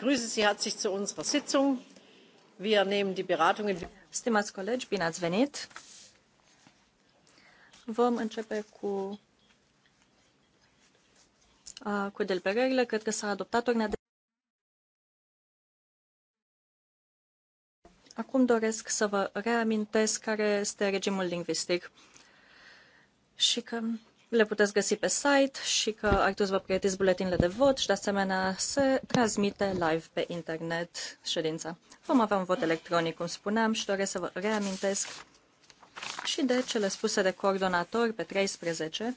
begrüße Sie herzlich zu unserer Sitzung. Wir nehmen die Beratungen. Stimați colegi, bine ați venit. Vom începe cu cu delegările, Cred că s-a adoptat ordinea de Acum doresc să vă reamintesc care este regimul lingvistic și că le puteți găsi pe site și că Actus vă pregătiți buletinile de vot și de asemenea se transmite live pe internet ședința. Vom avea un vot electronic, cum spuneam, și doresc să vă reamintesc și de cele spuse de coordonator pe 13,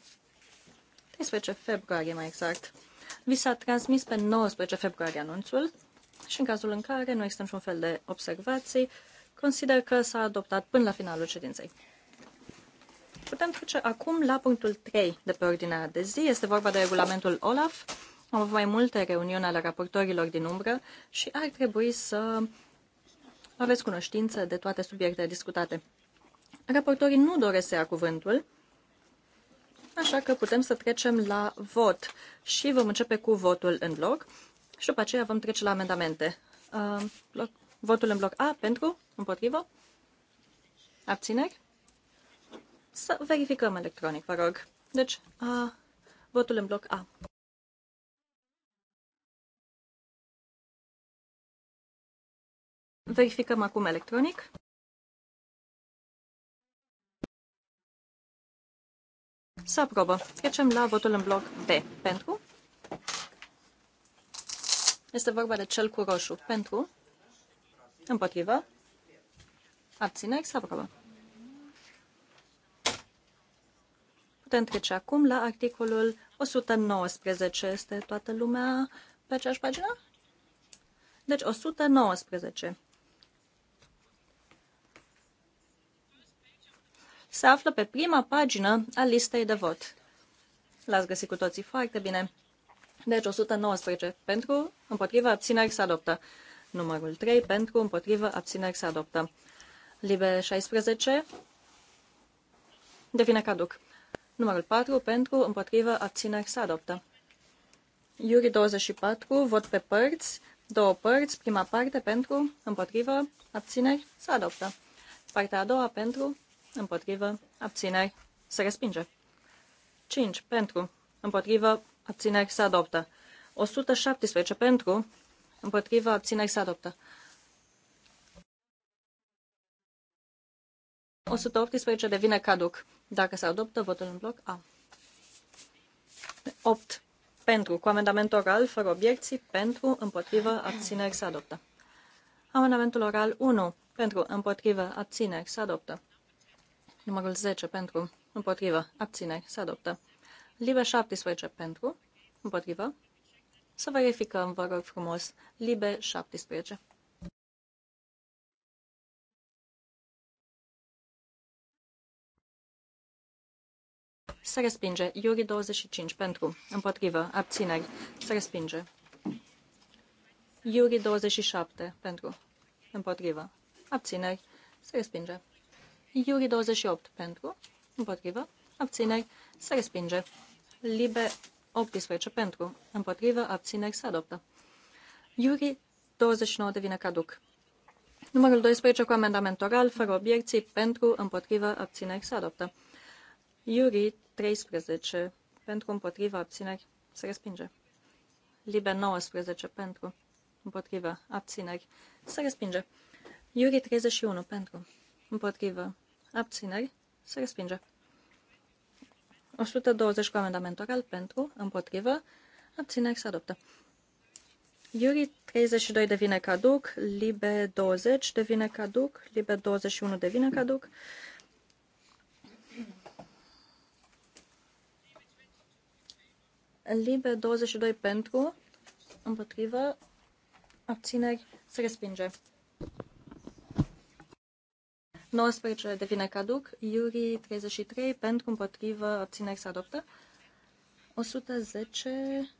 13 februarie mai exact. Vi s-a transmis pe 19 februarie anunțul și în cazul în care nu există niciun fel de observații, consider că s-a adoptat până la finalul ședinței. Putem trece acum la punctul 3 de pe ordinea de zi. Este vorba de regulamentul OLAF. Am avut mai multe reuniuni ale raportorilor din umbră și ar trebui să aveți cunoștință de toate subiectele discutate. Raportorii nu doresc să ia cuvântul, așa că putem să trecem la vot și vom începe cu votul în bloc și după aceea vom trece la amendamente. Uh, bloc, votul în bloc A pentru, împotrivă, abțineri, să verificăm electronic, vă rog. Deci, a, votul în bloc A. Verificăm acum electronic. Să aprobă. Trecem la votul în bloc B. Pentru. Este vorba de cel cu roșu. Pentru. Împotrivă. Abțineri. Să aprobă. Putem trece acum la articolul 119. Este toată lumea pe aceeași pagină? Deci 119. Se află pe prima pagină a listei de vot. L-ați găsit cu toții foarte bine. Deci 119 pentru, împotriva, abțineri se adoptă. Numărul 3 pentru, împotriva, abțineri se adoptă. Libe 16 devine caduc. Numărul 4 pentru, împotrivă, abțineri se adoptă. Iuri 24, vot pe părți, două părți, prima parte pentru, împotrivă, abțineri se adoptă. Partea a doua pentru, împotrivă, abțineri se respinge. 5 pentru, împotrivă, abțineri se adoptă. 117 pentru, împotrivă, abțineri se adoptă. 118 devine caduc. Dacă se adoptă, votul în bloc A. 8. Pentru. Cu amendament oral, fără obiecții, pentru, împotrivă, abțineri, se adoptă. Amendamentul oral 1. Pentru, împotrivă, abțineri, se adoptă. Numărul 10. Pentru, împotrivă, abțineri, se adoptă. Libe 17. Pentru, împotrivă. Să verificăm, vă rog frumos, Libe 17. se respinge. Iuri 25 pentru, împotrivă, abțineri, se respinge. Iuri 27 pentru, împotrivă, abțineri, se respinge. Iuri 28 pentru, împotrivă, abțineri, se respinge. Libe 18 pentru, împotrivă, abțineri, se adoptă. Iuri 29 devine caduc. Numărul 12 cu amendament oral, fără obiecții, pentru, împotrivă, abțineri, se adoptă. Iuri 13 pentru împotriva abțineri se respinge. Libe 19 pentru împotriva abțineri se respinge. Iuri 31 pentru împotriva abțineri se respinge. 120 cu amendament oral pentru împotriva abțineri se adoptă. Iuri 32 devine caduc, Libe 20 devine caduc, Libe 21 devine caduc, liber 22 pentru, împotrivă, abțineri, se respinge. 19 devine caduc, Iuri 33 pentru, împotrivă, abțineri, se adoptă. 110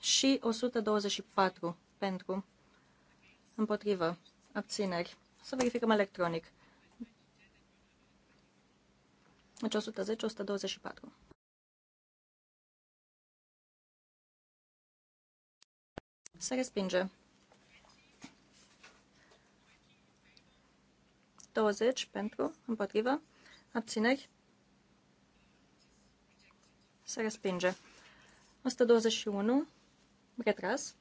și 124 pentru, împotrivă, abțineri. Să verificăm electronic. Deci 110-124. Se respinge. 20 pentru, împotrivă, abțineri, se respinge. 121, retras.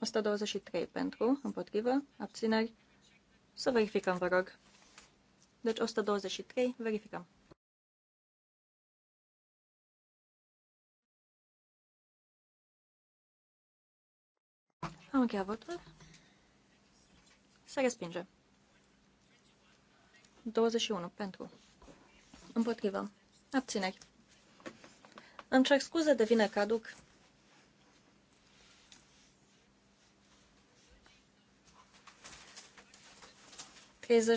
123 pentru, împotrivă, abțineri, să verificăm, vă rog. Deci 123, verificăm. Am încheiat votul. Se respinge. 21 pentru. Împotrivă. Abțineri. Îmi cer scuze, de vine caduc.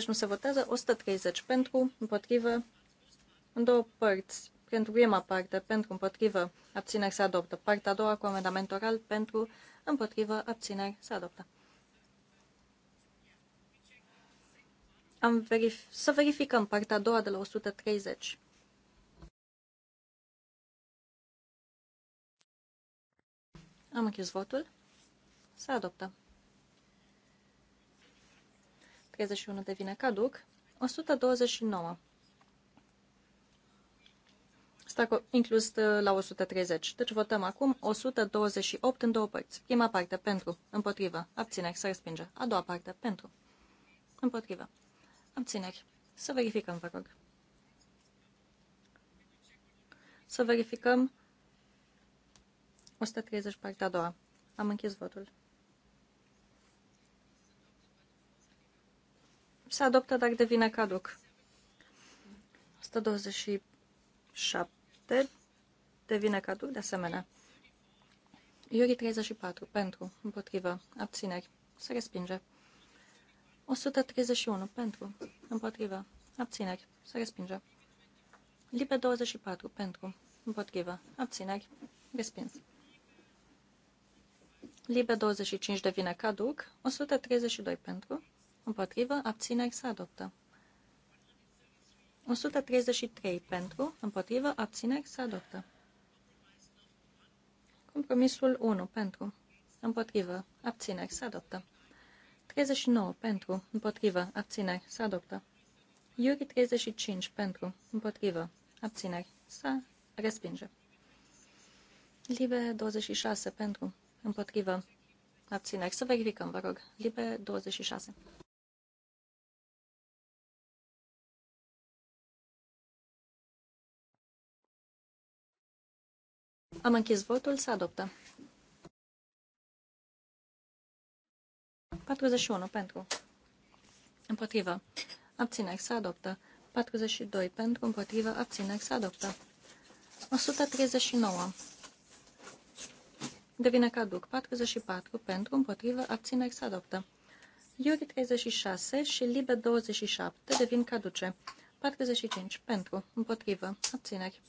nu se votează, 130 pentru, împotrivă, în două părți pentru prima parte, pentru împotrivă, abțineri se adoptă. Partea a doua cu amendament oral, pentru împotrivă, abțineri se adoptă. Am verif- să verificăm partea a doua de la 130. Am închis votul. Se adoptă. 31 devine caduc. 129. Asta inclus uh, la 130. Deci votăm acum 128 în două părți. Prima parte pentru, împotrivă, abțineri, să respinge. A doua parte pentru, împotrivă, abțineri. Să verificăm, vă rog. Să verificăm 130 partea a doua. Am închis votul. Se adoptă, dar devine caduc. 127 7 devine cadou de asemenea. Iurii 34. Pentru. Împotrivă. Abțineri. Se respinge. 131. Pentru. Împotrivă. Abțineri. Se respinge. Libe 24. Pentru. Împotrivă. Abțineri. Respins. Libe 25 devine caduc. 132 pentru. Împotrivă. Abțineri. Se adoptă. 133 pentru, împotrivă, abțineri, se adoptă. Compromisul 1 pentru, împotrivă, abțineri, se adoptă. 39 pentru, împotrivă, abțineri, se adoptă. Iuri 35 pentru, împotrivă, abțineri, se respinge. Libe 26 pentru, împotrivă, abțineri. Să verificăm, vă rog. Libe 26. Am închis votul, se adoptă. 41 pentru. Împotrivă. Abțineri se adoptă. 42 pentru. Împotrivă. Abțineri se adoptă. 139. Devine caduc. 44 pentru. Împotrivă. Abțineri se adoptă. Iuri 36 și Libe 27 devin caduce. 45 pentru. Împotrivă. Abțineri.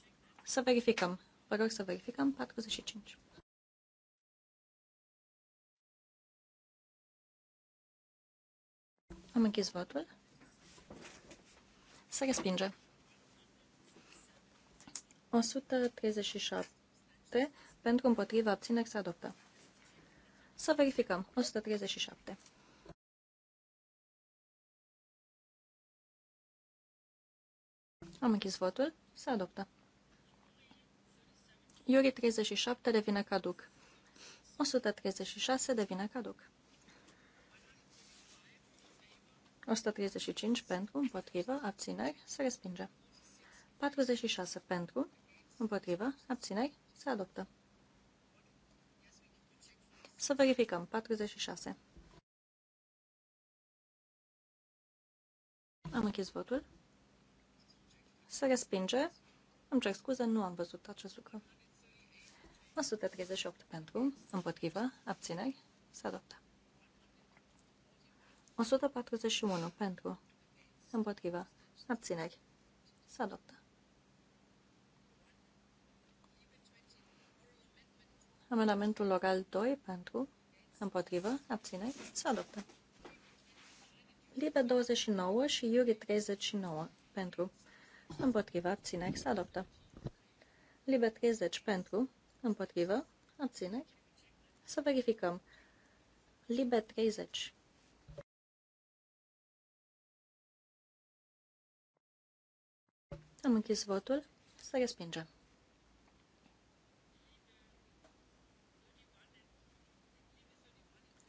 Să verificăm. Vă rog să verificăm 45. Am închis votul. Se respinge. 137 pentru împotriva abțineri se adoptă. Să verificăm. 137. Am închis votul. Se adoptă. Iuri 37 devine caduc. 136 devine caduc. 135 pentru, împotrivă, abțineri, se respinge. 46 pentru, împotrivă, abțineri, se adoptă. Să verificăm. 46. Am închis votul. Se respinge. Îmi cer scuze, nu am văzut acest lucru. 138 pentru, împotrivă, abțineri, se adoptă. 141 pentru, împotrivă, abțineri, se adoptă. Amendamentul oral 2 pentru, împotrivă, abțineri, se adoptă. Libe 29 și Iuri 39 pentru, împotrivă, abțineri, se adoptă. Libe 30 pentru, împotrivă, abțineri. Să verificăm. Libe 30. Am închis votul. Să respinge.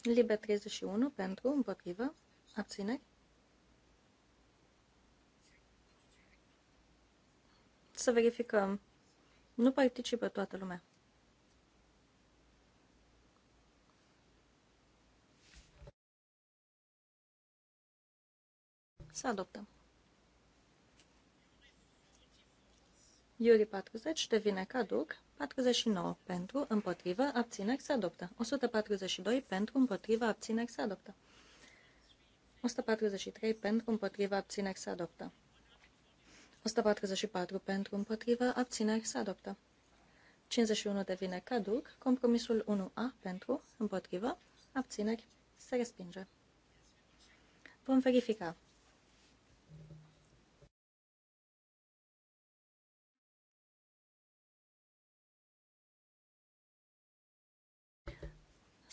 Libe 31 pentru, împotrivă, abțineri. Să verificăm. Nu participă toată lumea. Să adoptăm. Iuri 40 devine caduc, 49 pentru, împotrivă, abțineri, se adoptă. 142 pentru, împotrivă, abțineri, se adoptă. 143 pentru, împotrivă, abțineri, se adoptă. 144 pentru, împotrivă, abțineri, se adoptă. 51 devine caduc, compromisul 1A pentru, împotrivă, abțineri, se respinge. Vom verifica.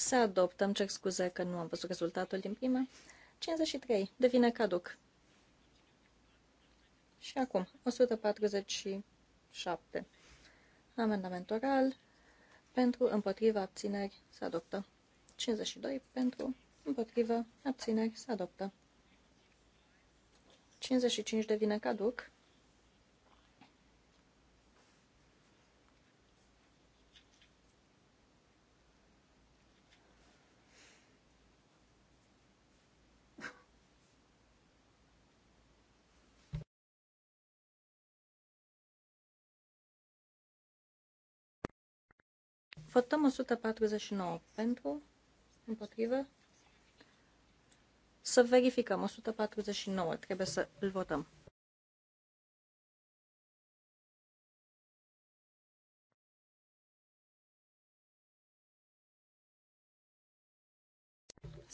Se adoptă, îmi cer scuze că nu am văzut rezultatul din prima. 53. Devine caduc. Și acum, 147. Amendament oral pentru împotriva abțineri se adoptă. 52 pentru împotriva abțineri se adoptă. 55 devine caduc. Votăm 149 pentru, împotrivă. Să verificăm 149, trebuie să îl votăm.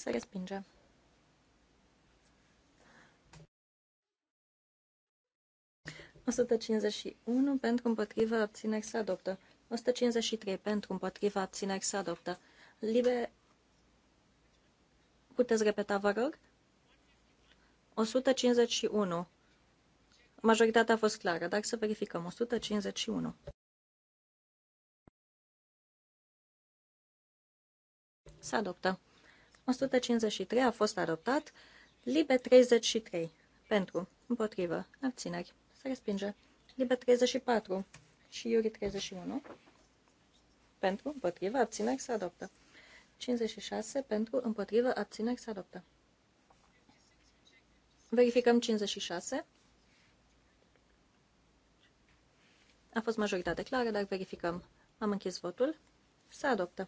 respingem. respinge. 51 pentru împotrivă abțineri se adoptă. 153 pentru, împotriva, abțineri se adoptă. Libe... Puteți repeta, vă rog? 151. Majoritatea a fost clară, dar să verificăm. 151. Se adoptă. 153 a fost adoptat. Libe 33. Pentru. Împotrivă. Abțineri. Se respinge. Libe 34 și Iuri 31. Pentru, împotrivă, abțineri se adoptă. 56. Pentru, împotrivă, abțineri se adoptă. Verificăm 56. A fost majoritate clară, dar verificăm. Am închis votul. Se adoptă.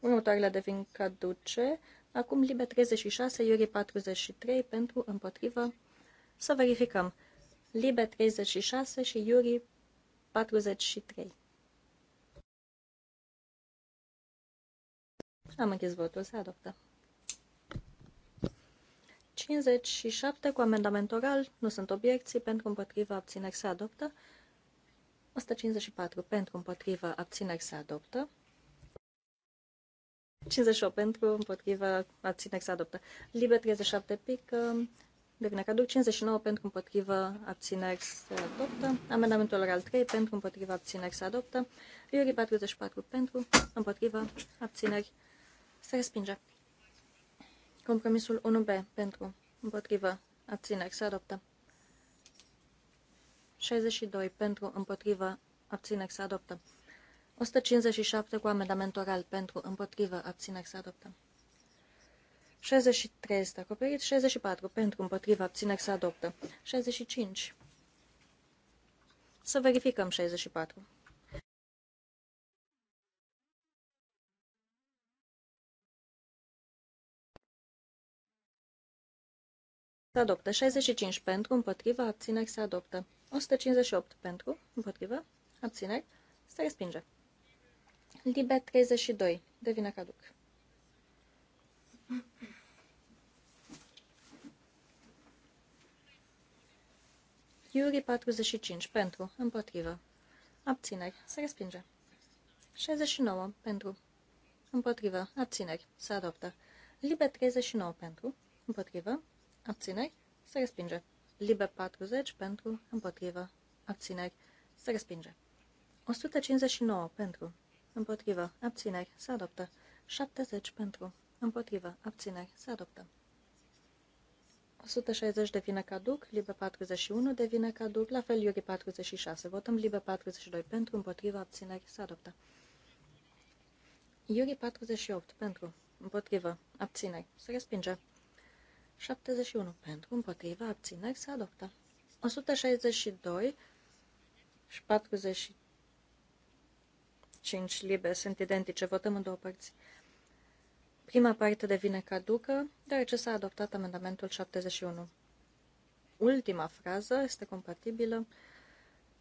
Următoarele devin caduce. Acum libe 36, iurie 43 pentru împotrivă să verificăm. Libe 36 și Iuri 43. Am închis votul, se adoptă. 57 cu amendament oral, nu sunt obiecții, pentru împotrivă abțineri se adoptă. 154 pentru împotrivă abțineri se adoptă. 58 pentru împotrivă abțineri se adoptă. Libe 37 pic, devine caduc, 59 pentru împotrivă, abțineri se adoptă, amendamentul al 3 pentru împotrivă, abțineri se adoptă, Iuri 44 pentru împotrivă, abțineri se respinge. Compromisul 1B pentru împotrivă, abțineri se adoptă. 62 pentru împotrivă, abțineri se adoptă. 157 cu amendament oral pentru împotrivă, abțineri se adoptă. 63 este acoperit, 64 pentru, împotriva, abțineri se adoptă, 65. Să verificăm 64. Se adoptă 65 pentru, împotriva, abțineri se adoptă. 158 pentru, împotriva, abțineri, se respinge. Libe 32, devine caduc. Iuri 45 pentru, împotrivă. Abțineri. Se respinge. 69 pentru. Împotrivă. Abțineri. Se adoptă. Libe 39 pentru. Împotrivă. Abțineri. Se respinge. Libe 40 pentru. Împotrivă. Abțineri. Se respinge. 159 pentru. Împotrivă. Abțineri. Se adoptă. 70 pentru. Împotrivă. Abțineri. Se adoptă. 160 devine caduc, Libe 41 devine caduc, la fel Iuri 46. Votăm Libe 42 pentru, împotriva, abțineri, se adoptă. Iuri 48 pentru, împotriva, abțineri, se respinge. 71 pentru, împotriva, abțineri, se adoptă. 162 și 45 libe sunt identice, votăm în două părți. Prima parte devine caducă, deoarece s-a adoptat amendamentul 71. Ultima frază este compatibilă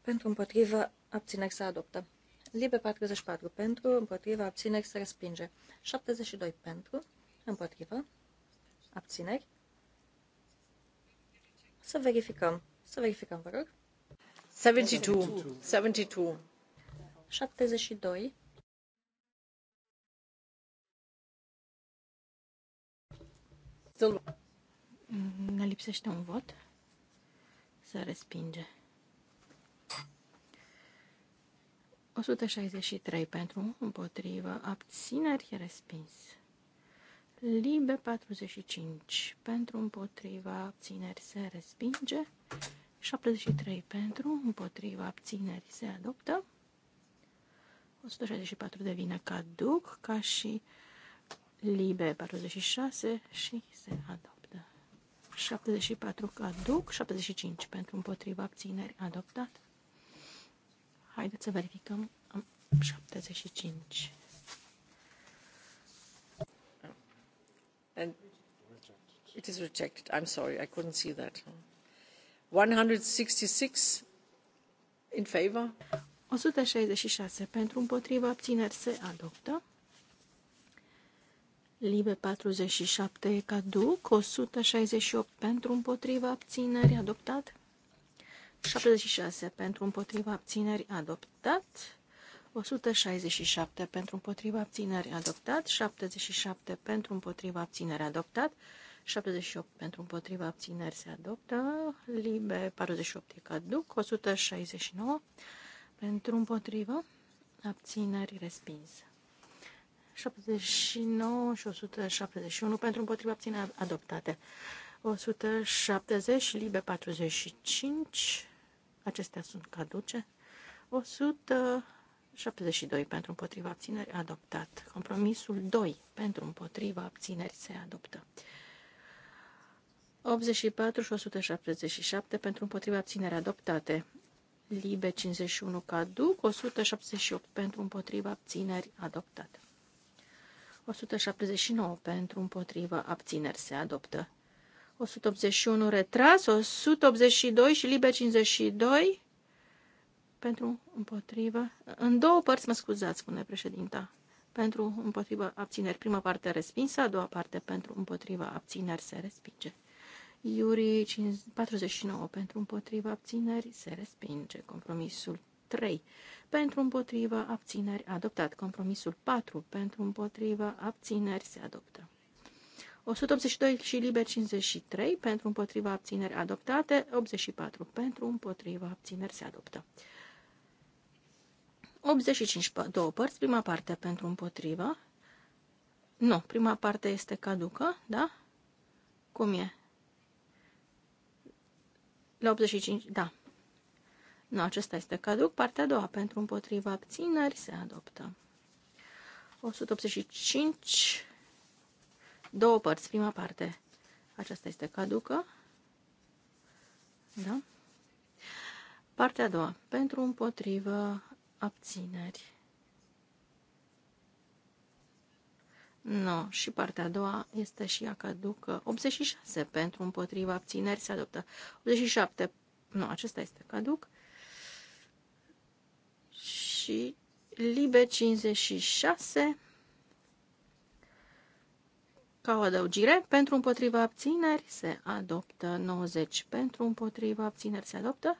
pentru împotrivă abțineri să adoptă. Libe 44 pentru, împotrivă abțineri să respinge. 72 pentru, împotrivă, abțineri. Să verificăm. Să verificăm, vă rog. 72. 72. 72. still... Ne lipsește un vot. Se respinge. 163 pentru, împotrivă, abțineri, respins. Libe 45 pentru, împotriva, abțineri, se respinge. 73 pentru, împotriva, abțineri, se adoptă. 164 devine caduc, ca și Libe 46 și se adoptă. 74 caduc, 75 pentru împotriva abțineri adoptat. Haideți să verificăm 75. And it is rejected. I'm sorry, I couldn't see that. 166 in favor. 166 pentru împotriva abțineri se adoptă. Libe 47 caduc, 168 pentru împotriva abțineri adoptat, 76 pentru împotriva abțineri adoptat, 167 pentru împotriva abțineri adoptat, 77 pentru împotriva abțineri adoptat, 78 pentru împotriva abțineri se adoptă, Libe 48 caduc, 169 pentru împotriva abțineri respinsă. 79 și 171 pentru împotriva abține adoptate. 170 și libe 45. Acestea sunt caduce. 172 pentru împotriva abțineri adoptat. Compromisul 2 pentru împotriva abțineri se adoptă. 84 și 177 pentru împotriva abțineri adoptate. Libe 51 caduc, 178 pentru împotriva abțineri adoptate. 179 pentru, împotrivă, abțineri se adoptă. 181 retras, 182 și liber 52 pentru împotrivă. În două părți, mă scuzați, spune președinta. Pentru împotrivă abțineri. Prima parte respinsă, a doua parte pentru împotrivă abțineri se respinge. Iuri 49 pentru împotrivă abțineri se respinge. Compromisul 3. Pentru împotrivă abțineri adoptat. Compromisul 4. Pentru împotrivă abțineri se adoptă. 182 și liber 53 pentru împotriva abțineri adoptate, 84 pentru împotriva abțineri se adoptă. 85, două părți, prima parte pentru împotriva. Nu, prima parte este caducă, da? Cum e? La 85, da. Nu, acesta este caduc. Partea a doua, pentru împotriva abțineri, se adoptă. 185, două părți, prima parte. Aceasta este caducă. Da? Partea a doua, pentru împotriva abțineri. Nu, și partea a doua este și ea caducă. 86 pentru împotriva abțineri se adoptă. 87, nu, acesta este caduc și Libe 56 ca o adăugire, pentru împotriva abțineri se adoptă 90, pentru împotriva abțineri se adoptă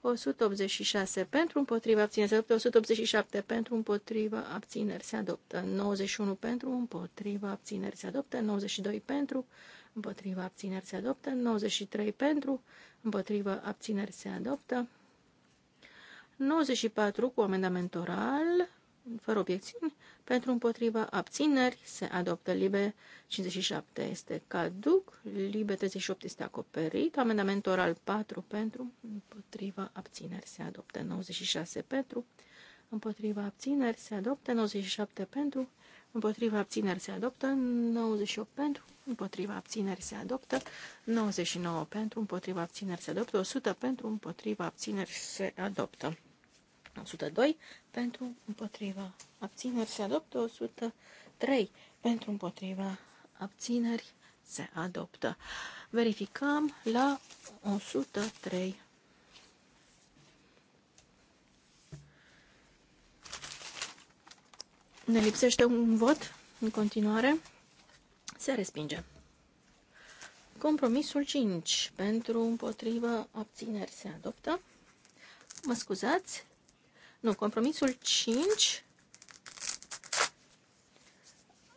186, pentru împotriva abțineri se adoptă 187, pentru împotriva abțineri se adoptă 91, pentru împotriva abțineri se adoptă 92, pentru împotriva abțineri se adoptă 93, pentru împotriva abțineri se adoptă 94 cu amendament oral, fără obiecțiuni, pentru împotriva abțineri se adoptă libe 57 este caduc, libe 38 este acoperit, amendament oral 4 pentru împotriva abțineri se adoptă 96 pentru împotriva abțineri se adoptă 97 pentru împotriva abțineri se adoptă 98 pentru împotriva abțineri se adoptă 99 pentru împotriva abțineri se adoptă 100 pentru împotriva abțineri se adoptă 102 pentru împotriva abțineri se adoptă, 103 pentru împotriva abțineri se adoptă. Verificăm la 103. Ne lipsește un vot în continuare. Se respinge. Compromisul 5 pentru împotriva abțineri se adoptă. Mă scuzați, nu, compromisul 5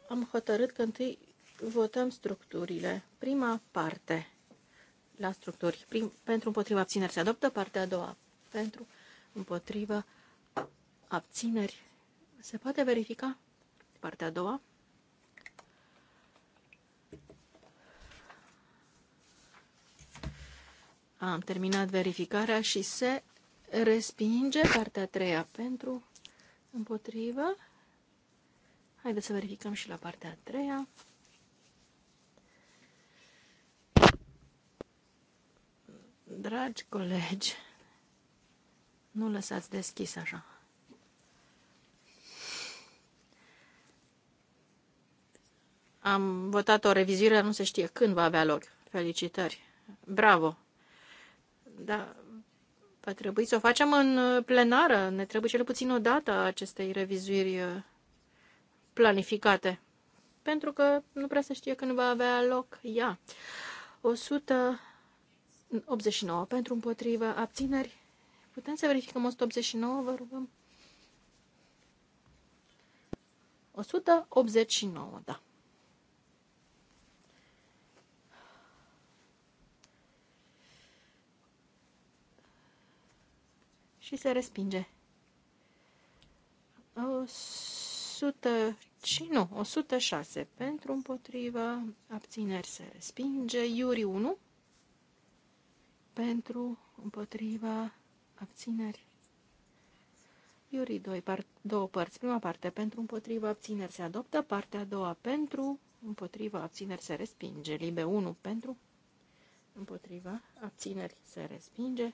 am hotărât că întâi votăm structurile. Prima parte la structuri. Prim, pentru împotriva abțineri se adoptă, partea a doua pentru împotriva abțineri. Se poate verifica partea a doua? Am terminat verificarea și se respinge partea a treia pentru împotrivă. Haideți să verificăm și la partea a treia. Dragi colegi, nu lăsați deschis așa. Am votat o revizuire, nu se știe când va avea loc. Felicitări. Bravo. Da, Va trebui să o facem în uh, plenară. Ne trebuie cel puțin o dată acestei revizuiri uh, planificate. Pentru că nu prea se știe când va avea loc ea. 189 pentru împotrivă abțineri. Putem să verificăm 189, vă rugăm? 189, da. și se respinge. 105, nu, 106 pentru împotrivă, abțineri se respinge, Iuri 1 pentru împotrivă, abțineri. Iuri 2, par, două părți. Prima parte pentru împotrivă, abțineri se adoptă, partea a doua pentru împotrivă, abțineri se respinge. Libe 1 pentru împotrivă, abțineri se respinge.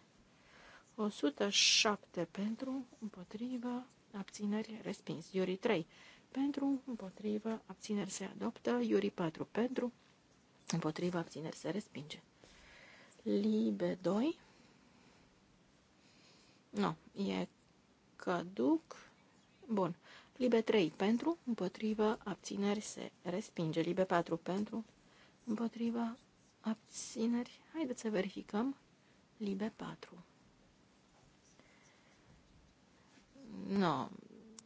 107 pentru, împotrivă, abțineri, respins. Iuri 3 pentru, împotrivă, abțineri se adoptă. Iuri 4 pentru, împotrivă, abțineri se respinge. Libe 2. Nu, e caduc. Bun. Libe 3 pentru, împotrivă, abțineri se respinge. Libe 4 pentru, împotrivă, abțineri. Haideți să verificăm. Libe 4. Nu,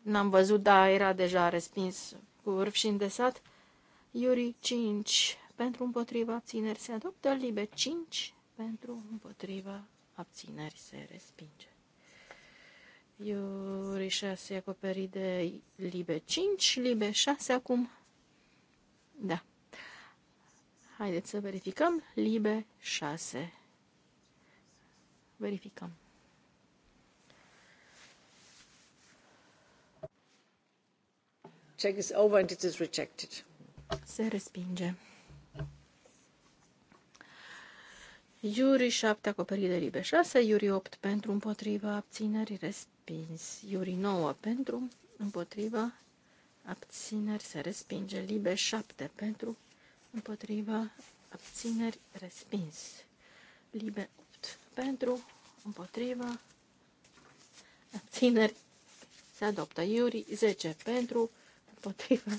n-am văzut, dar era deja respins cu vârf și îndesat. Iuri 5 pentru împotriva abțineri se adoptă, libe 5 pentru împotriva abțineri se respinge. Iuri 6 acoperit de libe 5, libe 6 acum. Da. Haideți să verificăm. Libe 6. Verificăm. Check is over and it is rejected. Se respinge. Iuri 7 acoperit de libe 6, Iuri 8 pentru împotriva abțineri respins, Iuri 9 pentru împotriva abțineri se respinge, libe 7 pentru împotriva abțineri respins, libe 8 pentru împotriva abțineri se adoptă, Iuri 10 pentru împotriva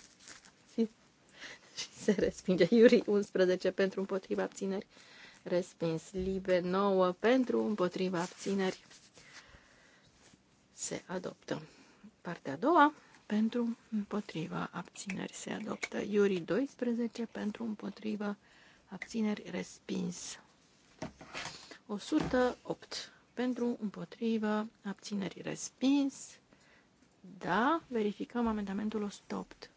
și se respinge. Iuri 11 pentru împotriva abțineri, respins. Libe 9 pentru împotriva abțineri, se adoptă. Partea a doua pentru împotriva abțineri se adoptă. Iuri 12 pentru împotriva abțineri respins. 108 pentru împotriva abțineri respins. Da, verificăm amendamentul 108.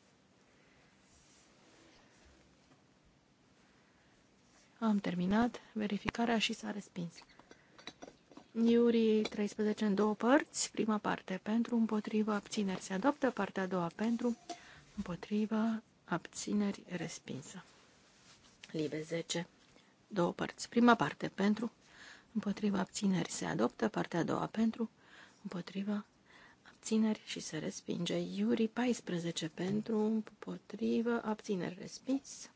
Am terminat verificarea și s-a respins. Iuri 13 în două părți, prima parte pentru, împotrivă, abțineri se adoptă, partea a doua pentru, împotrivă, abțineri respinsă. Libe 10, două părți, prima parte pentru, împotrivă, abțineri se adoptă, partea a doua pentru, împotrivă, abțineri și se respinge. Iuri 14 pentru, potrivă abțineri respins.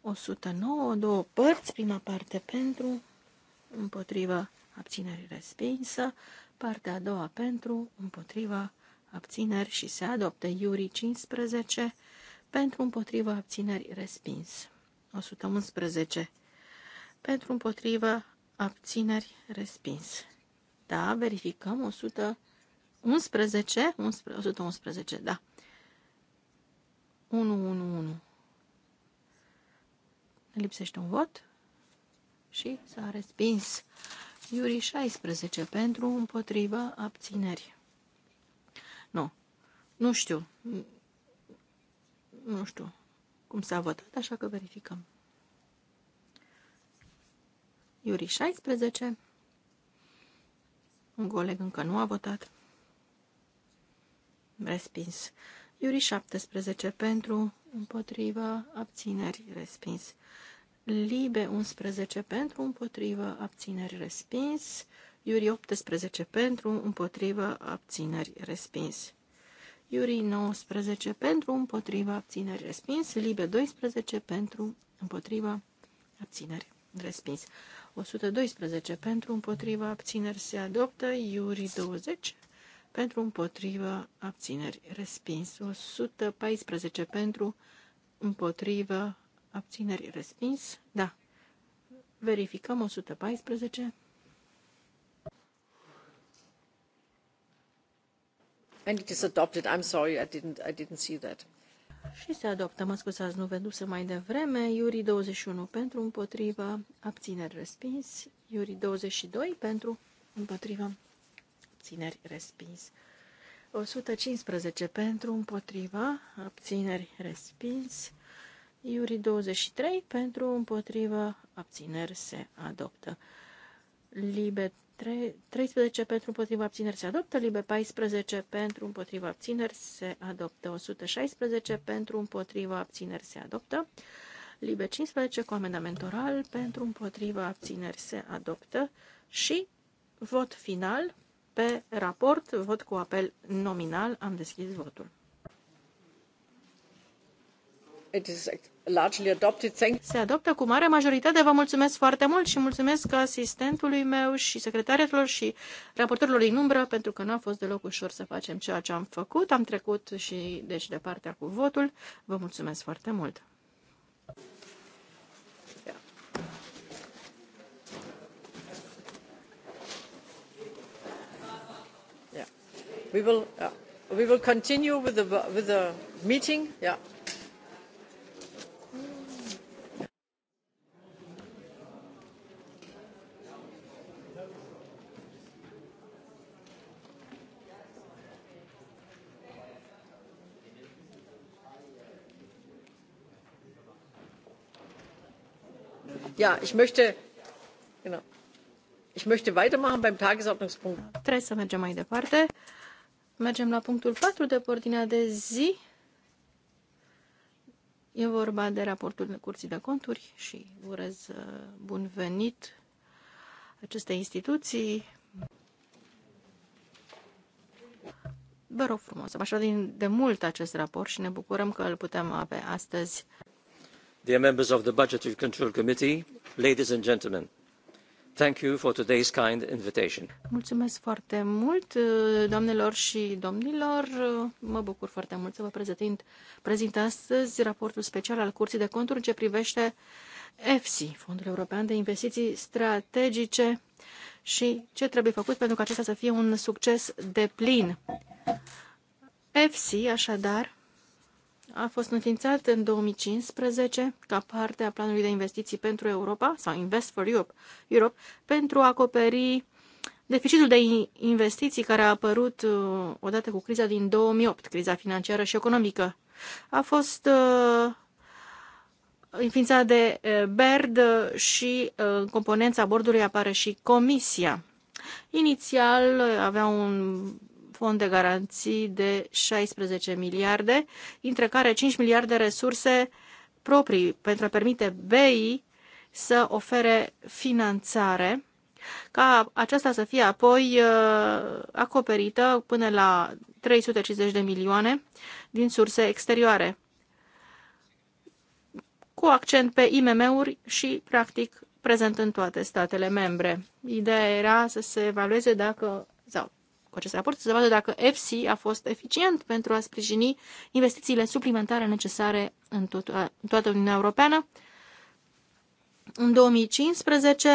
109, două părți, prima parte pentru, împotrivă, abțineri respinsă, partea a doua pentru, împotrivă, abțineri și se adoptă Iuri 15, pentru împotrivă, abțineri respins. 111. Pentru împotrivă, abțineri respins. Da, verificăm 100. 11, 11 111, da. 1. Lipsește un vot și s-a respins. Iuri 16 pentru împotrivă abțineri. Nu. Nu știu. Nu știu cum s-a votat, așa că verificăm. Iuri 16. Un coleg încă nu a votat respins. Iuri 17 pentru, împotrivă, abțineri, respins. Libe 11 pentru, împotrivă, abțineri, respins. Iuri 18 pentru, împotrivă, abțineri, respins. Iuri 19 pentru, împotriva, abțineri, respins. Libe 12 pentru, împotriva, abțineri, respins. 112 pentru, împotriva, abțineri se adoptă. Iuri 20 pentru împotrivă, abțineri, respins. 114 pentru împotrivă, abțineri, respins. Da. Verificăm 114. And it is adopted. I'm sorry, I didn't, I didn't see that. Și se adoptă, mă scuzați, nu veduse mai devreme, Iuri 21 pentru împotriva, abțineri respins, Iuri 22 pentru împotriva, abțineri respins. 115 pentru, împotriva, abțineri respins. Iuri 23 pentru, împotriva, abțineri se adoptă. Libe 13 pentru împotriva abțineri se adoptă, libe 14 pentru împotriva abțineri se adoptă, 116 pentru împotriva abțineri se adoptă, libe 15 cu amendament oral pentru împotriva abțineri se adoptă și vot final pe raport, vot cu apel nominal, am deschis votul. It is largely adopted. Thank Se adoptă cu mare majoritate. Vă mulțumesc foarte mult și mulțumesc asistentului meu și secretarilor și raportorilor din umbră pentru că nu a fost deloc ușor să facem ceea ce am făcut. Am trecut și deci de partea cu votul. Vă mulțumesc foarte mult. we will uh, we will continue with the with the meeting yeah Ja, ich möchte, genau, ich möchte weitermachen beim Tagesordnungspunkt. Trebuie să mergem mai departe. Mergem la punctul 4 de pe ordinea de zi. E vorba de raportul de Curții de Conturi și urez uh, bun venit acestei instituții. Vă rog frumos, așa din, de mult acest raport și ne bucurăm că îl putem avea astăzi. Dear members of the Budgetary Control Committee, ladies and gentlemen, Thank you for today's kind invitation. Mulțumesc foarte mult, uh, doamnelor și domnilor. Uh, mă bucur foarte mult să vă prezint, prezint astăzi raportul special al Curții de Conturi ce privește EFSI, Fondul European de Investiții Strategice, și ce trebuie făcut pentru ca acesta să fie un succes de plin. EFSI, așadar, a fost înființat în 2015 ca parte a planului de investiții pentru Europa sau Invest for Europe, Europe pentru a acoperi deficitul de investiții care a apărut uh, odată cu criza din 2008, criza financiară și economică. A fost uh, înființat de uh, BERD și în componența bordului apare și Comisia. Inițial avea un fond de garanții de 16 miliarde, dintre care 5 miliarde resurse proprii pentru a permite BEI să ofere finanțare ca aceasta să fie apoi uh, acoperită până la 350 de milioane din surse exterioare, cu accent pe IMM-uri și, practic, prezent în toate statele membre. Ideea era să se evalueze dacă sau cu acest raport să se vadă dacă EFSI a fost eficient pentru a sprijini investițiile suplimentare necesare în, tot, în toată Uniunea Europeană. În 2015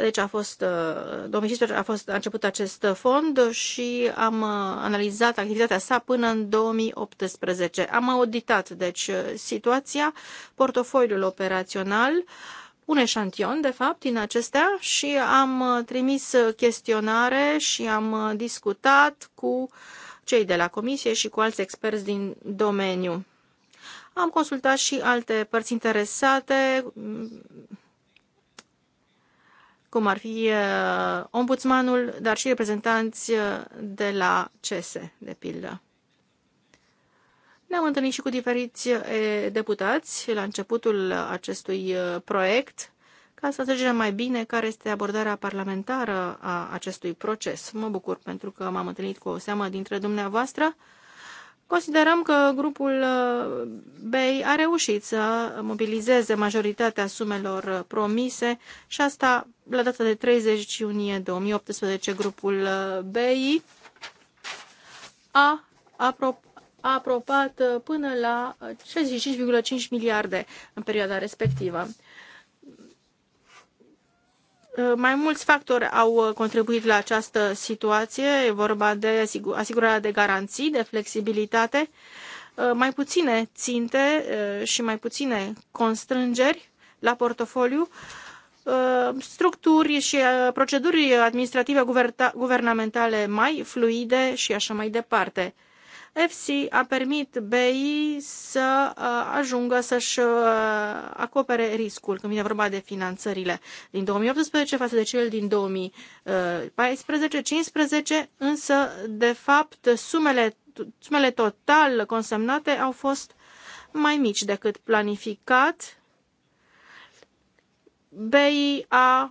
deci a fost, 2015 uh, a, fost, a început acest fond și am uh, analizat activitatea sa până în 2018. Am auditat, deci, uh, situația, portofoliul operațional, uh, un eșantion, de fapt, din acestea și am uh, trimis uh, chestionare și am uh, discutat cu cei de la comisie și cu alți experți din domeniu. Am consultat și alte părți interesate, mm, cum ar fi ombudsmanul, dar și reprezentanți de la CESE, de pildă. Ne-am întâlnit și cu diferiți deputați la începutul acestui proiect ca să înțelegem mai bine care este abordarea parlamentară a acestui proces. Mă bucur pentru că m-am întâlnit cu o seamă dintre dumneavoastră. Considerăm că grupul BEI a reușit să mobilizeze majoritatea sumelor promise și asta la data de 30 iunie 2018 grupul BEI a apropo a aprobat uh, până la 65,5 uh, miliarde în perioada respectivă. Uh, mai mulți factori au contribuit la această situație, e vorba de asigurarea de garanții, de flexibilitate, mai puține ținte și mai puține constrângeri la portofoliu, structuri și proceduri administrative guvernamentale mai fluide și așa mai departe. FC a permit BI să uh, ajungă să-și uh, acopere riscul când vine vorba de finanțările din 2018 față de cel din 2014-15, însă, de fapt, sumele, sumele total consemnate au fost mai mici decât planificat. BI a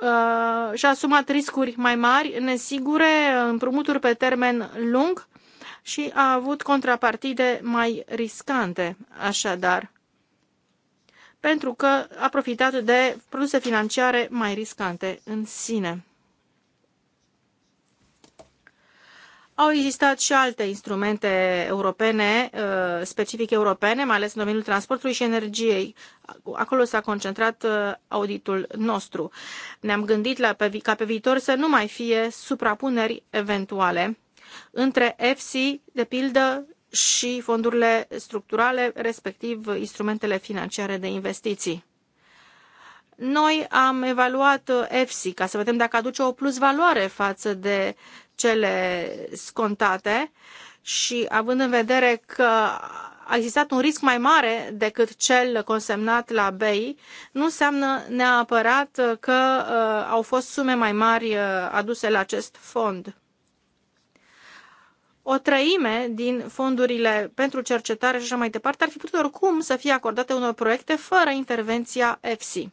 uh, și-a asumat riscuri mai mari, nesigure, împrumuturi pe termen lung și a avut contrapartide mai riscante, așadar, pentru că a profitat de produse financiare mai riscante în sine. Au existat și alte instrumente europene, uh, specific europene, mai ales în domeniul transportului și energiei. Acolo s-a concentrat uh, auditul nostru. Ne-am gândit la, ca pe viitor să nu mai fie suprapuneri eventuale între EFSI, de pildă, și fondurile structurale, respectiv instrumentele financiare de investiții. Noi am evaluat EFSI uh, ca să vedem dacă aduce o plus valoare față de cele scontate și având în vedere că a existat un risc mai mare decât cel consemnat la BEI, nu înseamnă neapărat că uh, au fost sume mai mari uh, aduse la acest fond o trăime din fondurile pentru cercetare și așa mai departe ar fi putut oricum să fie acordate unor proiecte fără intervenția EFSI.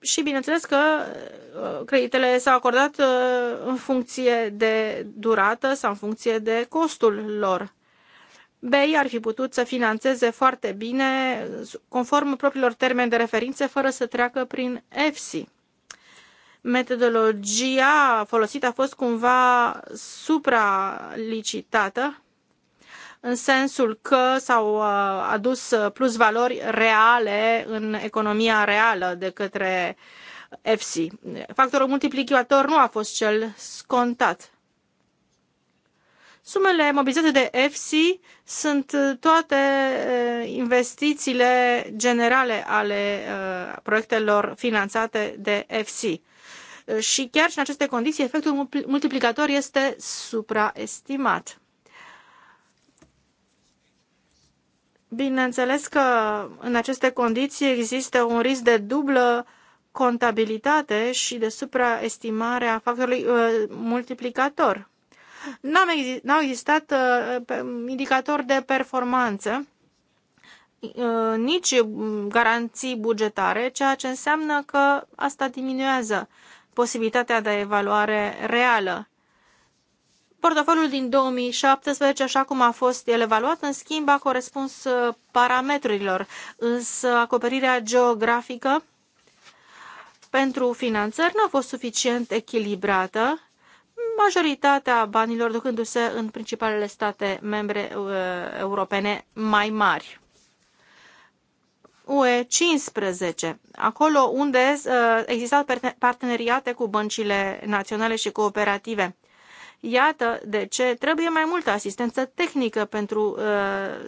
Și bineînțeles că uh, creditele s-au acordat uh, în funcție de durată sau în funcție de costul lor. BEI ar fi putut să financeze foarte bine conform propriilor termeni de referințe fără să treacă prin EFSI metodologia folosită a fost cumva supralicitată în sensul că s-au uh, adus uh, plus valori reale în economia reală de către EFSI. Uh, Factorul multiplicator nu a fost cel scontat. Sumele mobilizate de EFSI sunt toate investițiile generale ale proiectelor finanțate de EFSI. Uh, și chiar și în aceste condiții efectul multiplicator este supraestimat. Bineînțeles că în aceste condiții există un risc de dublă contabilitate și de supraestimare a factorului uh, multiplicator. N-au exist, existat uh, indicatori de performanță, uh, nici mm, garanții bugetare, ceea ce înseamnă că asta diminuează posibilitatea de evaluare reală. Portofoliul din 2017, așa cum a fost el evaluat, în schimb a corespuns uh, parametrilor, însă acoperirea geografică pentru finanțări nu a fost suficient echilibrată, majoritatea banilor ducându-se în principalele state membre uh, europene mai mari. UE 15, acolo unde uh, existau parteneriate cu băncile naționale și cooperative. Iată de ce trebuie mai multă asistență tehnică pentru uh,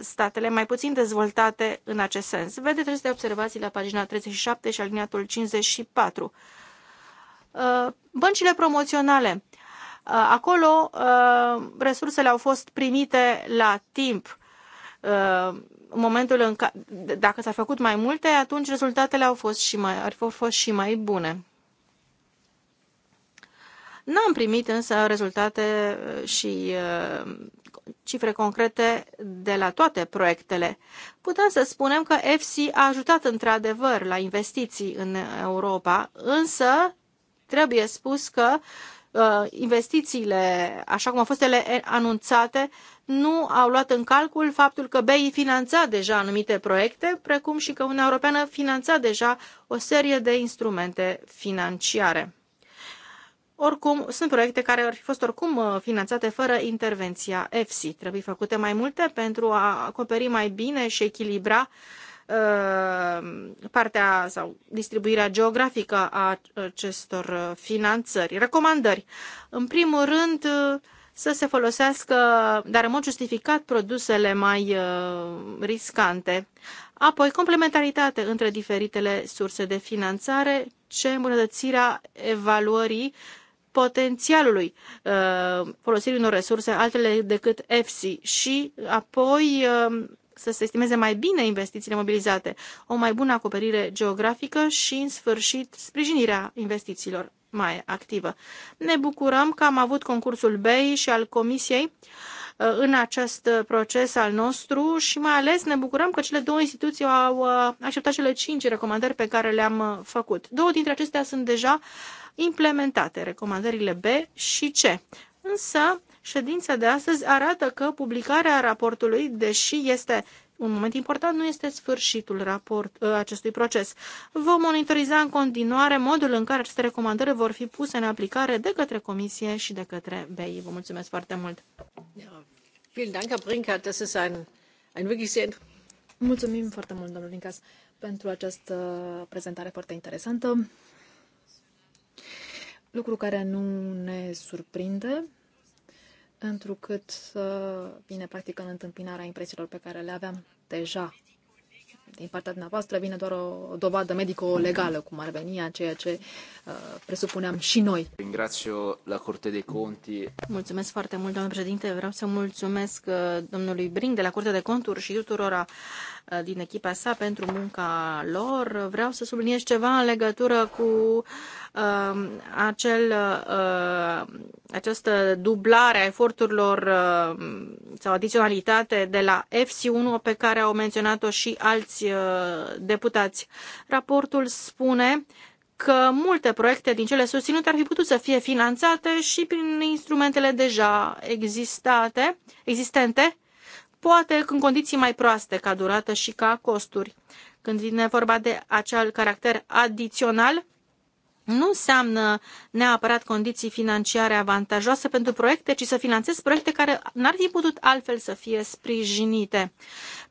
statele mai puțin dezvoltate în acest sens. Vedeți aceste observații la pagina 37 și aliniatul 54. Uh, băncile promoționale. Uh, acolo resursele au fost primite la timp în momentul în care, dacă s-ar făcut mai multe, atunci rezultatele au fost și mai, ar fi fost și mai bune. N-am primit însă rezultate uh, și uh, cifre concrete de la toate proiectele. Putem să spunem că EFSI a ajutat într-adevăr la investiții în Europa, însă trebuie spus că uh, Uh, investițiile, așa cum au fost ele anunțate, nu au luat în calcul faptul că BEI finanța deja anumite proiecte, precum și că Uniunea Europeană finanța deja o serie de instrumente financiare. Oricum, sunt proiecte care ar fi fost oricum uh, finanțate fără intervenția EFSI. Trebuie făcute mai multe pentru a acoperi mai bine și echilibra uh, Uh, partea sau distribuirea geografică a acestor uh, finanțări. Recomandări. În primul rând, uh, să se folosească, dar în mod justificat, produsele mai riscante. Apoi, complementaritate între diferitele surse de finanțare, ce îmbunătățirea evaluării potențialului folosirii unor resurse altele decât EFSI și apoi să se estimeze mai bine investițiile mobilizate, o mai bună acoperire geografică și, în sfârșit, sprijinirea investițiilor mai activă. Ne bucurăm că am avut concursul BEI și al Comisiei uh, în acest proces al nostru și mai ales ne bucurăm că cele două instituții au uh, acceptat cele cinci recomandări pe care le-am uh, făcut. Două dintre acestea sunt deja implementate, recomandările B și C. Însă Ședința de astăzi arată că publicarea raportului, deși este un moment important, nu este sfârșitul raport, ă, acestui proces. Vom monitoriza în continuare modul în care aceste recomandări vor fi puse în aplicare de către Comisie și de către BEI. Vă mulțumesc foarte mult! Mulțumim foarte mult, domnul Lincas, pentru această prezentare foarte interesantă. Lucru care nu ne surprinde întrucât vine practic în întâmpinarea impresiilor pe care le aveam deja. Din partea dumneavoastră vine doar o dovadă medico-legală, cum ar veni, a ceea ce uh, presupuneam și noi. Ringrazio la Curte de Conti. Mulțumesc foarte mult, domnule președinte. Vreau să mulțumesc uh, domnului Bring de la Curtea de Conturi și tuturora uh, Uh, din echipa sa pentru munca lor. Vreau să subliniez ceva în legătură cu uh, acel, uh, această dublare a eforturilor uh, sau adiționalitate de la FC1 pe care au menționat-o și alți uh, deputați. Raportul spune că multe proiecte din cele susținute ar fi putut să fie finanțate și prin instrumentele deja existate, existente, poate în condiții mai proaste ca durată și ca costuri. Când vine vorba de acel caracter adițional, nu înseamnă neapărat condiții financiare avantajoase pentru proiecte, ci să finanțezi proiecte care n-ar fi putut altfel să fie sprijinite.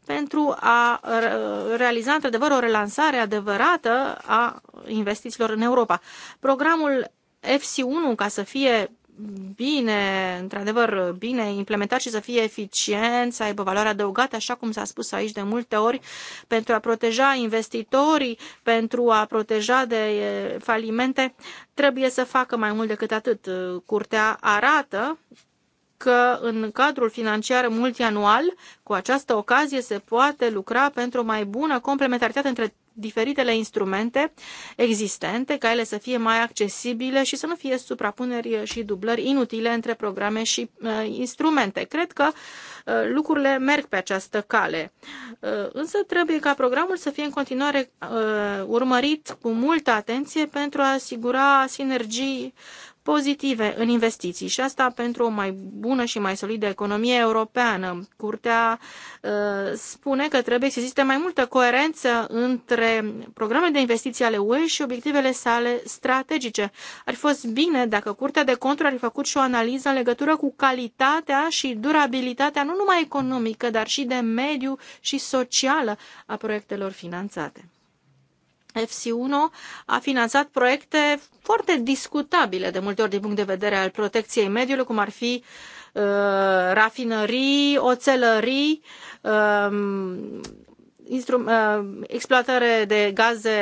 Pentru a uh, realiza într-adevăr o relansare adevărată a investițiilor în Europa. Programul FC1, ca să fie bine, într-adevăr, bine implementat și să fie eficient, să aibă valoare adăugată, așa cum s-a spus aici de multe ori, pentru a proteja investitorii, pentru a proteja de falimente, trebuie să facă mai mult decât atât. Curtea arată că în cadrul financiar multianual, cu această ocazie, se poate lucra pentru o mai bună complementaritate între diferitele instrumente existente, ca ele să fie mai accesibile și să nu fie suprapuneri și dublări inutile între programe și uh, instrumente. Cred că uh, lucrurile merg pe această cale. Uh, însă trebuie ca programul să fie în continuare uh, urmărit cu multă atenție pentru a asigura sinergii uh, pozitive în investiții și asta pentru o mai bună și mai solidă economie europeană. Curtea uh, spune că trebuie să existe mai multă coerență între programele de investiții ale UE și obiectivele sale strategice. Ar fi fost bine dacă Curtea de Conturi ar fi făcut și o analiză în legătură cu calitatea și durabilitatea nu numai economică, dar și de mediu și socială a proiectelor finanțate. FC1 a finanțat proiecte foarte discutabile de multe ori din punct de vedere al protecției mediului, cum ar fi uh, rafinării, oțelării, um, uh, exploatare de gaze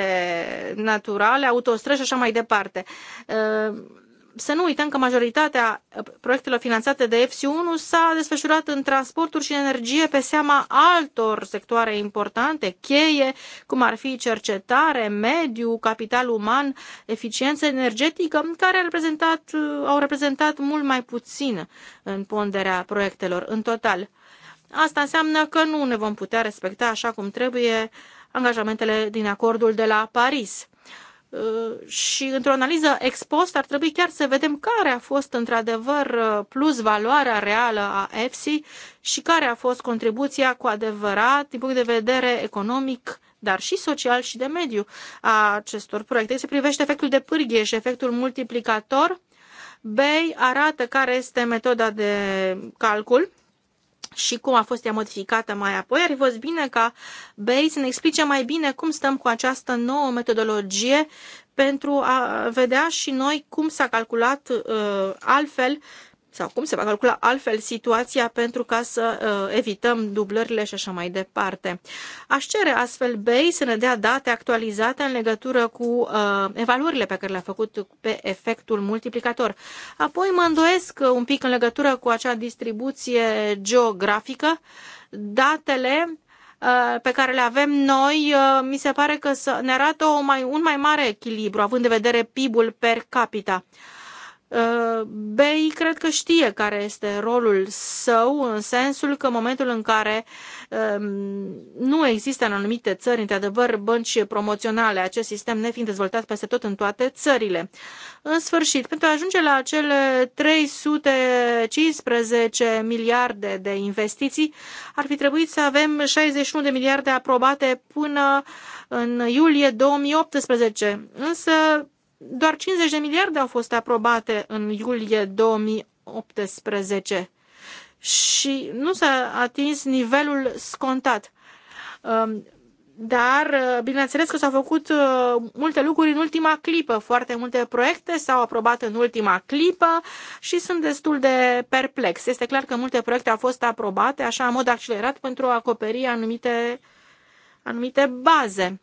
naturale, autostrăzi și așa mai departe. Uh, să nu uităm că majoritatea uh, proiectelor finanțate de fc 1 s-a desfășurat în transporturi și energie pe seama altor sectoare importante, cheie, cum ar fi cercetare, mediu, capital uman, eficiență energetică, care au reprezentat, uh, au reprezentat mult mai puțin în ponderea proiectelor în total. Asta înseamnă că nu ne vom putea respecta așa cum trebuie angajamentele din acordul de la Paris Uh, și într-o analiză ex post ar trebui chiar să vedem care a fost într-adevăr uh, plus valoarea reală a EFSI și care a fost contribuția cu adevărat din punct de vedere economic, dar și social și de mediu a acestor proiecte. Se privește efectul de pârghie și efectul multiplicator. BEI arată care este metoda de calcul și cum a fost ea modificată mai apoi, ar fi fost bine ca Bay să ne explice mai bine cum stăm cu această nouă metodologie pentru a vedea și noi cum s-a calculat uh, altfel sau cum se va calcula altfel situația pentru ca să uh, evităm dublările și așa mai departe. Aș cere astfel BEI să ne dea date actualizate în legătură cu uh, evaluările pe care le-a făcut pe efectul multiplicator. Apoi mă îndoiesc un pic în legătură cu acea distribuție geografică. Datele uh, pe care le avem noi, mi se pare că ne arată o mai, un mai mare echilibru, având în vedere PIB-ul per capita. Uh, BEI cred că știe care este rolul său în sensul că în momentul în care um, nu există în anumite țări, într-adevăr, bănci promoționale, acest sistem nefiind dezvoltat peste tot în toate țările. În sfârșit, pentru a ajunge la acele 315 miliarde de investiții, ar fi trebuit să avem 61 de miliarde aprobate până în iulie 2018. Însă, doar 50 de miliarde au fost aprobate în iulie 2018 și nu s-a atins nivelul scontat. Um, dar, uh, bineînțeles că s-au făcut uh, multe lucruri în ultima clipă, foarte multe proiecte s-au aprobat în ultima clipă și sunt destul de perplex. Este clar că multe proiecte au fost aprobate așa în mod accelerat pentru a acoperi anumite, anumite baze.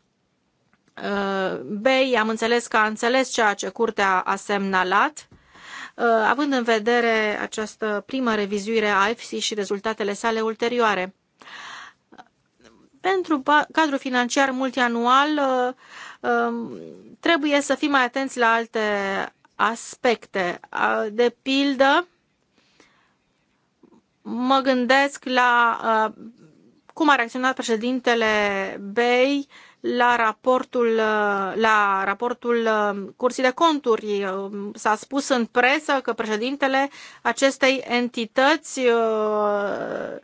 Uh, BEI am înțeles că a înțeles ceea ce curtea a semnalat, uh, având în vedere această primă revizuire a EFSI și rezultatele sale ulterioare. Pentru cadrul financiar multianual uh, um, trebuie să fim mai atenți la alte aspecte. De pildă, mă gândesc la cum a reacționat președintele BEI la raportul, la raportul Curții de Conturi. S-a spus în presă că președintele acestei entități uh,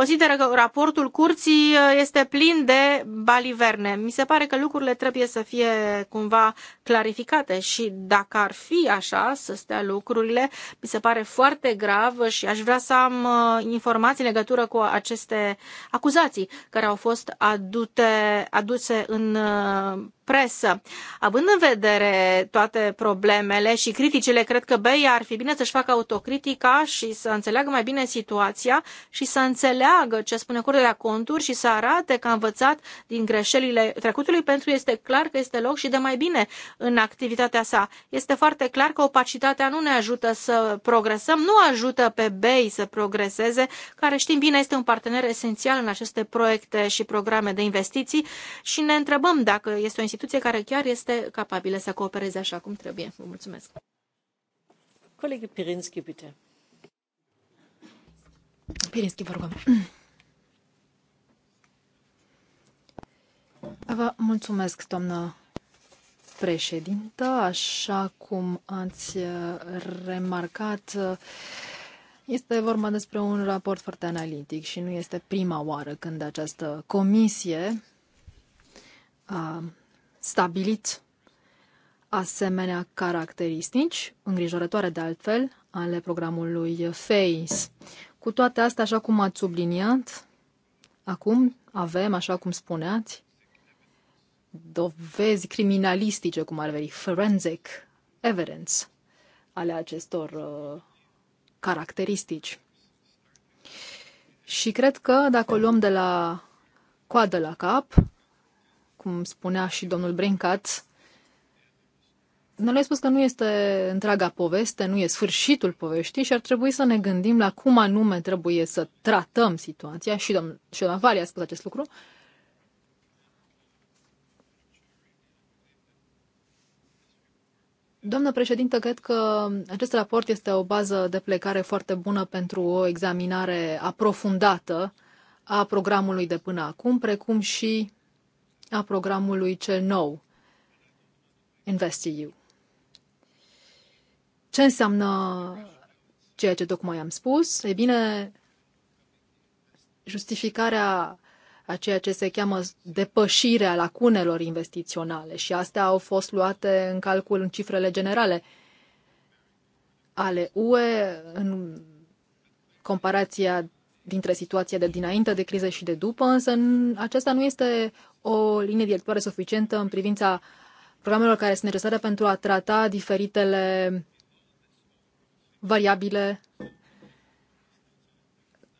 consideră că raportul curții uh, este plin de baliverne. Mi se pare că lucrurile trebuie să fie cumva clarificate și dacă ar fi așa să stea lucrurile, mi se pare foarte grav și aș vrea să am uh, informații în legătură cu aceste acuzații care au fost adute, aduse în uh, presă. Având în vedere toate problemele și criticile, cred că Bei ar fi bine să-și facă autocritica și să înțeleagă mai bine situația și să înțeleagă înțeleagă ce spune Curtea la Conturi și să arate că a învățat din greșelile trecutului, pentru că este clar că este loc și de mai bine în activitatea sa. Este foarte clar că opacitatea nu ne ajută să progresăm, nu ajută pe BEI să progreseze, care știm bine este un partener esențial în aceste proiecte și programe de investiții și ne întrebăm dacă este o instituție care chiar este capabilă să coopereze așa cum trebuie. Vă mulțumesc. Colegii Pirinski, bitte. Pirinski, vă rog. Vă mulțumesc, doamnă președintă. Așa cum ați uh, remarcat, uh, este vorba despre un raport foarte analitic și nu este prima oară când această comisie a stabilit asemenea caracteristici, îngrijorătoare de altfel, ale programului FACE, cu toate astea, așa cum ați subliniat, acum avem, așa cum spuneați, dovezi criminalistice, cum ar veni, forensic evidence, ale acestor uh, caracteristici. Și cred că dacă o luăm de la coadă la cap, cum spunea și domnul Brincat, noi ai spus că nu este întreaga poveste, nu e sfârșitul poveștii și ar trebui să ne gândim la cum anume trebuie să tratăm situația și, domnul și domnul Vali a spus acest lucru. Doamnă președintă, cred că acest raport este o bază de plecare foarte bună pentru o examinare aprofundată a programului de până acum, precum și a programului cel nou, InvestEU. Ce înseamnă ceea ce tocmai am spus? E bine, justificarea a ceea ce se cheamă depășirea lacunelor investiționale și astea au fost luate în calcul în cifrele generale ale UE în comparația dintre situația de dinainte de criză și de după, însă aceasta nu este o linie directoare suficientă în privința programelor care sunt necesare pentru a trata diferitele variabile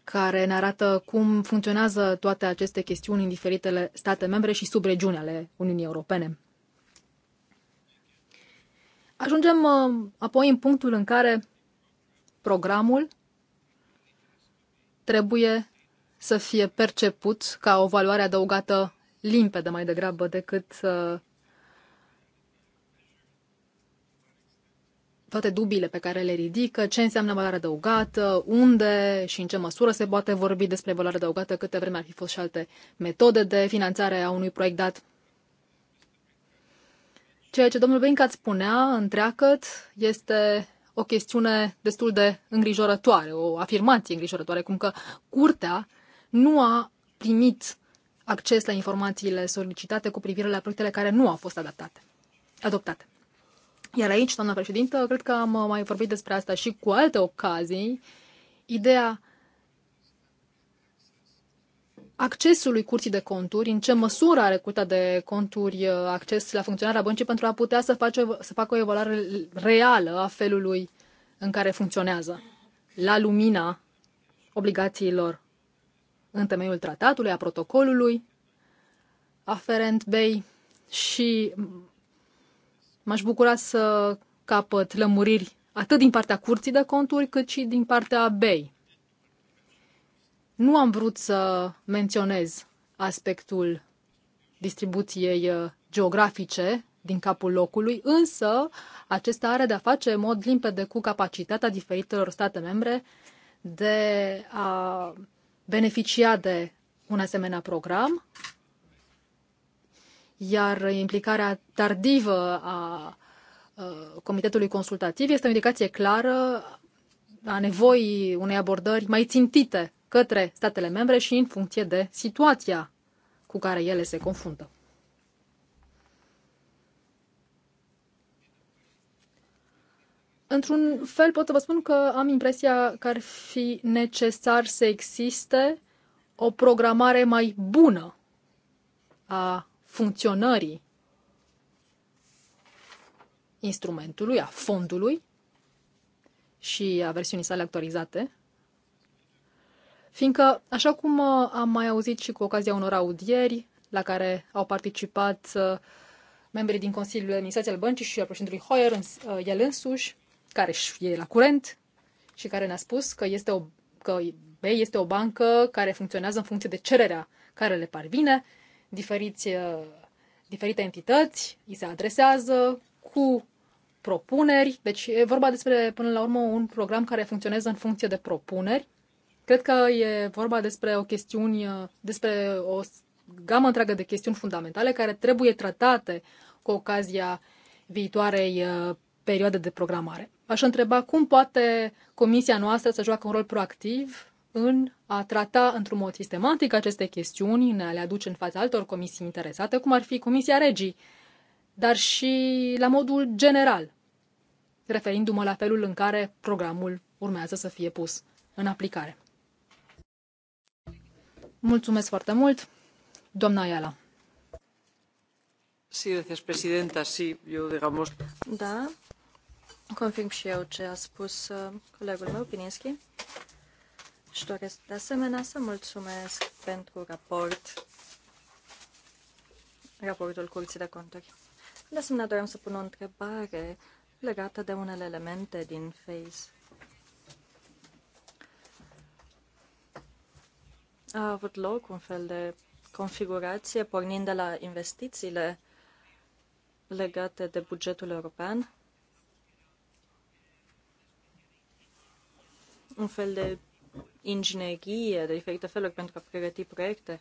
care ne arată cum funcționează toate aceste chestiuni în diferitele state membre și subregiuni ale Uniunii Europene. Ajungem uh, apoi în punctul în care programul trebuie să fie perceput ca o valoare adăugată limpede mai degrabă decât uh, toate dubiile pe care le ridică, ce înseamnă valoare adăugată, unde și în ce măsură se poate vorbi despre valoare adăugată, câte vreme ar fi fost și alte metode de finanțare a unui proiect dat. Ceea ce domnul îți spunea întreagăt este o chestiune destul de îngrijorătoare, o afirmație îngrijorătoare, cum că curtea nu a primit acces la informațiile solicitate cu privire la proiectele care nu au fost adaptate, adoptate. Iar aici, doamna președintă, cred că am uh, mai vorbit despre asta și cu alte ocazii, ideea accesului curții de conturi, în ce măsură are curtea de conturi uh, acces la funcționarea băncii pentru a putea să, face, să facă o evaluare reală a felului în care funcționează, la lumina obligațiilor în temeiul tratatului, a protocolului aferent BEI și M-aș bucura să capăt lămuriri atât din partea curții de conturi, cât și din partea BEI. Nu am vrut să menționez aspectul distribuției uh, geografice din capul locului, însă acesta are de-a face în mod limpede cu capacitatea diferitelor state membre de a beneficia de un asemenea program iar implicarea tardivă a Comitetului Consultativ este o indicație clară a nevoii unei abordări mai țintite către statele membre și în funcție de situația cu care ele se confruntă. Într-un fel pot să vă spun că am impresia că ar fi necesar să existe o programare mai bună a funcționării instrumentului, a fondului și a versiunii sale actualizate, fiindcă, așa cum uh, am mai auzit și cu ocazia unor audieri la care au participat uh, membrii din Consiliul de Administrație al Băncii și al președintelui Hoyer, uh, el însuși, care e la curent și care ne-a spus că este o, că B este o bancă care funcționează în funcție de cererea care le parvine diferiți, uh, diferite entități, îi se adresează cu propuneri. Deci e vorba despre, până la urmă, un program care funcționează în funcție de propuneri. Cred că e vorba despre o chestiune, despre o gamă întreagă de chestiuni fundamentale care trebuie tratate cu ocazia viitoarei uh, perioade de programare. Aș întreba cum poate comisia noastră să joacă un rol proactiv în a trata într-un mod sistematic aceste chestiuni, în a le aduce în fața altor comisii interesate, cum ar fi Comisia Regii, dar și la modul general, referindu-mă la felul în care programul urmează să fie pus în aplicare. Mulțumesc foarte mult, doamna Iala. Sí, gracias, presidenta. Sí, yo, digamos... Da, confirm și eu ce a spus uh, colegul meu, Pinieschi și doresc de asemenea să mulțumesc pentru raport, raportul Curții de Conturi. De asemenea, doream să pun o întrebare legată de unele elemente din FACE. A avut loc un fel de configurație pornind de la investițiile legate de bugetul european, un fel de inginerie de diferite feluri pentru a pregăti proiecte.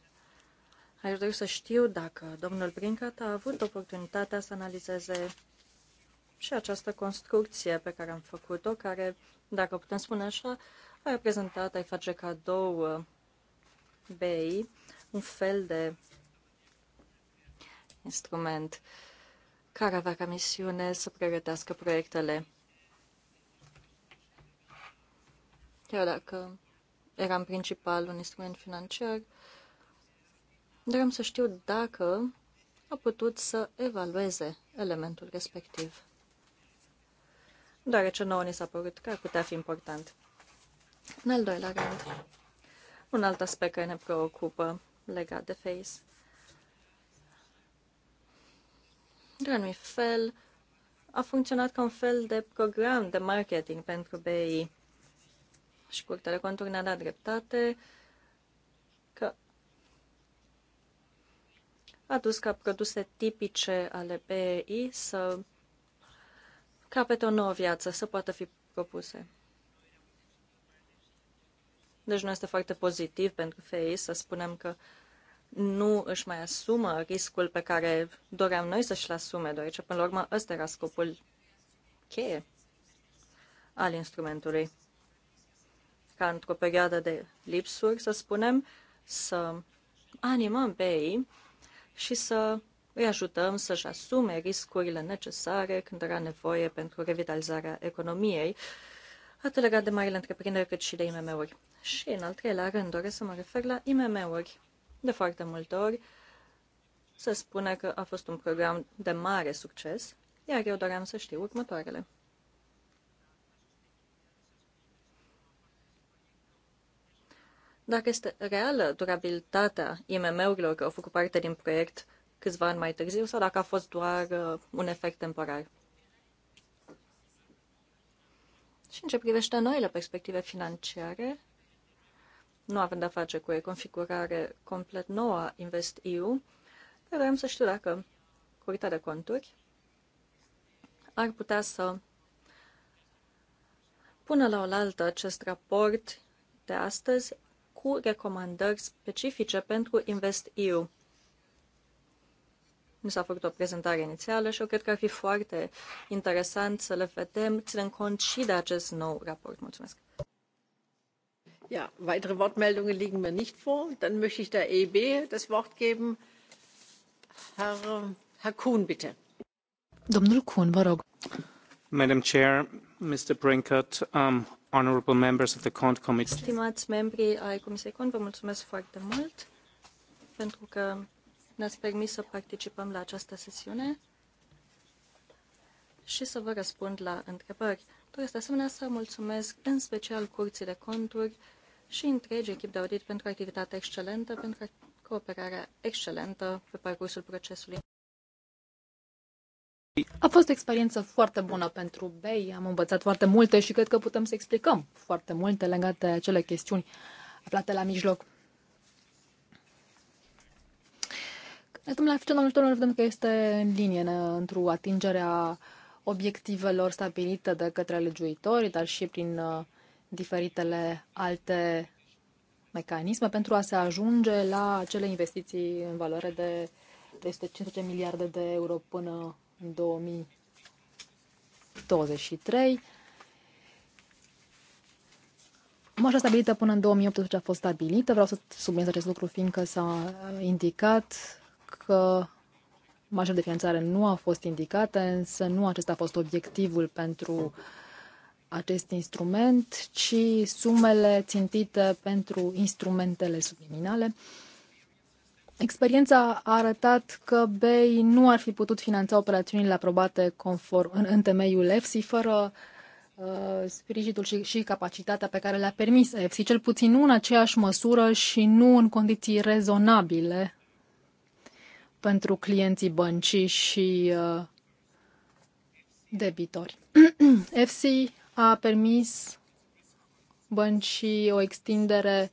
Aș dori să știu dacă domnul Brincat a avut oportunitatea să analizeze și această construcție pe care am făcut-o, care, dacă putem spune așa, a reprezentat, ai face cadou uh, bei, un fel de instrument care avea ca misiune să pregătească proiectele. Chiar dacă era în principal un instrument financiar, dar am să știu dacă a putut să evalueze elementul respectiv. Deoarece nouă ni s-a părut că ar putea fi important. În al doilea rând, un alt aspect care ne preocupă legat de face. Într-un fel, a funcționat ca un fel de program de marketing pentru BI și Curtea de Conturi ne-a dat dreptate că a dus ca produse tipice ale BEI să capete o nouă viață, să poată fi propuse. Deci nu este foarte pozitiv pentru FEI să spunem că nu își mai asumă riscul pe care doream noi să-și-l asume, deoarece, până la urmă, ăsta era scopul cheie al instrumentului ca într-o perioadă de lipsuri, să spunem, să animăm pe ei și să îi ajutăm să-și asume riscurile necesare când era nevoie pentru revitalizarea economiei, atât legat de marile întreprinderi cât și de IMM-uri. Și, în al treilea rând, doresc să mă refer la IMM-uri. De foarte multe ori se spune că a fost un program de mare succes, iar eu doream să știu următoarele. Dacă este reală durabilitatea IMM-urilor că au făcut parte din proiect câțiva ani mai târziu sau dacă a fost doar uh, un efect temporar. Și în ce privește noile perspective financiare, nu avem de-a face cu o configurare complet nouă a InvestEU, dar vreau să știu dacă Curtea de Conturi ar putea să pună la oaltă acest raport de astăzi cu recomandări specifice pentru InvestEU. Nu s-a făcut o prezentare inițială și eu cred că ar fi foarte interesant să le vedem, ținând cont și de acest nou raport. Mulțumesc! Ja, weitere Wortmeldungen liegen mir nicht vor. Dann möchte ich der EIB das Wort geben. Herr, Herr Kuhn, bitte. Domnul Kuhn, vă rog. Madam Chair, Mr. Brinkert, um, honorable members of the CONT Committee. Stimați membrii ai Comisiei CONT, vă mulțumesc foarte mult pentru că ne-ați permis să participăm la această sesiune și să vă răspund la întrebări. Doresc de asemenea să mulțumesc în special Curții de Conturi și întregi echip de audit pentru activitatea excelentă, pentru cooperarea excelentă pe parcursul procesului. A fost o experiență foarte bună pentru BEI, am învățat foarte multe și cred că putem să explicăm foarte multe legate de acele chestiuni aflate la mijloc. Acum la ficionul ajutorul vedem că este în linie într atingerea obiectivelor stabilite de către legiuitori, dar și prin uh, diferitele alte mecanisme pentru a se ajunge la acele investiții în valoare de 350 miliarde de euro până în 2023. Marja stabilită până în 2018 a fost stabilită. Vreau să subliniez acest lucru, fiindcă s-a indicat că marja de finanțare nu a fost indicată, însă nu acesta a fost obiectivul pentru acest instrument, ci sumele țintite pentru instrumentele subliminale. Experiența a arătat că BEI nu ar fi putut finanța operațiunile aprobate conform în, în temeiul EFSI fără uh, sprijinul și, și capacitatea pe care le-a permis EFSI, cel puțin nu în aceeași măsură și nu în condiții rezonabile pentru clienții băncii și uh, debitori. EFSI a permis băncii o extindere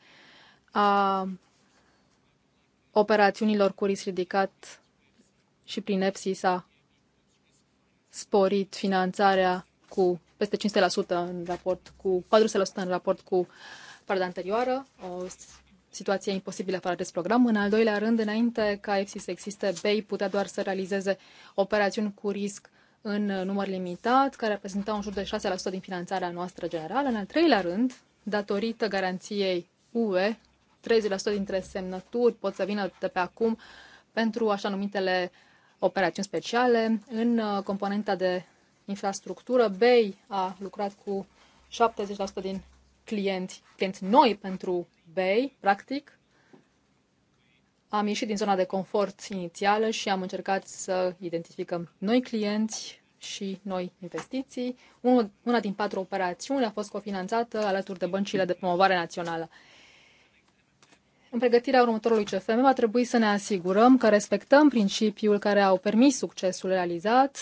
a operațiunilor cu risc ridicat și prin EPSI s-a sporit finanțarea cu peste 500% în raport cu 400% în raport cu partea anterioară, o situație imposibilă fără acest program. În al doilea rând, înainte ca EPSI să existe, BEI putea doar să realizeze operațiuni cu risc în număr limitat, care reprezenta în jur de 6% din finanțarea noastră generală. În al treilea rând, datorită garanției UE 30% dintre semnături pot să vină de pe acum pentru așa numitele operațiuni speciale. În uh, componenta de infrastructură, BEI a lucrat cu 70% din clienți, clienți noi pentru BEI, practic. Am ieșit din zona de confort inițială și am încercat să identificăm noi clienți și noi investiții. Una din patru operațiuni a fost cofinanțată alături de băncile de promovare națională. În pregătirea următorului CFM va trebui să ne asigurăm că respectăm principiul care au permis succesul realizat.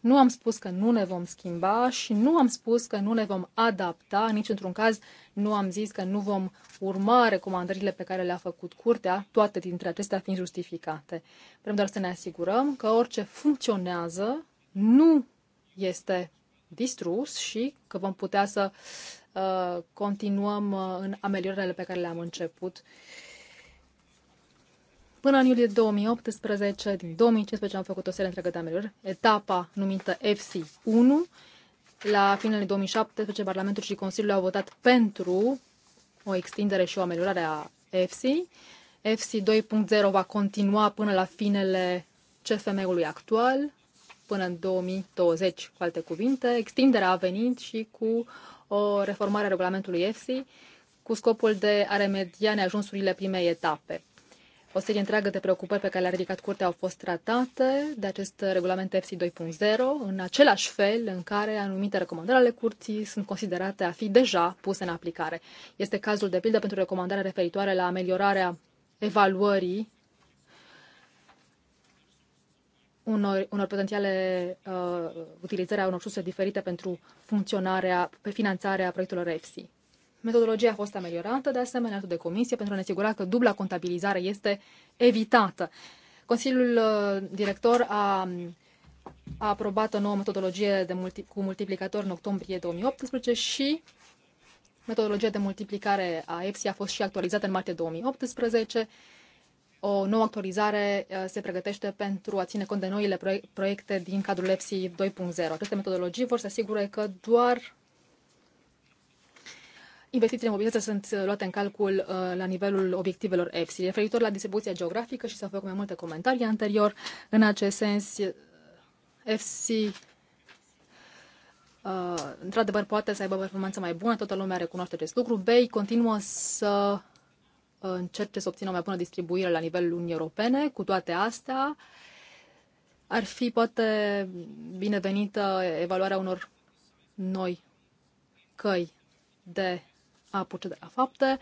Nu am spus că nu ne vom schimba și nu am spus că nu ne vom adapta, nici într-un caz nu am zis că nu vom urma recomandările pe care le-a făcut curtea, toate dintre acestea fiind justificate. Vrem doar să ne asigurăm că orice funcționează nu este distrus și că vom putea să uh, continuăm uh, în ameliorările pe care le-am început. Uh, Până în iulie 2018, din 2015 am făcut o serie întreagă de ameliorări. Etapa numită FC1. La finele 2017, Parlamentul și Consiliul au votat pentru o extindere și o ameliorare a FC. FC 2.0 va continua până la finele CFM-ului actual, până în 2020, cu alte cuvinte. Extinderea a venit și cu o reformare a regulamentului FC, cu scopul de a remedia neajunsurile primei etape. O serie întreagă de preocupări pe care le-a ridicat curtea au fost tratate de acest regulament EFSI 2.0, în același fel în care anumite recomandări ale curții sunt considerate a fi deja puse în aplicare. Este cazul de pildă pentru recomandarea referitoare la ameliorarea evaluării unor, unor potențiale uh, utilizări a unor surse diferite pentru funcționarea, pe finanțarea proiectelor EFSI. Metodologia a fost ameliorată, de asemenea, de comisie, pentru a ne asigura că dubla contabilizare este evitată. Consiliul uh, director a a aprobat o nouă metodologie de multi, cu multiplicator în octombrie 2018 și metodologia de multiplicare a EPSI a fost și actualizată în martie 2018. O nouă actualizare uh, se pregătește pentru a ține cont de noile proiecte din cadrul EPSI 2.0. Aceste metodologii vor să asigure că doar investițiile în mobilitate sunt uh, luate în calcul uh, la nivelul obiectivelor EFSI. Referitor la distribuția geografică și s-au făcut mai multe comentarii anterior, în acest sens, EFSI uh, într-adevăr poate să aibă performanță mai bună, toată lumea recunoaște acest lucru. BEI continuă să încerce să obțină o mai bună distribuire la nivelul Uniunii Europene, cu toate astea ar fi poate binevenită evaluarea unor noi căi de a de la fapte,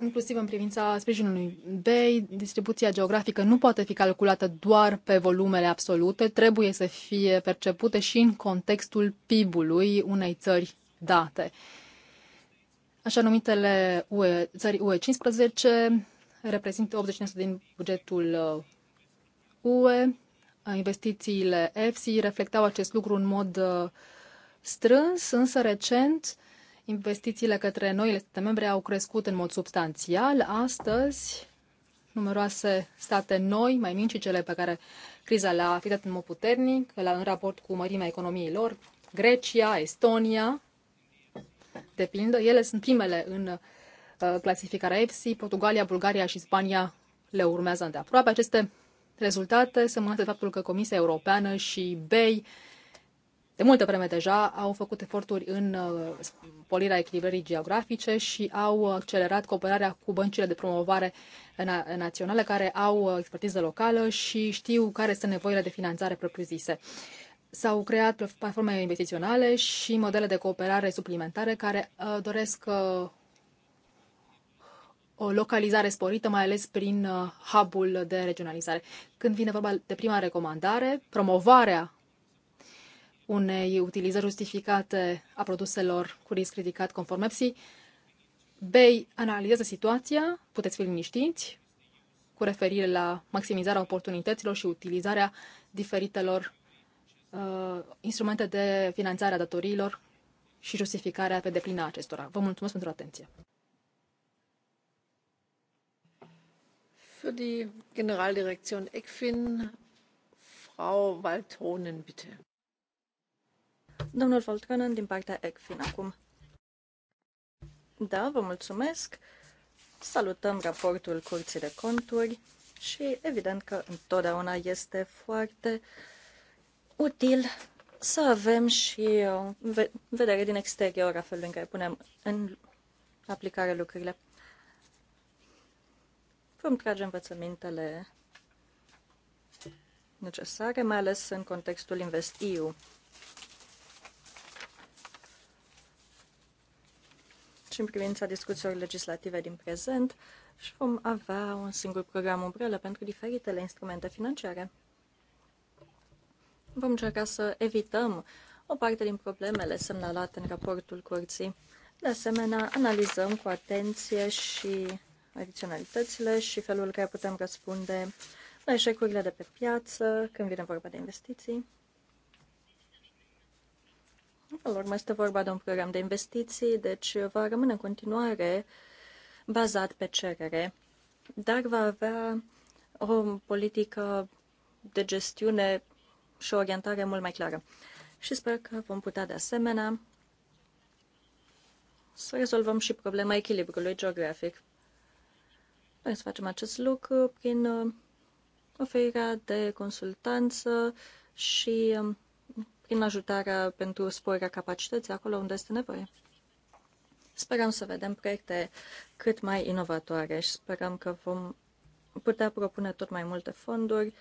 inclusiv în privința sprijinului BEI, distribuția geografică nu poate fi calculată doar pe volumele absolute, trebuie să fie percepute și în contextul PIB-ului unei țări date. Așa numitele UE, țări UE 15 reprezintă 80% din bugetul uh, UE. Investițiile EFSI reflectau acest lucru în mod uh, strâns, însă recent Investițiile către noile state membre au crescut în mod substanțial. Astăzi, numeroase state noi, mai mici, cele pe care criza le-a afectat în mod puternic, la, în raport cu mărimea economiei lor, Grecia, Estonia, depinde. ele sunt primele în uh, clasificarea EFSI, Portugalia, Bulgaria și Spania le urmează îndeaproape. Aceste rezultate se mână de faptul că Comisia Europeană și BEI de multă vreme deja au făcut eforturi în uh, polirea echilibrării geografice și au accelerat cooperarea cu băncile de promovare naționale care au uh, expertiză locală și știu care sunt nevoile de finanțare propriu-zise. S-au creat platforme investiționale și modele de cooperare suplimentare care uh, doresc o localizare sporită, mai ales prin hub-ul de regionalizare. Când vine vorba de prima recomandare, promovarea unei utilizări justificate a produselor cu risc ridicat conform EPSI. BEI analizează situația, puteți fi liniștiți, cu referire la maximizarea oportunităților și utilizarea diferitelor uh, instrumente de finanțare a datoriilor și justificarea pe deplină a acestora. Vă mulțumesc pentru atenție. Für die Generaldirektion ECFIN, Frau Waltonen, bitte. Domnul Voltcanen din partea ECFIN acum. Da, vă mulțumesc. Salutăm raportul Curții de Conturi și evident că întotdeauna este foarte util să avem și o uh, vedere din exterior a felului în care punem în aplicare lucrurile. Vom trage învățămintele necesare, mai ales în contextul InvestEU. și în privința discuțiilor legislative din prezent și vom avea un singur program umbrelă pentru diferitele instrumente financiare. Vom încerca să evităm o parte din problemele semnalate în raportul curții. De asemenea, analizăm cu atenție și adiționalitățile și felul în care putem răspunde la eșecurile de pe piață când vine vorba de investiții. Până la urmă este vorba de un program de investiții, deci va rămâne în continuare bazat pe cerere, dar va avea o politică de gestiune și o orientare mult mai clară. Și sper că vom putea de asemenea să rezolvăm și problema echilibrului geografic. Noi să facem acest lucru prin uh, oferirea de consultanță și um, prin ajutarea pentru sporirea capacității acolo unde este nevoie. Sperăm să vedem proiecte cât mai inovatoare și sperăm că vom putea propune tot mai multe fonduri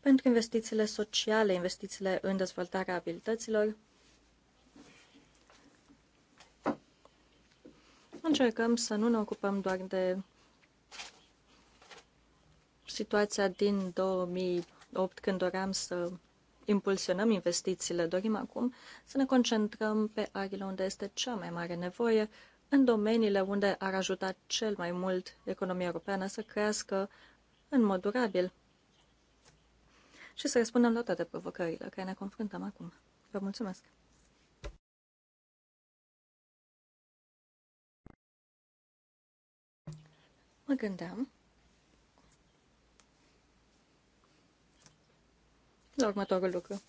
pentru investițiile sociale, investițiile în dezvoltarea abilităților. Încercăm să nu ne ocupăm doar de situația din 2008, când doream să impulsionăm investițiile. Dorim acum să ne concentrăm pe arile unde este cea mai mare nevoie, în domeniile unde ar ajuta cel mai mult economia europeană să crească în mod durabil și să răspundem la toate provocările care ne confruntăm acum. Vă mulțumesc! Mă gândeam la următorul lucru.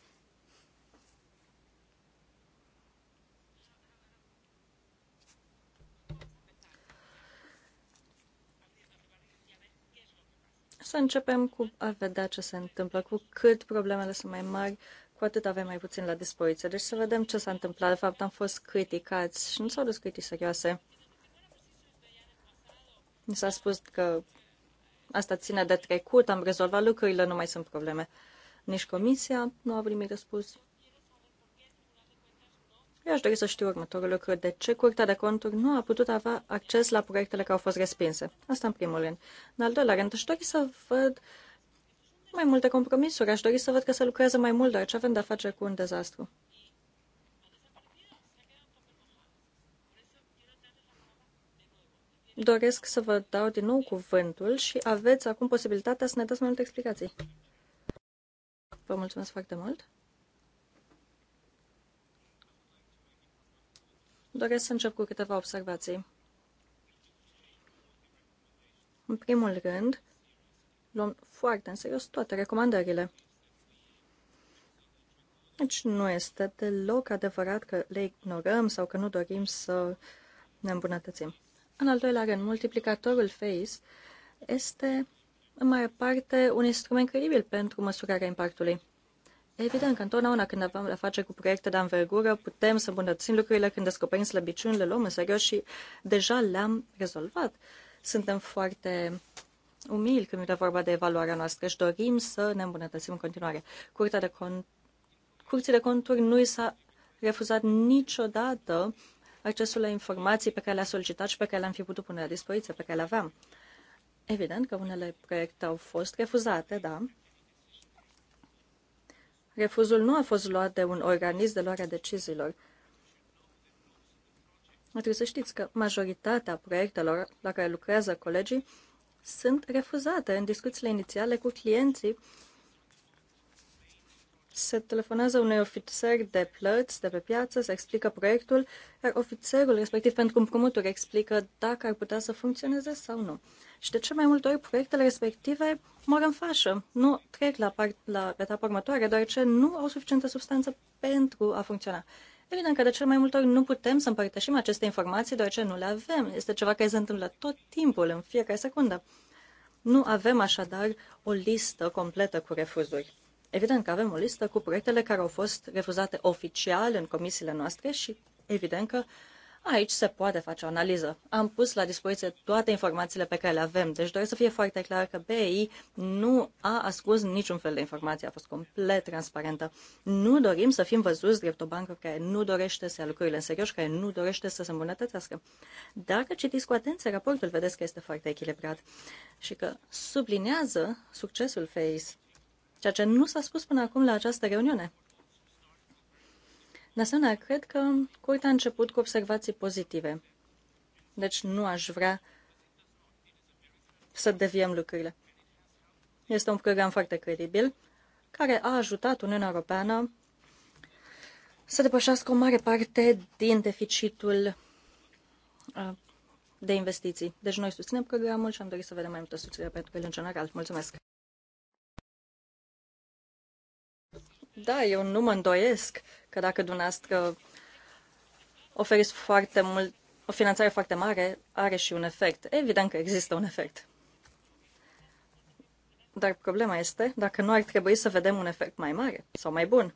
Să începem cu a vedea ce se întâmplă. Cu cât problemele sunt mai mari, cu atât avem mai puțin la dispoziție. Deci să vedem ce s-a întâmplat. De fapt, am fost criticați și nu s-au dus critici serioase. Mi s-a spus că asta ține de trecut, am rezolvat lucrurile, nu mai sunt probleme nici comisia nu a primit răspuns. Eu aș dori să știu următorul lucru. De ce Curtea de Conturi nu a putut avea acces la proiectele care au fost respinse? Asta în primul rând. În al doilea rând, aș dori să văd mai multe compromisuri. Aș dori să văd că se lucrează mai mult, ce avem de-a face cu un dezastru. doresc să vă dau din nou cuvântul și aveți acum posibilitatea să ne dați mai multe explicații. Vă mulțumesc foarte mult. Doresc să încep cu câteva observații. În primul rând, luăm foarte în serios toate recomandările. Deci nu este deloc adevărat că le ignorăm sau că nu dorim să ne îmbunătățim. În al doilea rând, multiplicatorul FACE este în mai parte un instrument credibil pentru măsurarea impactului. Evident că întotdeauna când avem la face cu proiecte de anvergură, putem să îmbunătățim lucrurile când descoperim slăbiciunile, luăm în serios și deja le-am rezolvat. Suntem foarte umili când vine vorba de evaluarea noastră și dorim să ne îmbunătățim în continuare. Curtea de con- Curții de conturi nu i s-a refuzat niciodată accesul la informații pe care le-a solicitat și pe care le-am fi putut pune la dispoziție, pe care le aveam. Evident că unele proiecte au fost refuzate, da. Refuzul nu a fost luat de un organism de luare a deciziilor. Trebuie să știți că majoritatea proiectelor la care lucrează colegii sunt refuzate în discuțiile inițiale cu clienții se telefonează unui ofițer de plăți de pe piață, se explică proiectul, iar ofițerul respectiv pentru împrumuturi explică dacă ar putea să funcționeze sau nu. Și de ce mai multe ori proiectele respective mor în fașă, nu trec la, part, la etapa următoare, deoarece nu au suficientă substanță pentru a funcționa. Evident că de cel mai multe ori nu putem să împărtășim aceste informații, deoarece nu le avem. Este ceva care se întâmplă tot timpul, în fiecare secundă. Nu avem așadar o listă completă cu refuzuri. Evident că avem o listă cu proiectele care au fost refuzate oficial în comisiile noastre și evident că aici se poate face o analiză. Am pus la dispoziție toate informațiile pe care le avem, deci doresc să fie foarte clar că BEI nu a ascuns niciun fel de informație, a fost complet transparentă. Nu dorim să fim văzuți drept o bancă care nu dorește să ia lucrurile în serios, care nu dorește să se îmbunătățească. Dacă citiți cu atenție raportul, vedeți că este foarte echilibrat și că sublinează succesul FACE ceea ce nu s-a spus până acum la această reuniune. De asemenea, cred că Curtea a început cu observații pozitive. Deci nu aș vrea să deviem lucrurile. Este un program foarte credibil care a ajutat Uniunea Europeană să depășească o mare parte din deficitul de investiții. Deci noi susținem programul și am dorit să vedem mai multă susținere pentru el în general. Mulțumesc! Da, eu nu mă îndoiesc că dacă dumneavoastră oferiți foarte mult, o finanțare foarte mare, are și un efect. Evident că există un efect. Dar problema este dacă nu ar trebui să vedem un efect mai mare sau mai bun.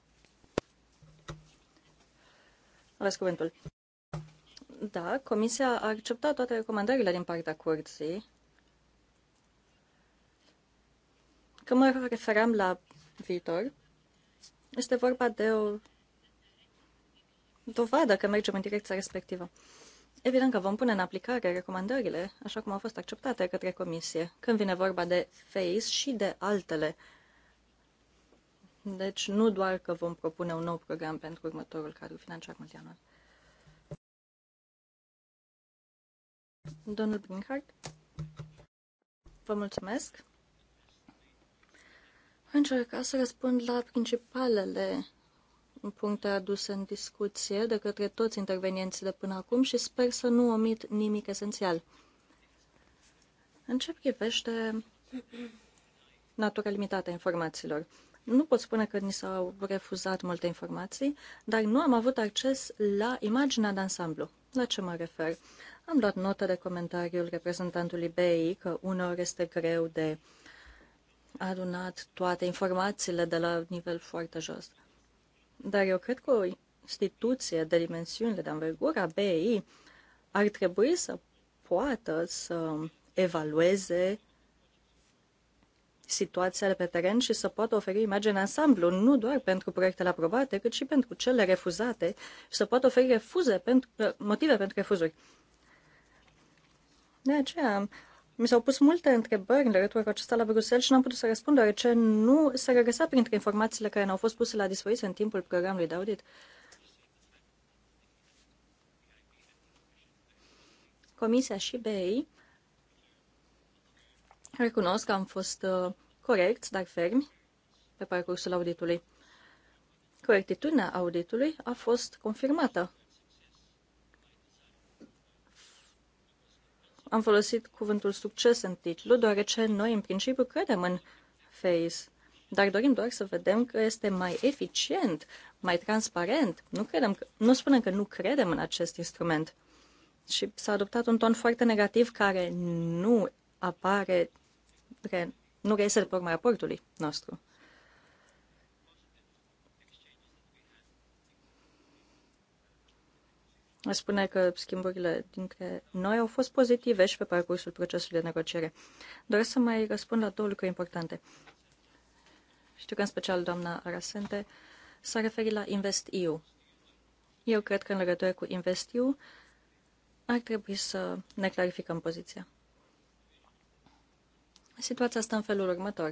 Aveți cuvântul. Da, Comisia a acceptat toate recomandările din partea curții. Când mă referam la viitor, este vorba de o dovadă că mergem în direcția respectivă. Evident că vom pune în aplicare recomandările așa cum au fost acceptate către comisie, când vine vorba de FACE și de altele. Deci nu doar că vom propune un nou program pentru următorul cadru financiar multianual. Domnul Brinkhardt, vă mulțumesc încerca să răspund la principalele puncte aduse în discuție de către toți intervenienții de până acum și sper să nu omit nimic esențial. În ce privește natura limitată a informațiilor, nu pot spune că ni s-au refuzat multe informații, dar nu am avut acces la imaginea de ansamblu. La ce mă refer? Am luat notă de comentariul reprezentantului BEI că uneori este greu de uh, adunat toate informațiile de la nivel foarte jos. Dar eu cred că o instituție de dimensiunile de anvergura BEI ar trebui să poată să evalueze situația pe teren și să poată oferi imagine ansamblu, nu doar pentru proiectele aprobate, cât și pentru cele refuzate și să poată oferi refuze pentru, motive pentru refuzuri. De aceea mi s-au pus multe întrebări în legătură cu acesta la Bruxelles și n-am putut să răspund, deoarece nu se regăsa printre informațiile care ne-au fost puse la dispoziție în timpul programului de audit. Comisia și BEI recunosc că am fost uh, corecți, dar fermi, pe parcursul auditului. Corectitudinea auditului a fost confirmată am folosit cuvântul succes în titlu, deoarece noi, în principiu, credem în FACE, dar dorim doar să vedem că este mai eficient, mai transparent. Nu, credem că, nu spunem că nu credem în acest instrument. Și s-a adoptat un ton foarte negativ care nu apare, nu reiese de pe urma raportului nostru. spune că schimburile dintre noi au fost pozitive și pe parcursul procesului de negociere. Doresc să mai răspund la două lucruri importante. Știu că în special doamna Arasente s-a referit la InvestEU. Eu cred că în legătură cu InvestEU ar trebui să ne clarificăm poziția. Situația asta în felul următor.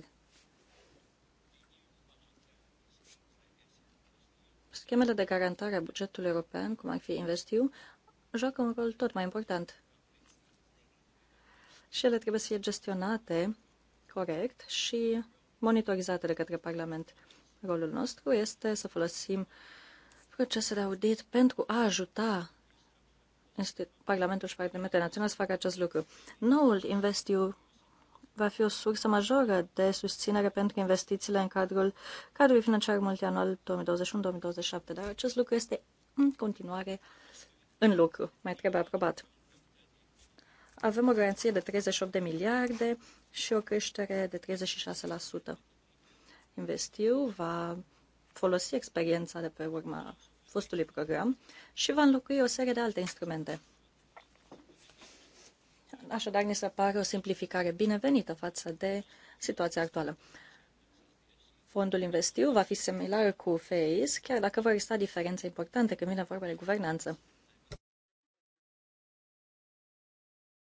Schemele de garantare a bugetului european, cum ar fi InvestEU, joacă un rol tot mai important. Și ele trebuie să fie gestionate corect și monitorizate de către Parlament. Rolul nostru este să folosim procese de audit pentru a ajuta Parlamentul și Parlamentul național să facă acest lucru. Noul InvestEU va fi o sursă majoră de susținere pentru investițiile în cadrul cadrului financiar multianual 2021-2027, dar acest lucru este în continuare în lucru, mai trebuie aprobat. Avem o garanție de 38 de miliarde și o creștere de 36%. Investiu va folosi experiența de pe urma fostului program și va înlocui o serie de alte instrumente Așadar, ni se pare o simplificare binevenită față de situația actuală. Fondul investiu va fi similar cu FACE, chiar dacă vor exista diferențe importante când vine vorba de guvernanță.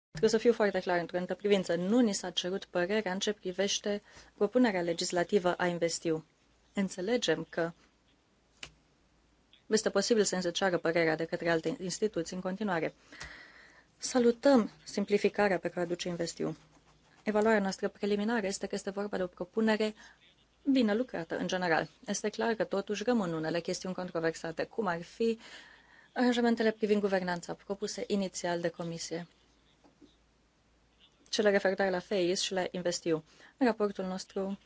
Trebuie să fiu foarte clar într-o anumită privință. Nu ni s-a cerut părerea în ce privește propunerea legislativă a investiu. Înțelegem că este posibil să ne ceară părerea de către alte instituții în continuare. Salutăm simplificarea pe care o aduce Investiu. Evaluarea noastră preliminară este că este vorba de o propunere bine lucrată, în general. Este clar că totuși rămân unele chestiuni controversate, cum ar fi aranjamentele privind guvernanța propuse inițial de comisie, cele referitoare la FEIS și la Investiu. Raportul nostru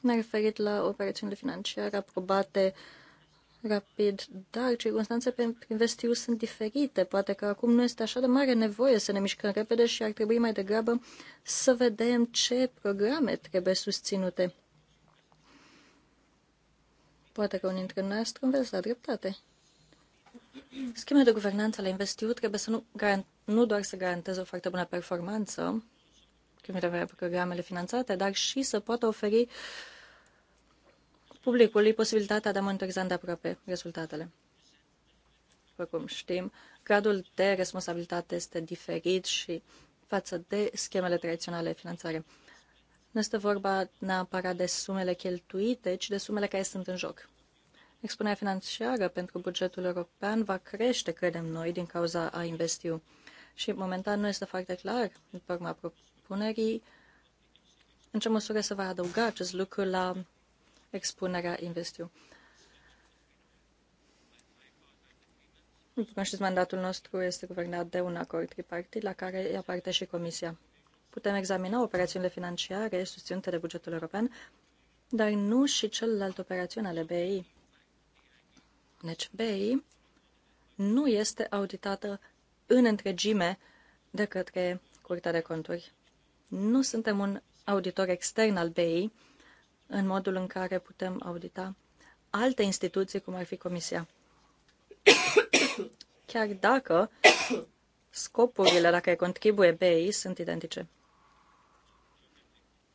ne-a referit la operațiunile financiare aprobate rapid, dar circunstanțele prin vestiu sunt diferite. Poate că acum nu este așa de mare nevoie să ne mișcăm repede și ar trebui mai degrabă să vedem ce programe trebuie susținute. Poate că unii dintre noi strâmbesc la dreptate. Scheme de guvernanță la investiu trebuie să nu, nu doar să garanteze o foarte bună performanță, când vine programele finanțate, dar și să poată oferi uh, publicului posibilitatea de a monitoriza îndeaproape rezultatele. După cum știm, gradul de responsabilitate este diferit și față de schemele tradiționale de finanțare. Nu este vorba neapărat de sumele cheltuite, ci de sumele care sunt în joc. Expunerea financiară pentru bugetul european va crește, credem noi, din cauza a investiu. Și momentan nu este foarte clar, după urma propunerii, în ce măsură se va adăuga acest lucru la expunerea investiu. După cum știți, mandatul nostru este guvernat de un acord tripartit la care ia parte și Comisia. Putem examina operațiunile financiare susținute de bugetul european, dar nu și celelalte operațiuni ale BI. Deci BI nu este auditată în întregime de către Curtea de Conturi. Nu suntem un auditor extern al BI, în modul în care putem audita alte instituții, cum ar fi Comisia. Chiar dacă scopurile la care contribuie BEI sunt identice.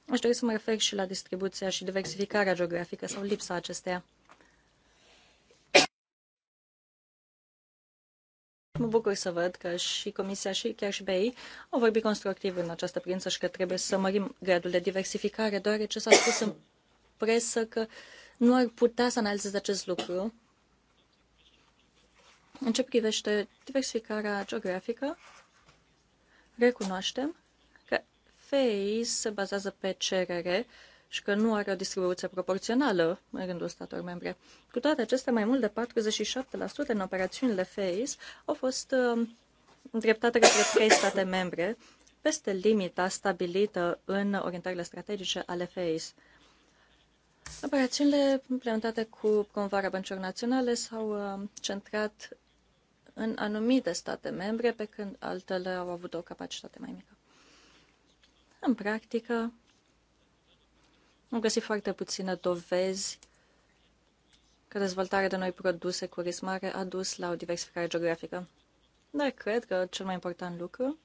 Aș dori să mă refer și la distribuția și diversificarea geografică sau lipsa acesteia. Mă bucur să văd că și Comisia și chiar și BEI au vorbit constructiv în această privință și că trebuie să mărim gradul de diversificare, deoarece s-a spus în presă că nu ar putea să analizeze acest lucru. În ce privește diversificarea geografică, recunoaștem că FEI se bazează pe cerere și că nu are o distribuție proporțională în rândul statelor membre. Cu toate acestea, mai mult de 47% în operațiunile FEIS au fost uh, îndreptate către trei state membre, peste limita stabilită în orientările strategice ale FEIS. Operațiunile implementate cu Convara Băncilor Naționale s-au uh, centrat în anumite state membre, pe când altele au avut o capacitate mai mică. În practică, am găsit foarte puține dovezi că dezvoltarea de noi produse cu risc mare a dus la o diversificare geografică. Dar cred că cel mai important lucru,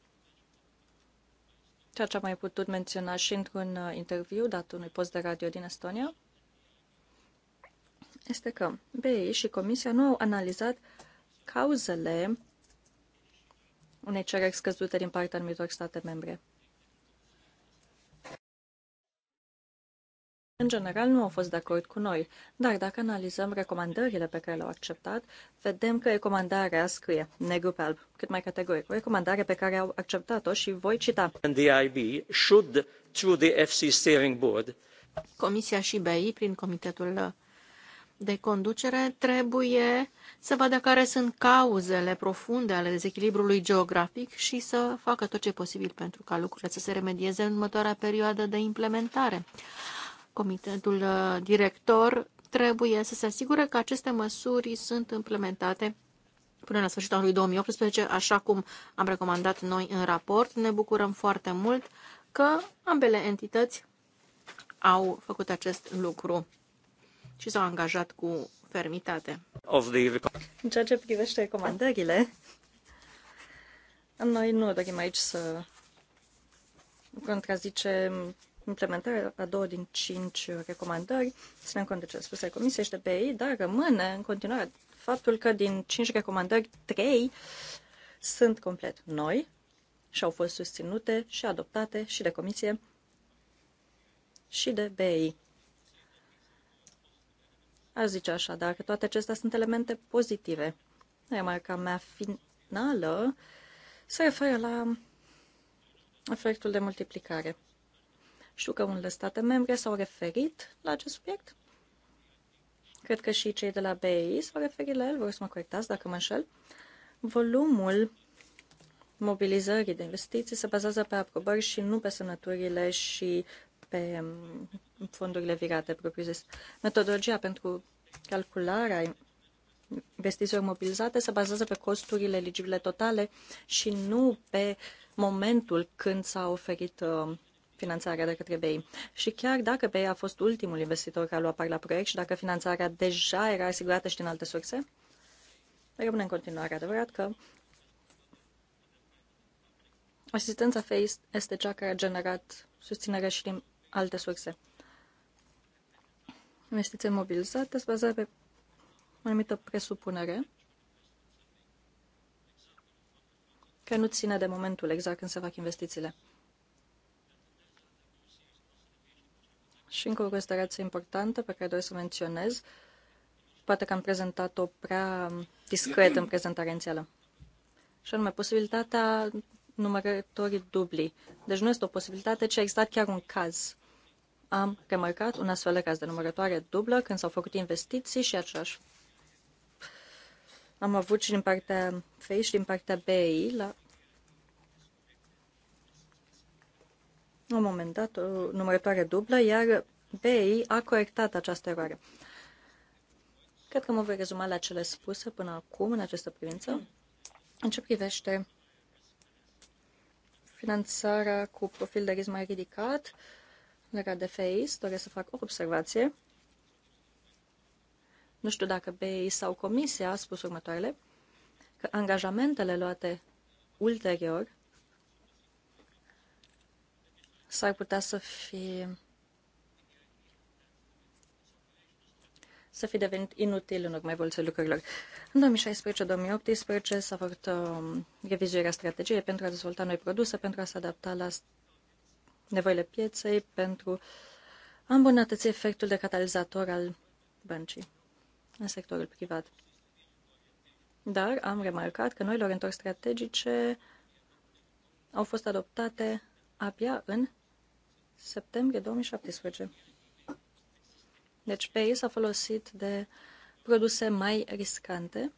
ceea ce am mai putut menționa și într-un uh, interviu dat unui post de radio din Estonia, este că BEI și Comisia nu au analizat cauzele unei cereri scăzute din partea anumitor state membre. În general, nu au fost de acord cu noi, dar dacă analizăm recomandările pe care le-au acceptat, vedem că recomandarea scrie, negru pe alb, cât mai categoric, o recomandare pe care au acceptat-o și voi cita. Comisia și BEI prin Comitetul de conducere trebuie să vadă care sunt cauzele profunde ale dezechilibrului geografic și să facă tot ce e posibil pentru ca lucrurile să se remedieze în următoarea perioadă de implementare. Comitetul uh, director trebuie să se asigure că aceste măsuri sunt implementate până la sfârșitul anului 2018, așa cum am recomandat noi în raport. Ne bucurăm foarte mult că ambele entități au făcut acest lucru și s-au angajat cu fermitate. În ceea ce privește comandările, noi nu dorim aici să contrazicem implementarea a două din cinci recomandări, să cont de ce a spus și de BI, dar rămâne în continuare faptul că din cinci recomandări, trei sunt complet noi și au fost susținute și adoptate și de Comisie și de BI. Aș zice așa, dar că toate acestea sunt elemente pozitive. ca mea finală se referă la efectul de multiplicare. Știu că unele state membre s-au referit la acest subiect. Cred că și cei de la BEI s-au referit la el, vor să mă corectați dacă mă înșel. Volumul mobilizării de investiții se bazează pe aprobări și nu pe semnăturile și pe mm, fondurile virate propriu-zis. Metodologia pentru calcularea investițiilor mobilizate se bazează pe costurile eligibile totale și nu pe momentul când s-a oferit uh, finanțarea de către BEI. Și chiar dacă BEI a fost ultimul investitor care a luat part la proiect și dacă finanțarea deja era asigurată și din alte surse, rămâne în continuare adevărat că asistența FACE este cea care a generat susținere și din alte surse. Investiții mobilizate se bazează pe o anumită presupunere care nu ține de momentul exact când se fac investițiile. Și încă o considerație importantă pe care doresc să menționez, poate că am prezentat-o prea discret în prezentarea inițială. Și anume, posibilitatea numărătorii dubli. Deci nu este o posibilitate, ci a existat chiar un caz am remarcat un astfel de caz de numărătoare dublă când s-au făcut investiții și același am avut și din partea FEI și din partea BEI la un moment dat o numărătoare dublă, iar BEI a corectat această eroare. Cred că mă voi rezuma la cele spuse până acum în această privință. În ce privește finanțarea cu profil de risc mai ridicat, uh, legat de FACE, doresc să fac o observație. Nu știu dacă BEI sau Comisia a spus următoarele, că angajamentele luate ulterior s-ar putea să fi să fi devenit inutil în urma evoluției lucrurilor. În 2016-2018 s-a făcut um, revizuirea strategiei pentru a dezvolta noi produse, pentru a se adapta la nevoile pieței pentru a îmbunătăți efectul de catalizator al băncii în sectorul privat. Dar am remarcat că noilor întors strategice au fost adoptate abia în septembrie 2017. Deci ei s-a folosit de produse mai riscante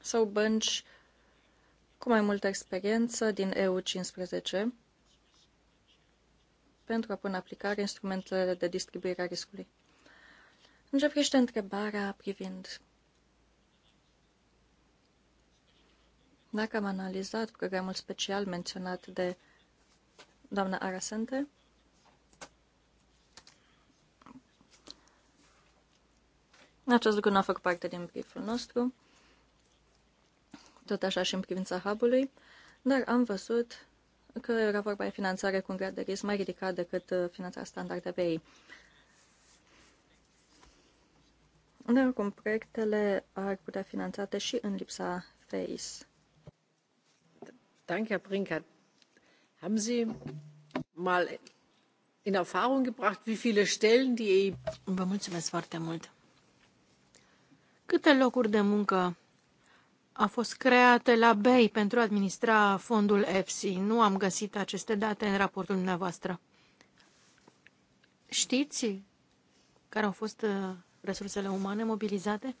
sau bănci cu mai multă experiență din EU15 pentru a pune aplicare instrumentele de distribuire a riscului. În ce privește întrebarea privind dacă am analizat programul special menționat de doamna Arasente, acest lucru nu a făcut parte din brieful nostru tot așa și în privința hub-ului, dar am văzut că era vorba de finanțare cu un grad de risc mai ridicat decât uh, finanțarea standard de BI. Dar acum proiectele ar putea finanțate și în lipsa FACE. Danke, Herr Brinkert. Haben Sie mal in Erfahrung gebracht, wie viele Stellen die EIB... Vă mulțumesc foarte mult. Câte locuri de muncă a fost creată la BEI pentru a administra fondul EFSI. Nu am găsit aceste date în raportul dumneavoastră. Știți care au fost uh, resursele umane mobilizate?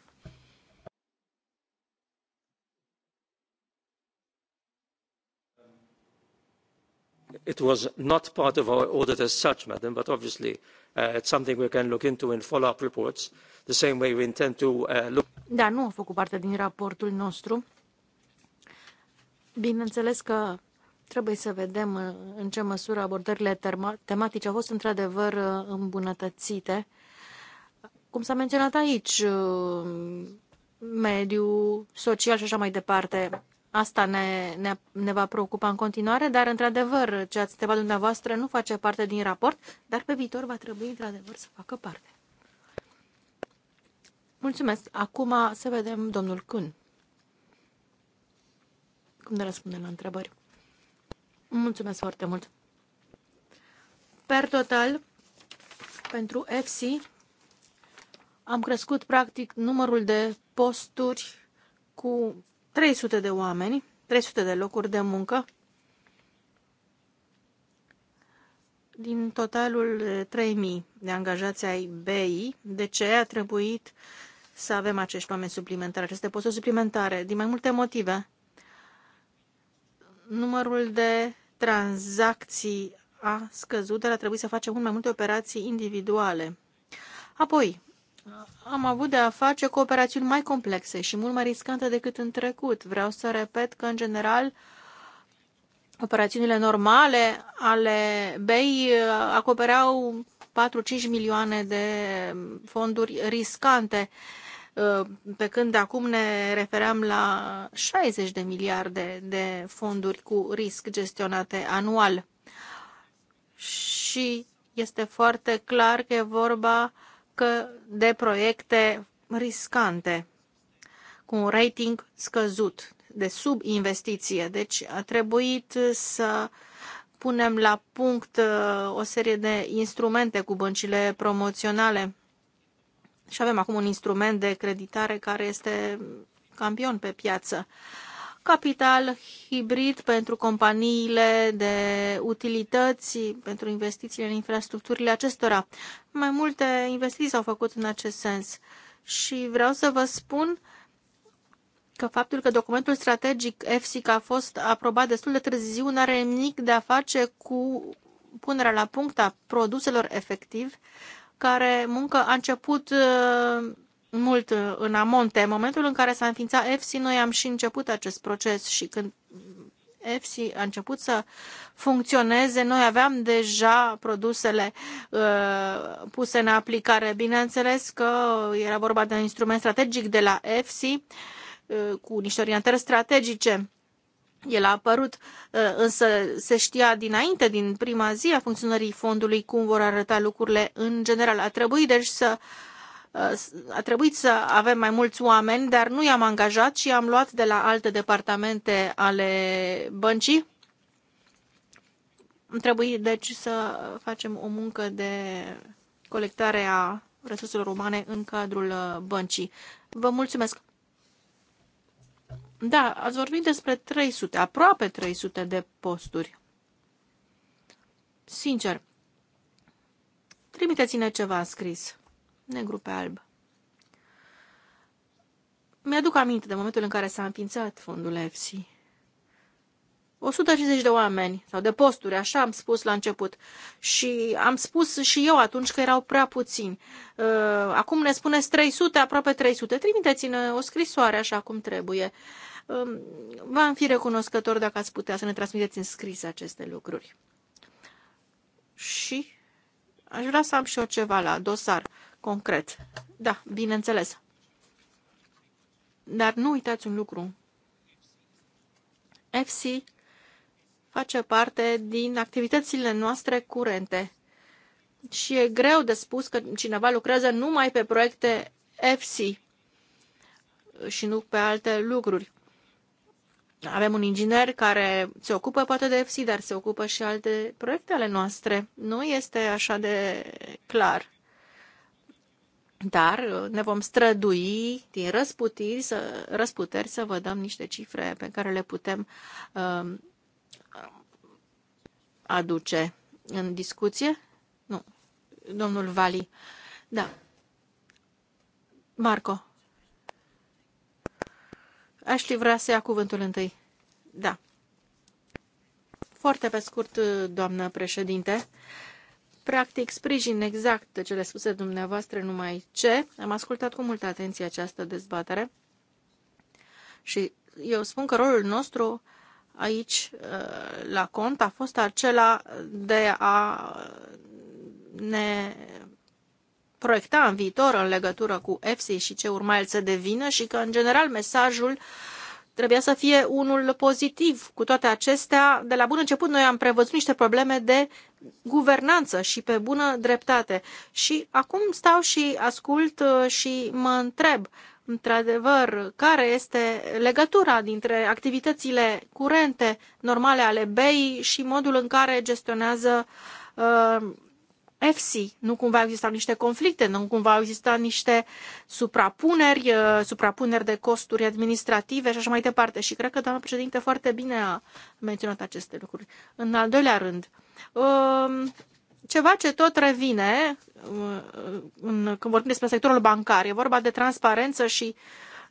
it was not part of our audit as such, madam, but obviously uh, it's something we can look into in follow-up reports, the same way we intend to uh, look... Da, nu a făcut parte din raportul nostru. Bineînțeles că trebuie să vedem uh, în ce măsură abordările tematice au fost într-adevăr îmbunătățite. Cum s-a menționat aici, mediu, social și așa mai departe, Asta ne, ne, ne va preocupa în continuare, dar, într-adevăr, ce ați întrebat dumneavoastră nu face parte din raport, dar pe viitor va trebui, într-adevăr, să facă parte. Mulțumesc. Acum să vedem domnul Kun. Cum ne răspunde la întrebări? Mulțumesc foarte mult. Per total, pentru EFSI, am crescut, practic, numărul de posturi cu 300 de oameni, 300 de locuri de muncă, din totalul 3.000 de angajați ai BI, de ce a trebuit să avem acești oameni suplimentari, aceste posturi suplimentare, din mai multe motive. Numărul de tranzacții a scăzut, dar a trebuit să facem mult mai multe operații individuale. Apoi, am avut de a face cu operațiuni mai complexe și mult mai riscante decât în trecut. Vreau să repet că, în general, operațiunile normale ale BEI uh, acopereau 4-5 milioane de fonduri riscante, uh, pe când acum ne refeream la 60 de miliarde de fonduri cu risc gestionate anual. Și este foarte clar că e vorba uh, apucă de proiecte riscante, cu un rating scăzut, de subinvestiție. Deci a trebuit să punem la punct uh, o serie de instrumente cu băncile promoționale. Și avem acum un instrument de creditare care este campion pe piață capital hibrid pentru companiile de utilități, pentru investițiile în infrastructurile acestora. Mai multe investiții s-au făcut în acest sens și vreau să vă spun că faptul că documentul strategic EFSIC a fost aprobat destul de târziu nu are nimic de a face cu punerea la punct a produselor efectiv, care muncă a început uh, mult uh, în amonte. În momentul în care s-a înființat EFSI, noi am și început acest proces și când EFSI a început să funcționeze, noi aveam deja produsele uh, puse în aplicare. Bineînțeles că era vorba de un instrument strategic de la EFSI uh, cu niște orientări strategice. El a apărut, uh, însă se știa dinainte, din prima zi a funcționării fondului, cum vor arăta lucrurile în general. A trebuit deci să uh, a trebuit să avem mai mulți oameni, dar nu i-am angajat și am luat de la alte departamente ale băncii. Am trebuit, deci, să facem o muncă de colectare a resurselor umane în cadrul uh, băncii. Vă mulțumesc! Da, ați vorbit despre 300, aproape 300 de posturi. Sincer, trimiteți-ne ceva scris negru pe alb. Mi-aduc aminte de momentul în care s-a înființat fondul EFSI. 150 de oameni sau de posturi, așa am spus la început. Și am spus și eu atunci că erau prea puțini. Uh, acum ne spuneți 300, aproape 300. Trimiteți-ne o scrisoare așa cum trebuie. Um, v-am fi recunoscător dacă ați putea să ne transmiteți în scris aceste lucruri. Și aș vrea să am și eu ceva la dosar concret. Da, bineînțeles. Dar nu uitați un lucru. FC face parte din activitățile noastre curente. Și e greu de spus că cineva lucrează numai pe proiecte FC și nu pe alte lucruri. Avem un inginer care se ocupă poate de FC, dar se ocupă și alte proiecte ale noastre. Nu este așa de clar. Dar uh, ne vom strădui din răsputiri să, răsputeri să vă dăm niște cifre pe care le putem uh, aduce în discuție. Nu, domnul Vali. Da. Marco. fi vrea să ia cuvântul întâi. Da. Foarte pe scurt, uh, doamnă președinte. Uh, practic sprijin exact cele spuse dumneavoastră, numai ce. Am ascultat cu multă atenție această dezbatere și eu spun că rolul nostru aici uh, la cont a fost acela de a ne proiecta în viitor în legătură cu EFSI și ce urma el să devină și că, în general, mesajul Trebuia să fie unul pozitiv. Cu toate acestea, de la bun început noi am prevăzut niște probleme de guvernanță și pe bună dreptate. Și acum stau și ascult uh, și mă întreb, într-adevăr, care este legătura dintre activitățile curente normale ale BEI și modul în care gestionează uh, EFSI. Nu cumva au existat niște conflicte, nu cumva au existat niște suprapuneri, uh, suprapuneri de costuri administrative și așa mai departe. Și cred că doamna președinte foarte bine a menționat aceste lucruri. În al doilea rând, um, ceva ce tot revine uh, când vorbim despre sectorul bancar, e vorba de transparență și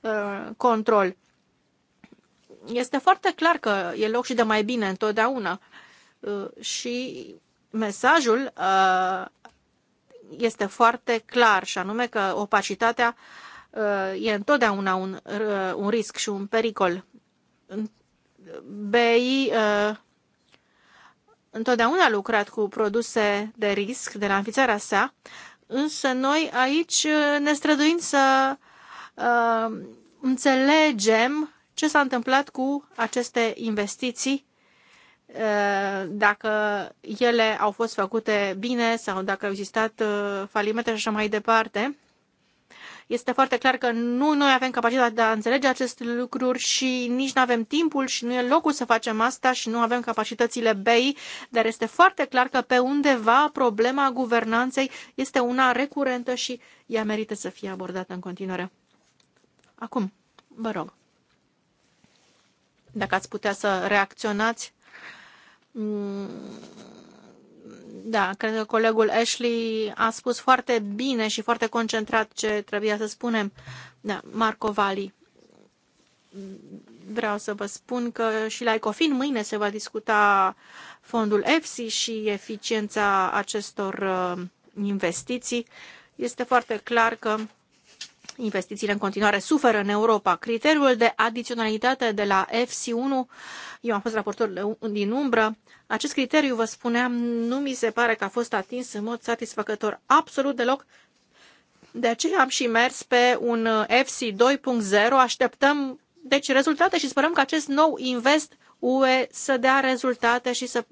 uh, control. Este foarte clar că e loc și de mai bine întotdeauna și mesajul uh, este foarte clar și anume că opacitatea uh, e întotdeauna un, uh, un risc și un pericol. BI întotdeauna a lucrat cu produse de risc de la înființarea sa, însă noi aici ne străduim să înțelegem ce s-a întâmplat cu aceste investiții dacă ele au fost făcute bine sau dacă au existat uh, falimente și așa mai departe. Este foarte clar că nu noi avem capacitatea de a înțelege aceste lucruri și nici nu avem timpul și nu e locul să facem asta și nu avem capacitățile BEI, dar este foarte clar că pe undeva problema guvernanței este una recurentă și ea merită să fie abordată în continuare. Acum, vă rog, dacă ați putea să reacționați Mm, da, cred că colegul Ashley a spus foarte bine și foarte concentrat ce trebuia să spunem. Da, Marco Vali. Vreau să vă spun că și la Ecofin mâine se va discuta fondul EFSI și eficiența acestor uh, investiții. Este foarte clar că investițiile în continuare suferă în Europa. Criteriul de adiționalitate de la FC1, eu am fost raportor din umbră, acest criteriu, vă spuneam, nu mi se pare că a fost atins în mod satisfăcător absolut deloc. De aceea am și mers pe un FC 2.0, așteptăm deci rezultate și sperăm că acest nou invest UE să dea rezultate și să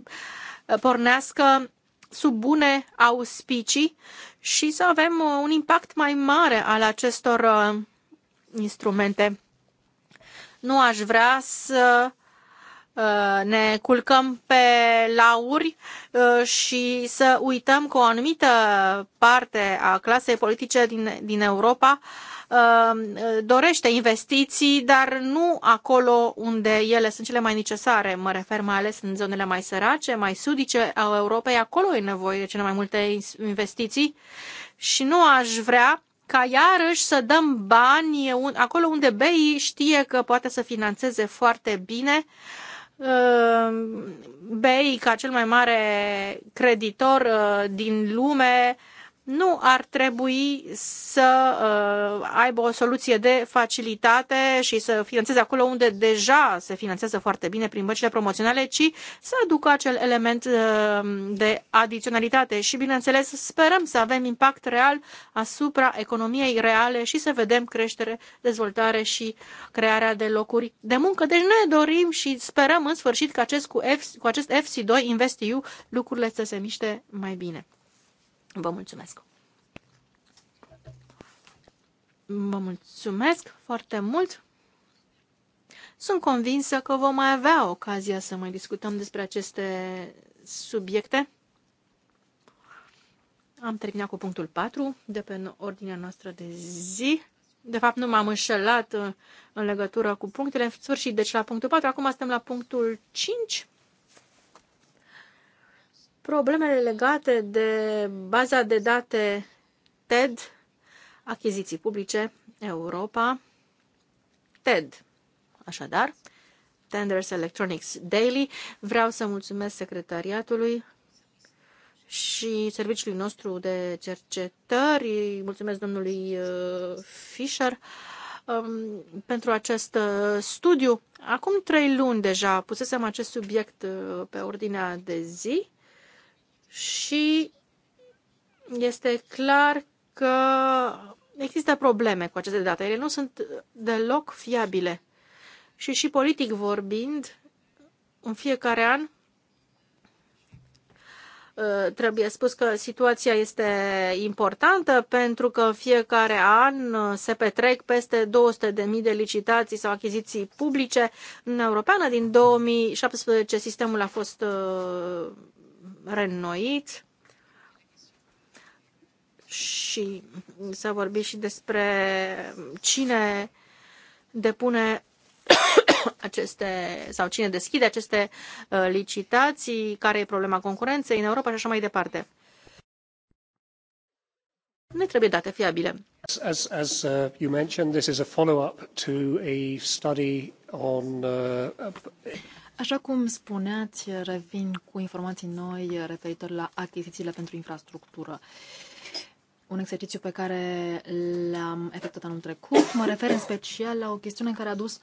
pornească sub bune auspicii și să avem uh, un impact mai mare al acestor uh, instrumente. Nu aș vrea să uh, ne culcăm pe lauri și să uităm că o anumită parte a clasei politice din, din Europa uh, Um, dorește investiții, dar nu acolo unde ele sunt cele mai necesare. Mă refer mai ales în zonele mai sărace, mai sudice a Europei. Acolo e nevoie de cele mai multe investiții și nu aș vrea ca iarăși să dăm bani acolo unde BEI știe că poate să financeze foarte bine um, BEI ca cel mai mare creditor uh, din lume nu ar trebui să uh, aibă o soluție de facilitate și să finanțeze acolo unde deja se finanțează foarte bine prin băncile promoționale, ci să aducă acel element uh, de adiționalitate și, bineînțeles, sperăm să avem impact real asupra economiei reale și să vedem creștere, dezvoltare și crearea de locuri de muncă. Deci ne dorim și sperăm în sfârșit că acest cu, F, cu acest FC2 InvestEU lucrurile să se miște mai bine. Vă mulțumesc! Vă mulțumesc foarte mult! Sunt convinsă că vom mai avea ocazia să mai discutăm despre aceste subiecte. Am terminat cu punctul 4 de pe ordinea noastră de zi. De fapt, nu m-am înșelat uh, în legătură cu punctele în sfârșit, deci la punctul 4. Acum suntem la punctul 5 problemele legate de baza de date TED, achiziții publice, Europa, TED. Așadar, Tenders Electronics Daily. Vreau să mulțumesc secretariatului și serviciului nostru de cercetări. Mulțumesc domnului uh, Fischer um, pentru acest uh, studiu. Acum trei luni deja pusesem acest subiect uh, pe ordinea de zi și este clar că există probleme cu aceste date. Ele nu sunt deloc fiabile. Și și politic vorbind, în fiecare an ă, trebuie spus că situația este importantă pentru că în fiecare an se petrec peste 200.000 de licitații sau achiziții publice în Europeană. Din 2017 sistemul a fost ă, reînnoit și s-a vorbit și despre cine depune aceste, sau cine deschide aceste uh, licitații, care e problema concurenței în Europa și așa mai departe. Ne trebuie date fiabile. As, as uh, you mentioned, this is a follow-up to a study on uh, Așa cum spuneați, revin cu informații noi referitor la achizițiile pentru infrastructură. Un exercițiu pe care l-am efectuat anul trecut. Mă refer în special la o chestiune care a dus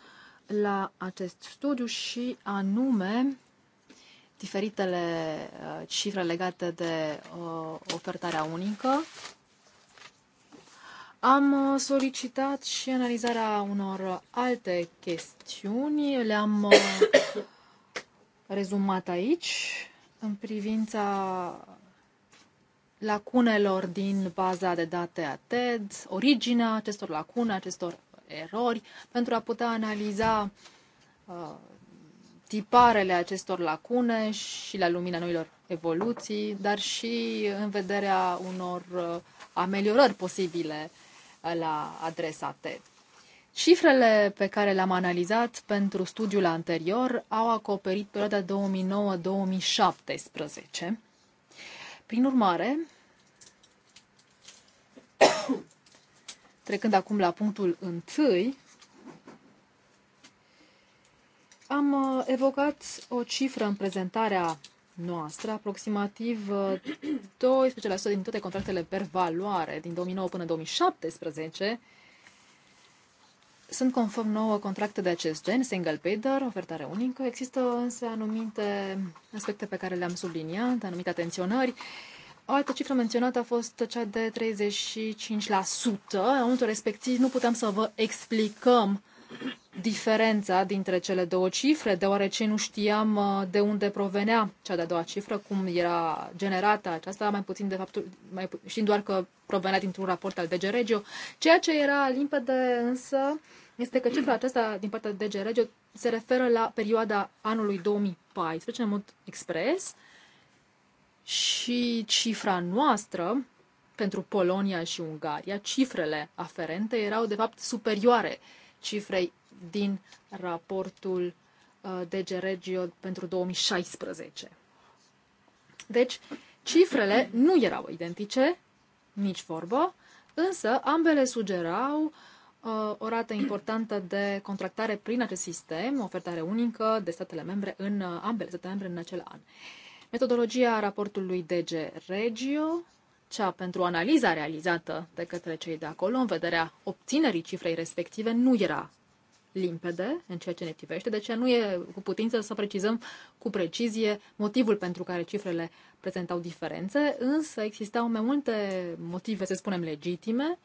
la acest studiu și anume diferitele uh, cifre legate de uh, ofertarea unică. Am uh, solicitat și analizarea unor alte chestiuni, le-am rezumat aici în privința lacunelor din baza de date a TED, originea acestor lacune, acestor erori, pentru a putea analiza uh, tiparele acestor lacune și la lumina noilor evoluții, dar și în vederea unor uh, ameliorări posibile la adresa TED. Cifrele pe care le-am analizat pentru studiul anterior au acoperit perioada 2009-2017. Prin urmare, trecând acum la punctul întâi, am uh, evocat o cifră în prezentarea noastră, aproximativ 12% uh, din toate contractele per valoare din 2009 până 2017 sunt conform nouă contracte de acest gen, single payer, ofertare unică. Există însă anumite aspecte pe care le-am subliniat, anumite atenționări. O altă cifră menționată a fost cea de 35%. În momentul respectiv nu putem să vă explicăm diferența dintre cele două cifre, deoarece nu știam uh, de unde provenea cea de-a doua cifră, cum era generată aceasta, mai puțin de faptul, mai pu- știind doar că provenea dintr-un raport al DG Regio. Ceea ce era limpede însă este că cifra aceasta din partea de DG Regio se referă la perioada anului 2014 în mod expres și cifra noastră pentru Polonia și Ungaria, cifrele aferente erau de fapt superioare uh, cifrei din raportul uh, DG Regio pentru 2016. Deci, cifrele nu erau identice, nici vorbă, însă ambele sugerau uh, o rată importantă de contractare prin acest sistem, ofertare unică de statele membre în uh, ambele state membre în acel an. Metodologia raportului DG Regio cea pentru analiza realizată de către cei de acolo, în vederea obținerii cifrei respective, nu era limpede în ceea ce ne privește, de deci nu e cu putință să precizăm cu precizie motivul pentru care cifrele prezentau diferențe, însă existau mai multe motive, să spunem, legitime.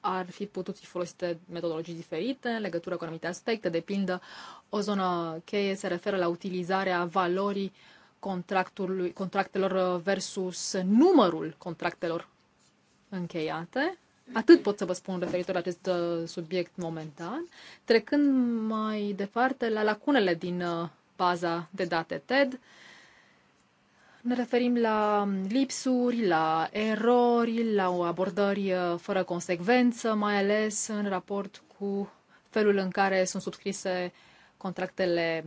Ar fi putut fi folosite metodologii diferite în legătură cu anumite aspecte, de pildă o zonă cheie se referă la utilizarea valorii uh, contractului, contractelor uh, versus numărul contractelor încheiate. Atât pot să vă spun referitor la acest uh, subiect momentan, trecând mai departe la lacunele din uh, baza de date TED. Ne referim la lipsuri, la erori, la o abordări fără consecvență, mai ales în raport cu felul în care sunt subscrise contractele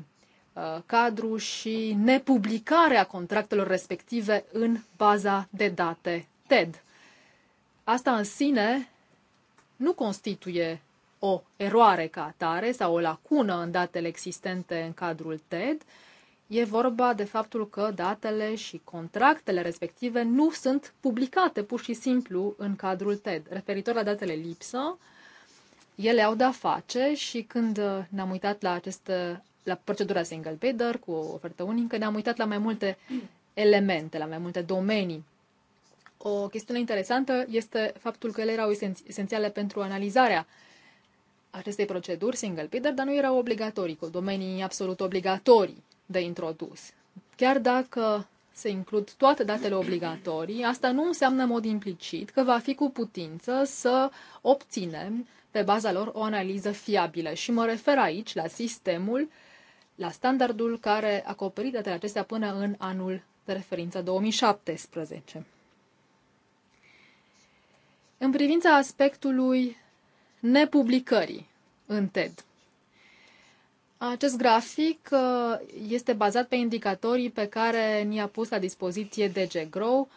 Uh, cadru și nepublicarea contractelor respective în baza de date TED. Asta în sine nu constituie o eroare ca atare sau o lacună în datele existente în cadrul TED. E vorba de faptul că datele și contractele respective nu sunt publicate pur și simplu în cadrul TED. Referitor la datele lipsă, ele au de-a face și când ne-am uitat la aceste la procedura single bidder cu ofertă unică, ne-am uitat la mai multe elemente, la mai multe domenii. O chestiune interesantă este faptul că ele erau esențiale pentru analizarea acestei proceduri single bidder, dar nu erau obligatorii, cu domenii absolut obligatorii de introdus. Chiar dacă se includ toate datele obligatorii, asta nu înseamnă în mod implicit că va fi cu putință să obținem pe baza lor o analiză fiabilă. Și mă refer aici la sistemul uh, la standardul care a acoperit datele acestea până în anul de referință 2017. În privința aspectului nepublicării în TED, acest grafic uh, este bazat pe indicatorii pe care ni-a pus la dispoziție DG Grow,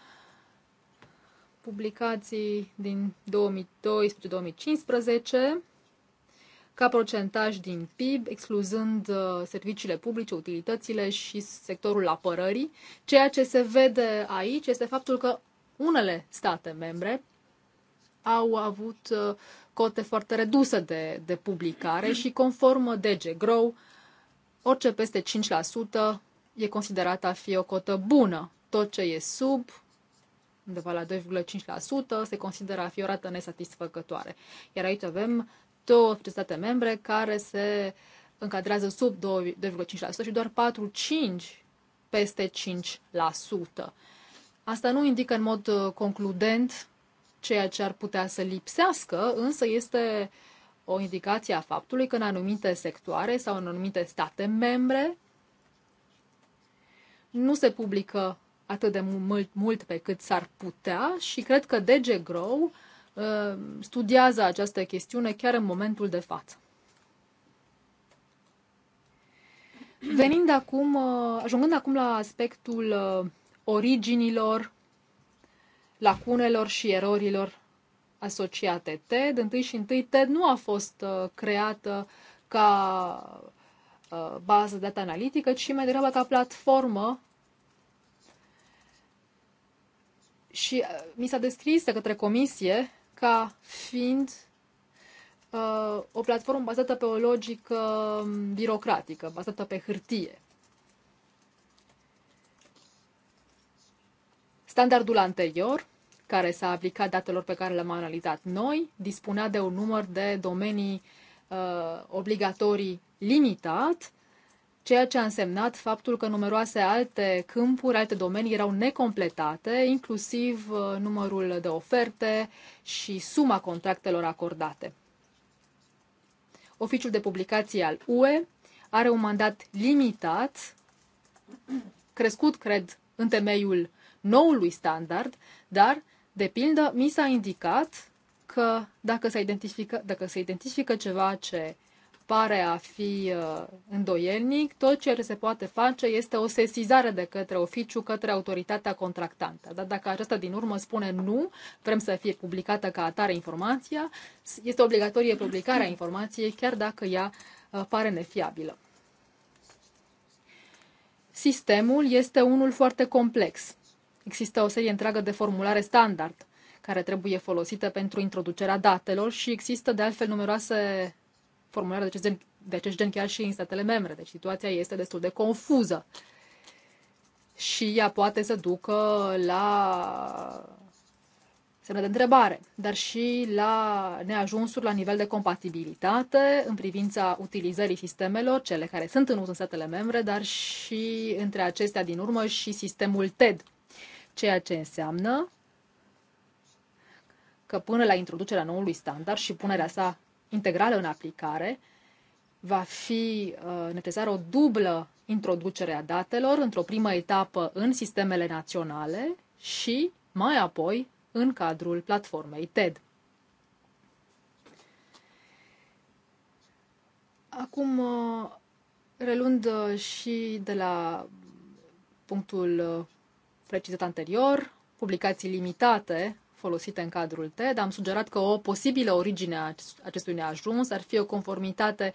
publicații din 2012-2015, ca procentaj din PIB, excluzând uh, serviciile publice, utilitățile și sectorul apărării. Ceea ce se vede aici este faptul că unele state membre au avut uh, cote foarte reduse de, de publicare și conform DG Grow, orice peste 5% e considerată a fi o cotă bună. Tot ce e sub, undeva la 2,5%, se consideră a fi o rată nesatisfăcătoare. Iar aici avem 12 state membre care se încadrează sub 2,5% și doar 4-5 peste 5%. Asta nu indică în mod uh, concludent ceea ce ar putea să lipsească, însă este o indicație a faptului că în anumite sectoare sau în anumite state membre nu se publică atât de mult, mult pe cât s-ar putea și cred că DG Grow Uh, studiază această chestiune chiar în momentul de față. Venind acum, uh, ajungând acum la aspectul uh, originilor, lacunelor și erorilor asociate. TED, întâi și întâi, TED nu a fost creată ca bază de analitică, ci mai degrabă ca platformă și mi s-a descris de către comisie ca fiind uh, o platformă bazată pe o logică um, birocratică, bazată pe hârtie. Standardul anterior, care s-a aplicat datelor pe care le-am analizat noi, dispunea de un număr de domenii uh, obligatorii limitat ceea ce a însemnat faptul că numeroase alte câmpuri, alte domenii erau necompletate, inclusiv uh, numărul de oferte și suma contractelor acordate. Oficiul de publicații al UE are un mandat limitat, crescut, cred, în temeiul noului standard, dar, de pildă, mi s-a indicat că dacă se, identifică, dacă se identifică ceva ce pare a fi uh, îndoielnic, tot ce se poate face este o sesizare de către oficiu, către autoritatea contractantă. Dar dacă aceasta din urmă spune nu, vrem să fie publicată ca atare informația, este obligatorie publicarea informației, chiar dacă ea uh, pare nefiabilă. Sistemul este unul foarte complex. Există o serie întreagă de formulare standard care trebuie folosite pentru introducerea datelor și există de altfel numeroase formulare de acest gen, de acest gen chiar și în statele membre. Deci situația este destul de confuză și ea poate să ducă la semne de întrebare, dar și la neajunsuri la nivel de compatibilitate în privința utilizării sistemelor, cele care sunt în uz în statele membre, dar și între acestea din urmă și sistemul TED, ceea ce înseamnă că până la introducerea noului standard și punerea sa integrală în aplicare, va fi uh, necesară o dublă introducere a datelor, într-o primă etapă în sistemele naționale și mai apoi în cadrul platformei TED. Acum, uh, relund uh, și de la punctul precizat anterior, publicații limitate folosite în cadrul TED. Am sugerat că o posibilă origine a acestui neajuns ar fi o conformitate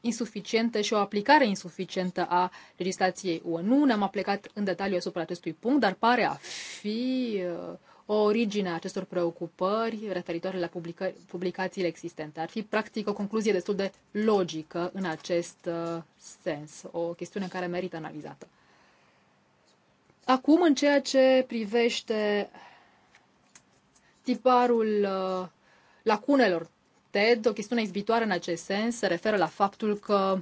insuficientă și o aplicare insuficientă a legislației ONU. Ne-am aplicat în detaliu asupra acestui punct, dar pare a fi uh, o origine a acestor preocupări referitoare la publica- publicațiile existente. Ar fi, practic, o concluzie destul de logică în acest uh, sens, o chestiune care merită analizată. Acum, în ceea ce privește Tiparul uh, lacunelor TED, o chestiune izbitoare în acest sens, se referă la faptul că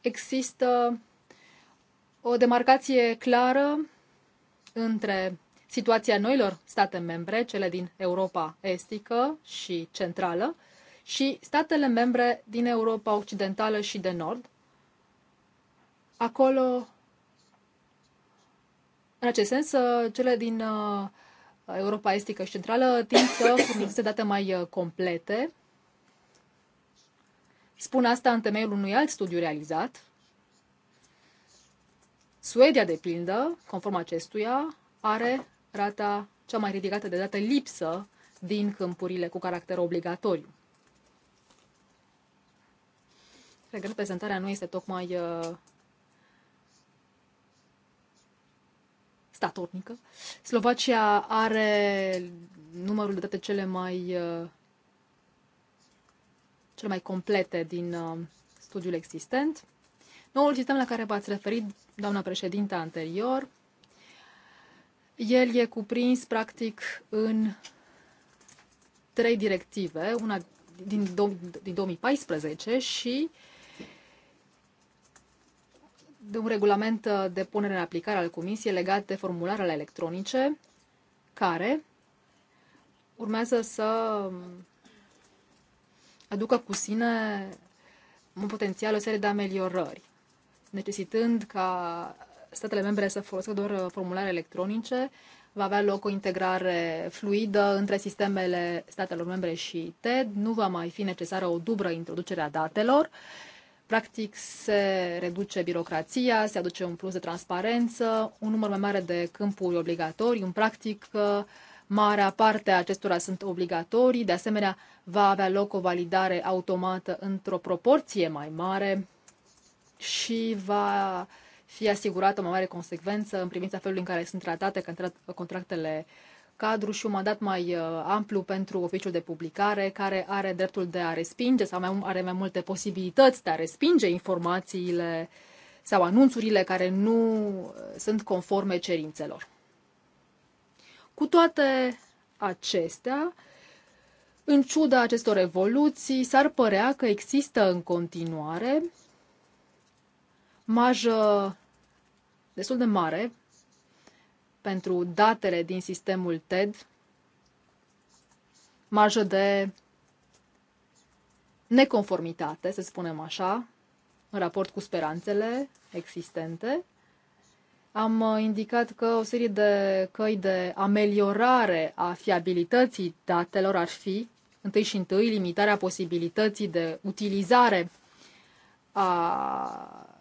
există o demarcație clară între situația noilor state membre, cele din Europa Estică și Centrală, și statele membre din Europa Occidentală și de Nord. Acolo în acest sens, uh, cele din uh, Europa Estică și Centrală tind să furnizeze date mai uh, complete. Spun asta în temeiul unui alt studiu realizat. Suedia, de pildă, conform acestuia, are rata cea mai ridicată de dată lipsă din câmpurile cu caracter obligatoriu. Regret, prezentarea nu este tocmai uh, statornică. Slovacia are numărul de date cele mai, uh, cele mai complete din uh, studiul existent. Noul sistem la care v-ați referit, doamna președinte, anterior, el e cuprins practic în trei directive, una din, do- din 2014 și uh, de un regulament uh, de punere în aplicare al Comisiei legat de formularele electronice, care urmează să um, aducă cu sine un potențial o serie de ameliorări, necesitând ca statele membre să folosească doar uh, formulare electronice, va avea loc o integrare fluidă între sistemele statelor membre și TED, nu va mai fi necesară o dublă introducere a datelor, uh, Practic se reduce birocrația, se aduce un plus de transparență, un număr mai mare de câmpuri obligatorii, în practic marea parte a acestora sunt obligatorii, de asemenea va avea loc o validare automată într-o proporție mai mare și va fi asigurată o mai mare consecvență în privința felului în care sunt tratate contractele uh, cadru și un mandat mai uh, amplu pentru oficiul de publicare, care are dreptul de a respinge sau mai, are mai multe posibilități de a respinge informațiile sau anunțurile care nu uh, sunt conforme cerințelor. Cu toate acestea, în ciuda acestor evoluții, s-ar părea că există în continuare majă destul de mare pentru datele din sistemul TED, marjă de neconformitate, să spunem așa, în raport cu speranțele existente. Am uh, indicat că o serie de căi de ameliorare a fiabilității datelor ar fi, întâi și întâi, limitarea posibilității de utilizare a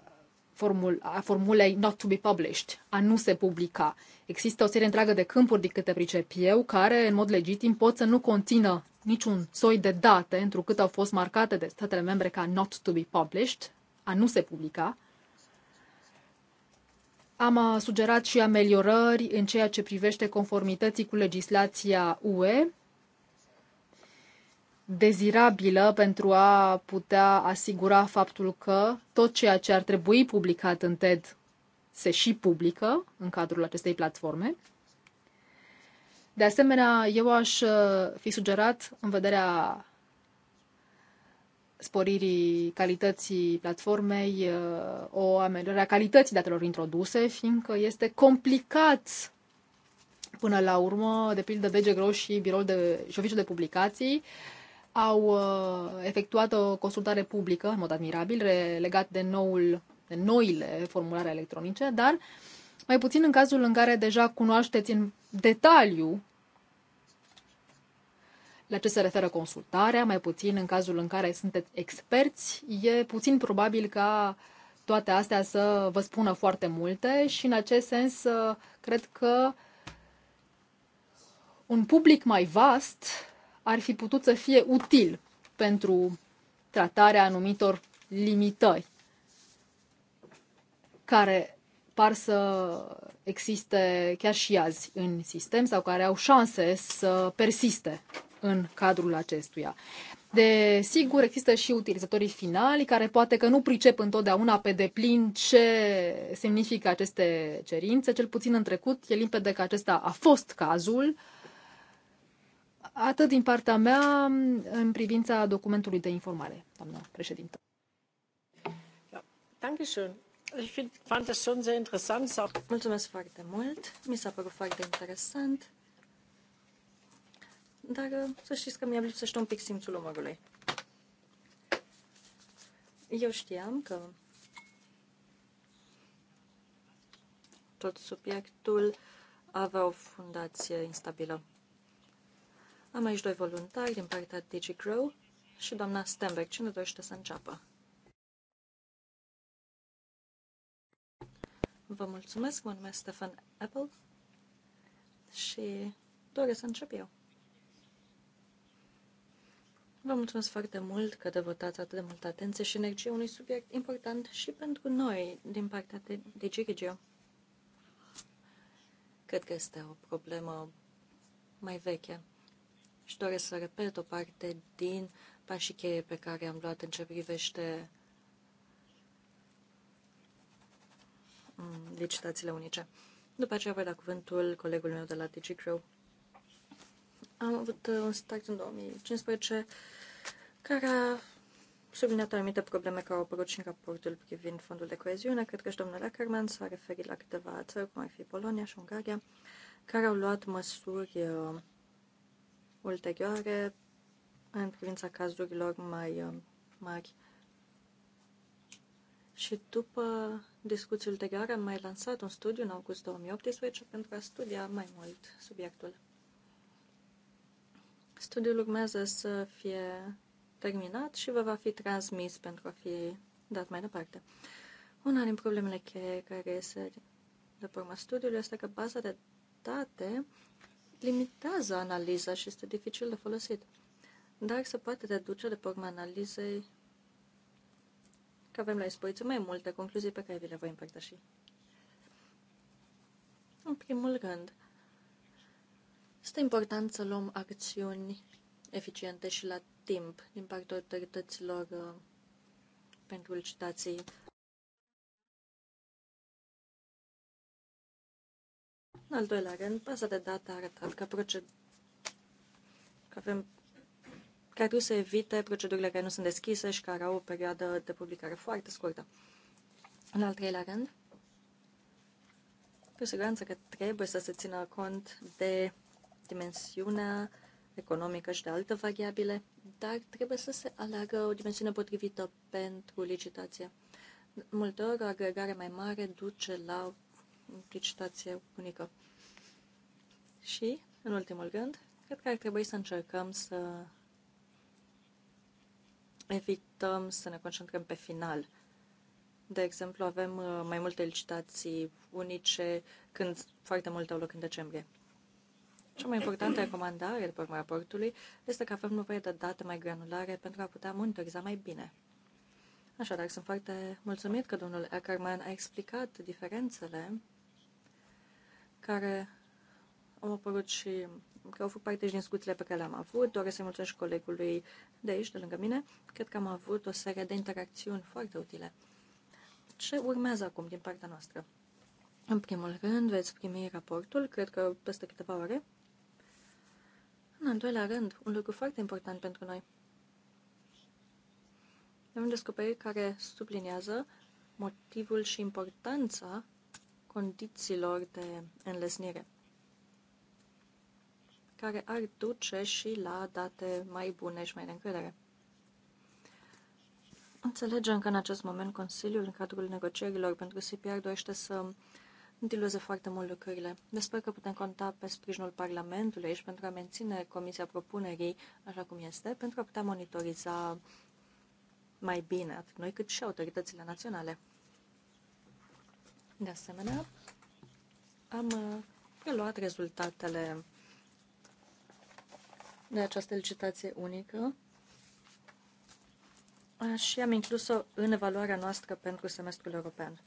formul, a formulei not to be published, a nu se publica. Există o serie întreagă de câmpuri, din câte pricep eu, care, în mod legitim, pot să nu conțină niciun soi de date, întrucât au fost marcate de statele membre ca not to be published, a nu se publica. Am sugerat și ameliorări în ceea ce privește conformității cu legislația UE, dezirabilă pentru a putea asigura faptul că tot ceea ce ar trebui publicat în TED se și publică în cadrul acestei platforme. De asemenea, eu aș uh, fi sugerat, în vederea sporirii calității platformei, uh, o ameliorare a calității datelor introduse, fiindcă este complicat până la urmă, de pildă DG Grow și biroul de și oficiul de publicații au uh, efectuat o consultare publică, în mod admirabil, legat de, noul, de noile formulare electronice, dar mai puțin în cazul în care deja cunoașteți în detaliu la ce se referă consultarea, mai puțin în cazul în care sunteți experți, e puțin probabil ca toate astea să vă spună foarte multe și în acest sens uh, cred că un public mai vast ar fi putut să fie util pentru tratarea anumitor limitări care par să existe chiar și azi în sistem sau care au șanse să persiste în cadrul acestuia. De sigur, există și utilizatorii finali care poate că nu pricep întotdeauna pe deplin ce semnifică aceste cerințe, cel puțin în trecut e limpede că acesta a fost cazul Atât din partea mea în privința documentului de informare, doamnă președintă. Mulțumesc foarte mult. Mi s-a părut foarte interesant. Dar uh, să știți că mi-a lipsește un pic simțul umorului. Eu știam că tot subiectul avea o fundație instabilă. Am aici doi voluntari din partea DigiGrow și doamna Stenberg. Cine dorește să înceapă? Vă mulțumesc, mă numesc Stefan Apple și doresc să încep eu. Vă mulțumesc foarte mult că devotați atât de multă atenție și energie unui subiect important și pentru noi din partea de DigiGrow. Cred că este o problemă mai veche și deci doresc să repet o parte din pașii cheie pe care am luat în ce privește mm, licitațiile unice. După aceea voi da cuvântul colegul meu de la DigiCrew. Am avut uh, un start în 2015 care a subliniat anumite probleme care au apărut și în raportul privind fondul de coeziune. Cred că și domnul Ackerman s-a referit la câteva țări, cum ar fi Polonia și Ungaria, care au luat măsuri uh, ulterioare în privința cazurilor mai uh, mari. Și după discuții ulterioare am mai lansat un studiu în august 2018 pentru a studia mai mult subiectul. Studiul urmează să fie terminat și vă va fi transmis pentru a fi dat mai departe. Una din problemele cheie care este de pe urma studiului este că baza de date limitează analiza și este dificil de folosit. Dar se poate deduce de pe urma analizei că avem la dispoziție mai multe concluzii pe care vi le voi împărtăși. În primul rând, este important să luăm acțiuni eficiente și la timp din partea autorităților uh, pentru licitații În al doilea rând, baza de dată a arătat că, proced... că avem că trebuie să evite procedurile care nu sunt deschise și care au o perioadă de publicare foarte scurtă. În al treilea rând, cu siguranță că trebuie să se țină cont de dimensiunea economică și de alte variabile, dar trebuie să se aleagă o dimensiune potrivită pentru licitație. Multe ori, o agregare mai mare duce la licitație unică. Și, în ultimul gând, cred că ar trebui să încercăm să evităm să ne concentrăm pe final. De exemplu, avem uh, mai multe licitații unice când foarte multe au loc în decembrie. Cea mai importantă recomandare, după urma raportului, este că avem nevoie de date mai granulare pentru a putea monitoriza mai bine. Așadar, sunt foarte mulțumit că domnul Ackerman a explicat diferențele care au apărut și că au făcut parte și din discuțiile pe care le-am avut. Doresc să-i mulțumesc colegului de aici, de lângă mine. Cred că am avut o serie de interacțiuni foarte utile. Ce urmează acum din partea noastră? În primul rând, veți primi raportul, cred că peste câteva ore. În al doilea rând, un lucru foarte important pentru noi. Avem descoperiri care subliniază motivul și importanța condițiilor de înlesnire, care ar duce și la date mai bune și mai de încredere. Înțelegem că în acest moment Consiliul, în cadrul negocierilor pentru CPR, dorește să dilueze foarte mult lucrurile. Sper că putem conta pe sprijinul Parlamentului și pentru a menține Comisia Propunerii așa cum este, pentru a putea monitoriza mai bine atât noi cât și autoritățile naționale. De asemenea, am uh, preluat rezultatele de această licitație unică și am inclus-o în evaluarea noastră pentru semestrul european.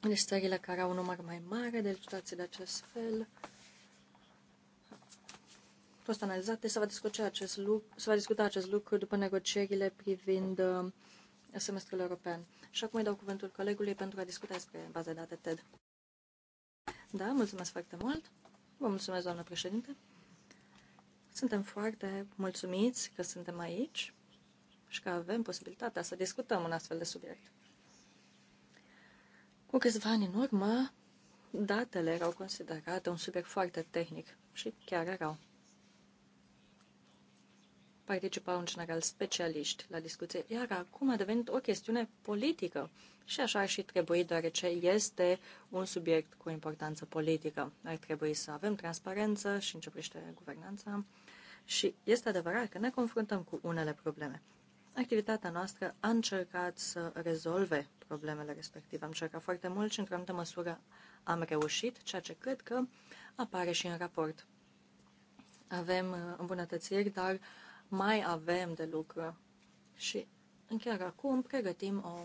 Deci țările care au un număr mai mare de licitații de acest fel au fost analizate. Se va discuta acest lucru, se va discuta acest lucru după negocierile privind uh, semestrul european. Și acum îi dau cuvântul colegului pentru a discuta despre baza de date TED. Da, mulțumesc foarte mult. Vă mulțumesc, doamnă președinte. Suntem foarte mulțumiți că suntem aici și că avem posibilitatea să discutăm un astfel de subiect. Cu câțiva ani în urmă, datele erau considerate un subiect foarte tehnic și chiar erau participau în general specialiști la discuție, iar acum a devenit o chestiune politică. Și așa ar și trebui, deoarece este un subiect cu importanță politică. Ar trebui să avem transparență și începește guvernanța. Și este adevărat că ne confruntăm cu unele probleme. Activitatea noastră a încercat să rezolve problemele respective. Am încercat foarte mult și, într-o anumită măsură, am reușit, ceea ce cred că apare și în raport. Avem uh, îmbunătățiri, dar mai avem de lucru. Și chiar acum pregătim o,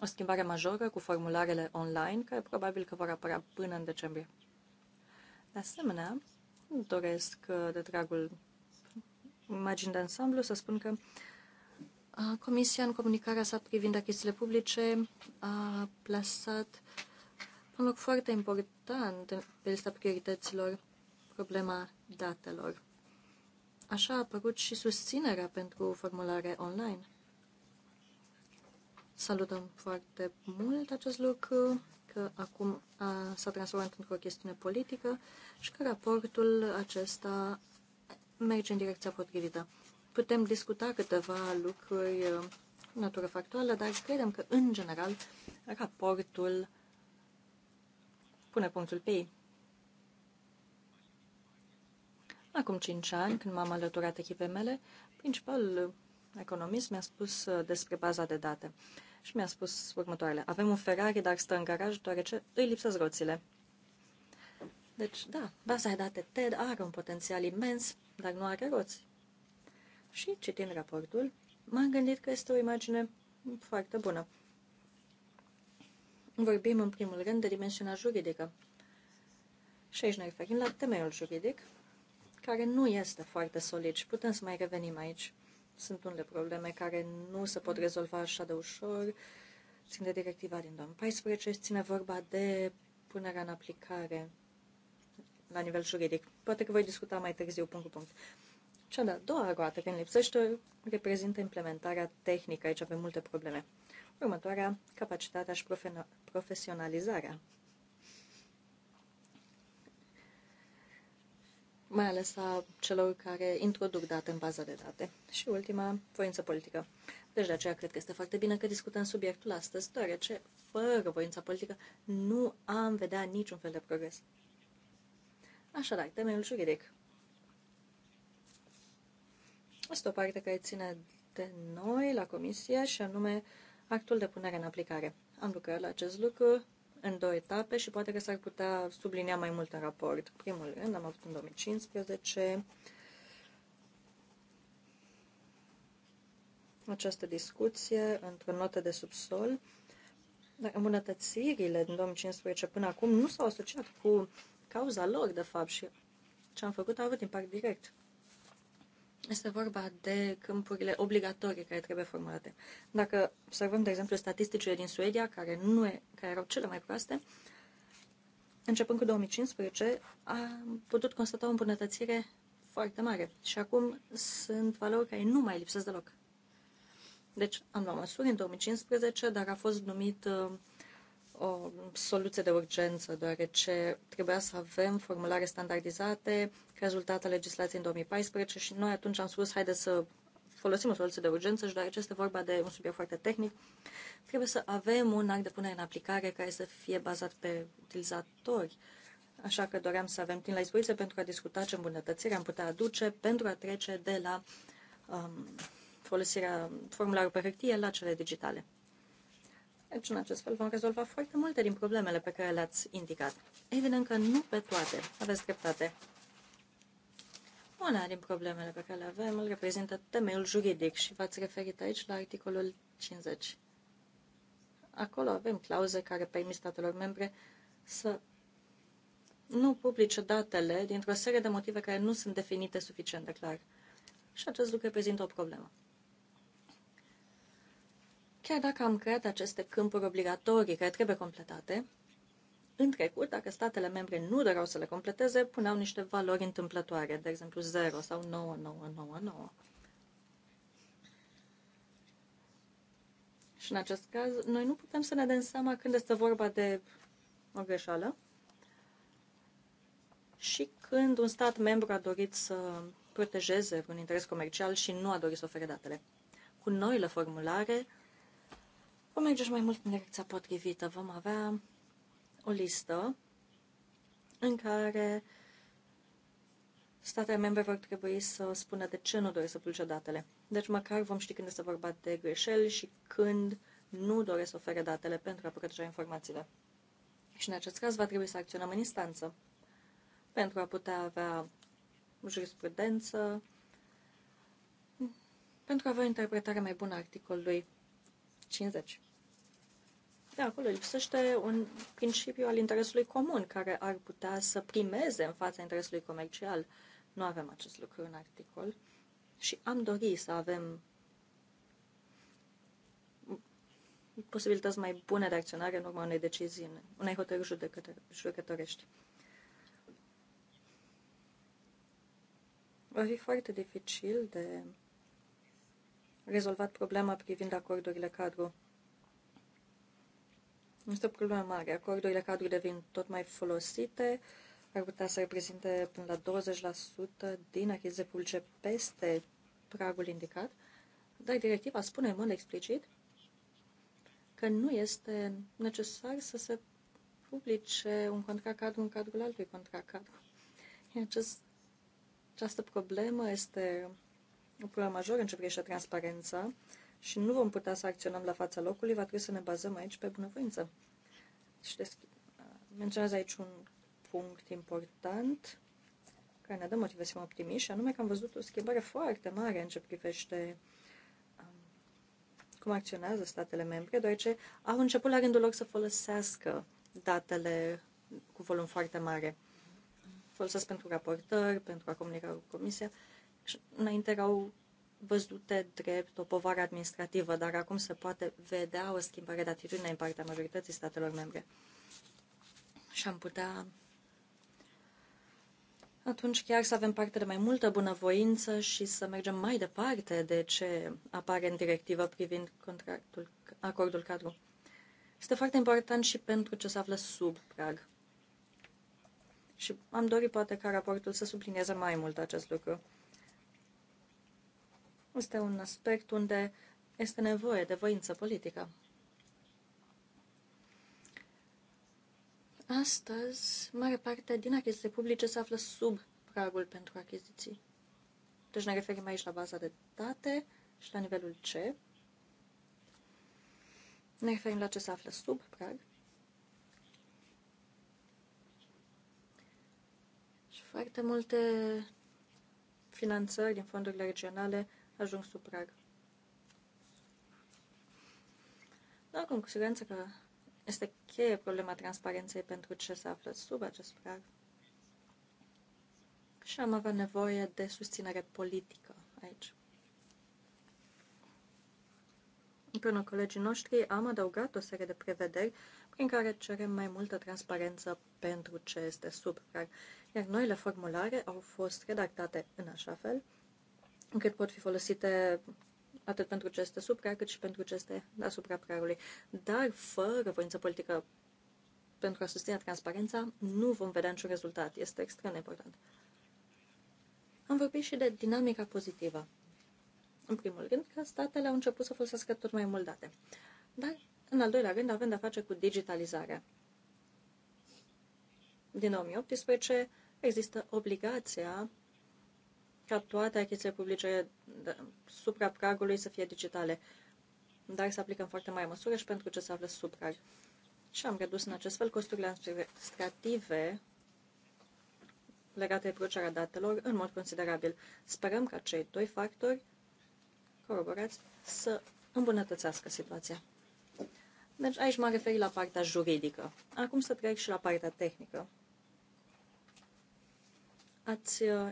o schimbare majoră cu formularele online, care probabil că vor apărea până în decembrie. De asemenea, doresc uh, de dragul imagini de ansamblu să spun că uh, Comisia în comunicarea sa privind achizițiile publice a plasat un loc foarte important pe lista priorităților problema datelor. Așa a apărut și susținerea pentru formulare online. Salutăm foarte mult acest lucru, că acum s-a transformat într-o chestiune politică și că raportul acesta merge în direcția potrivită. Putem discuta câteva lucruri uh, natură factuală, dar credem că, în general, raportul pune punctul pe ei. Acum 5 ani, când m-am alăturat echipei mele, principal economist mi-a spus uh, despre baza de date și mi-a spus următoarele. Avem un Ferrari, dar stă în garaj deoarece îi lipsesc roțile. Deci, da, baza de date TED are un potențial imens, dar nu are roți. Și, citind raportul, m-am gândit că este o imagine foarte bună. Vorbim, în primul rând, de dimensiunea juridică. Și aici ne referim la temeiul juridic, care nu este foarte solid și putem să mai revenim aici. Sunt unele probleme care nu se pot rezolva așa de ușor. Țin de directiva din 2014, ține vorba de punerea în aplicare la nivel juridic. Poate că voi discuta mai târziu punct cu punct. Cea de-a doua roată, când lipsește, reprezintă implementarea tehnică. Aici avem multe probleme. Următoarea, capacitatea și profesionalizarea mai ales a celor care introduc date în baza de date. Și ultima, voință politică. Deci de aceea cred că este foarte bine că discutăm subiectul astăzi, deoarece fără voința politică nu am vedea niciun fel de progres. Așadar, temeiul juridic. Asta o parte care ține de noi la comisie și anume actul de punere în aplicare. Am lucrat la acest lucru în două etape și poate că s-ar putea sublinia mai mult în raport. Primul rând am avut în 2015 această discuție într-o notă de subsol, dar îmbunătățirile din 2015 până acum nu s-au asociat cu cauza lor, de fapt, și ce am făcut a avut impact direct. Este vorba de câmpurile obligatorii care trebuie formate. Dacă observăm, de exemplu, statisticile din Suedia, care, nu e, care erau cele mai proaste, începând cu 2015, am putut constata o îmbunătățire foarte mare. Și acum sunt valori care nu mai lipsesc deloc. Deci am luat măsuri în 2015, dar a fost numit uh, o soluție de urgență, deoarece trebuia să avem formulare standardizate, rezultatele legislației în 2014 și noi atunci am spus, haideți să folosim o soluție de urgență și deoarece este vorba de un subiect foarte tehnic, trebuie să avem un act de punere în aplicare care să fie bazat pe utilizatori. Așa că doream să avem timp la dispoziție pentru a discuta ce îmbunătățiri am putea aduce pentru a trece de la um, folosirea formularului pe hârtie la cele digitale. Deci, în acest fel vom rezolva foarte multe din problemele pe care le-ați indicat. Evident că nu pe toate. Aveți dreptate. Una din problemele pe care le avem îl reprezintă temeiul juridic și v-ați referit aici la articolul 50. Acolo avem clauze care permit statelor membre să nu publice datele dintr-o serie de motive care nu sunt definite suficient de clar. Și acest lucru reprezintă o problemă. Chiar dacă am creat aceste câmpuri obligatorii care trebuie completate, în trecut, dacă statele membre nu doreau să le completeze, puneau niște valori întâmplătoare, de exemplu 0 sau 9999. Și în acest caz, noi nu putem să ne dăm seama când este vorba de o greșeală și când un stat membru a dorit să protejeze un interes comercial și nu a dorit să ofere datele. Cu noile formulare, Vom merge și mai mult în direcția potrivită. Vom avea o listă în care statele membre vor trebui să spună de ce nu doresc să publice datele. Deci măcar vom ști când este vorba de greșeli și când nu doresc să ofere datele pentru a proteja informațiile. Și în acest caz va trebui să acționăm în instanță pentru a putea avea jurisprudență, pentru a avea o interpretare mai bună a articolului 50. Da, acolo lipsește un principiu al interesului comun care ar putea să primeze în fața interesului comercial. Nu avem acest lucru în articol și am dorit să avem posibilități mai bune de acționare în urma unei decizii, unei hotărâri judecătorești. Va fi foarte dificil de rezolvat problema privind acordurile cadru este o problemă mare. Acordurile cadru devin tot mai folosite, ar putea să reprezinte până la 20% din achiziții publice peste pragul indicat, dar directiva spune în mod explicit că nu este necesar să se publice un contract cadru în cadrul altui contract cadru. Acest, această problemă este o problemă majoră în ce privește transparența și nu vom putea să acționăm la fața locului, va trebui să ne bazăm aici pe bunăvoință. Și menționează menționez aici un punct important care ne dă motive să fim optimiști, și anume că am văzut o schimbare foarte mare în ce privește um, cum acționează statele membre, deoarece au început la rândul lor să folosească datele cu volum foarte mare. Folosesc pentru raportări, pentru a comunica cu comisia. Și înainte erau văzute drept o povară administrativă, dar acum se poate vedea o schimbare de atitudine în partea majorității statelor membre. Și am putea atunci chiar să avem parte de mai multă bunăvoință și să mergem mai departe de ce apare în directivă privind contractul, acordul cadru. Este foarte important și pentru ce se află sub prag. Și am dorit poate ca raportul să sublinieze mai mult acest lucru. Este un aspect unde este nevoie de voință politică. Astăzi, mare parte din achiziții publice se află sub pragul pentru achiziții. Deci ne referim aici la baza de date și la nivelul C. Ne referim la ce se află sub prag. Și foarte multe finanțări din fondurile regionale ajung sub prag. dar cu siguranță că este cheie problema transparenței pentru ce se află sub acest prag. Și am avea nevoie de susținere politică aici. Împreună colegii noștri am adăugat o serie de prevederi prin care cerem mai multă transparență pentru ce este sub prag, iar noile formulare au fost redactate în așa fel – încât pot fi folosite atât pentru ce este supra, cât și pentru ce este deasupra pragului. Dar fără voință politică pentru a susține transparența, nu vom vedea niciun rezultat. Este extrem de important. Am vorbit și de dinamica pozitivă. În primul rând că statele au început să folosească tot mai mult date. Dar, în al doilea rând, avem de-a face cu digitalizarea. Din 2018 există obligația ca toate achizițiile publice da, supra pragului să fie digitale, dar să aplicăm foarte mare măsură și pentru ce se află sub prag. Și am redus în acest fel costurile administrative legate de procesarea datelor în mod considerabil. Sperăm ca cei doi factori coroborați să îmbunătățească situația. Deci aici m-am referit la partea juridică. Acum să trec și la partea tehnică. Ați uh,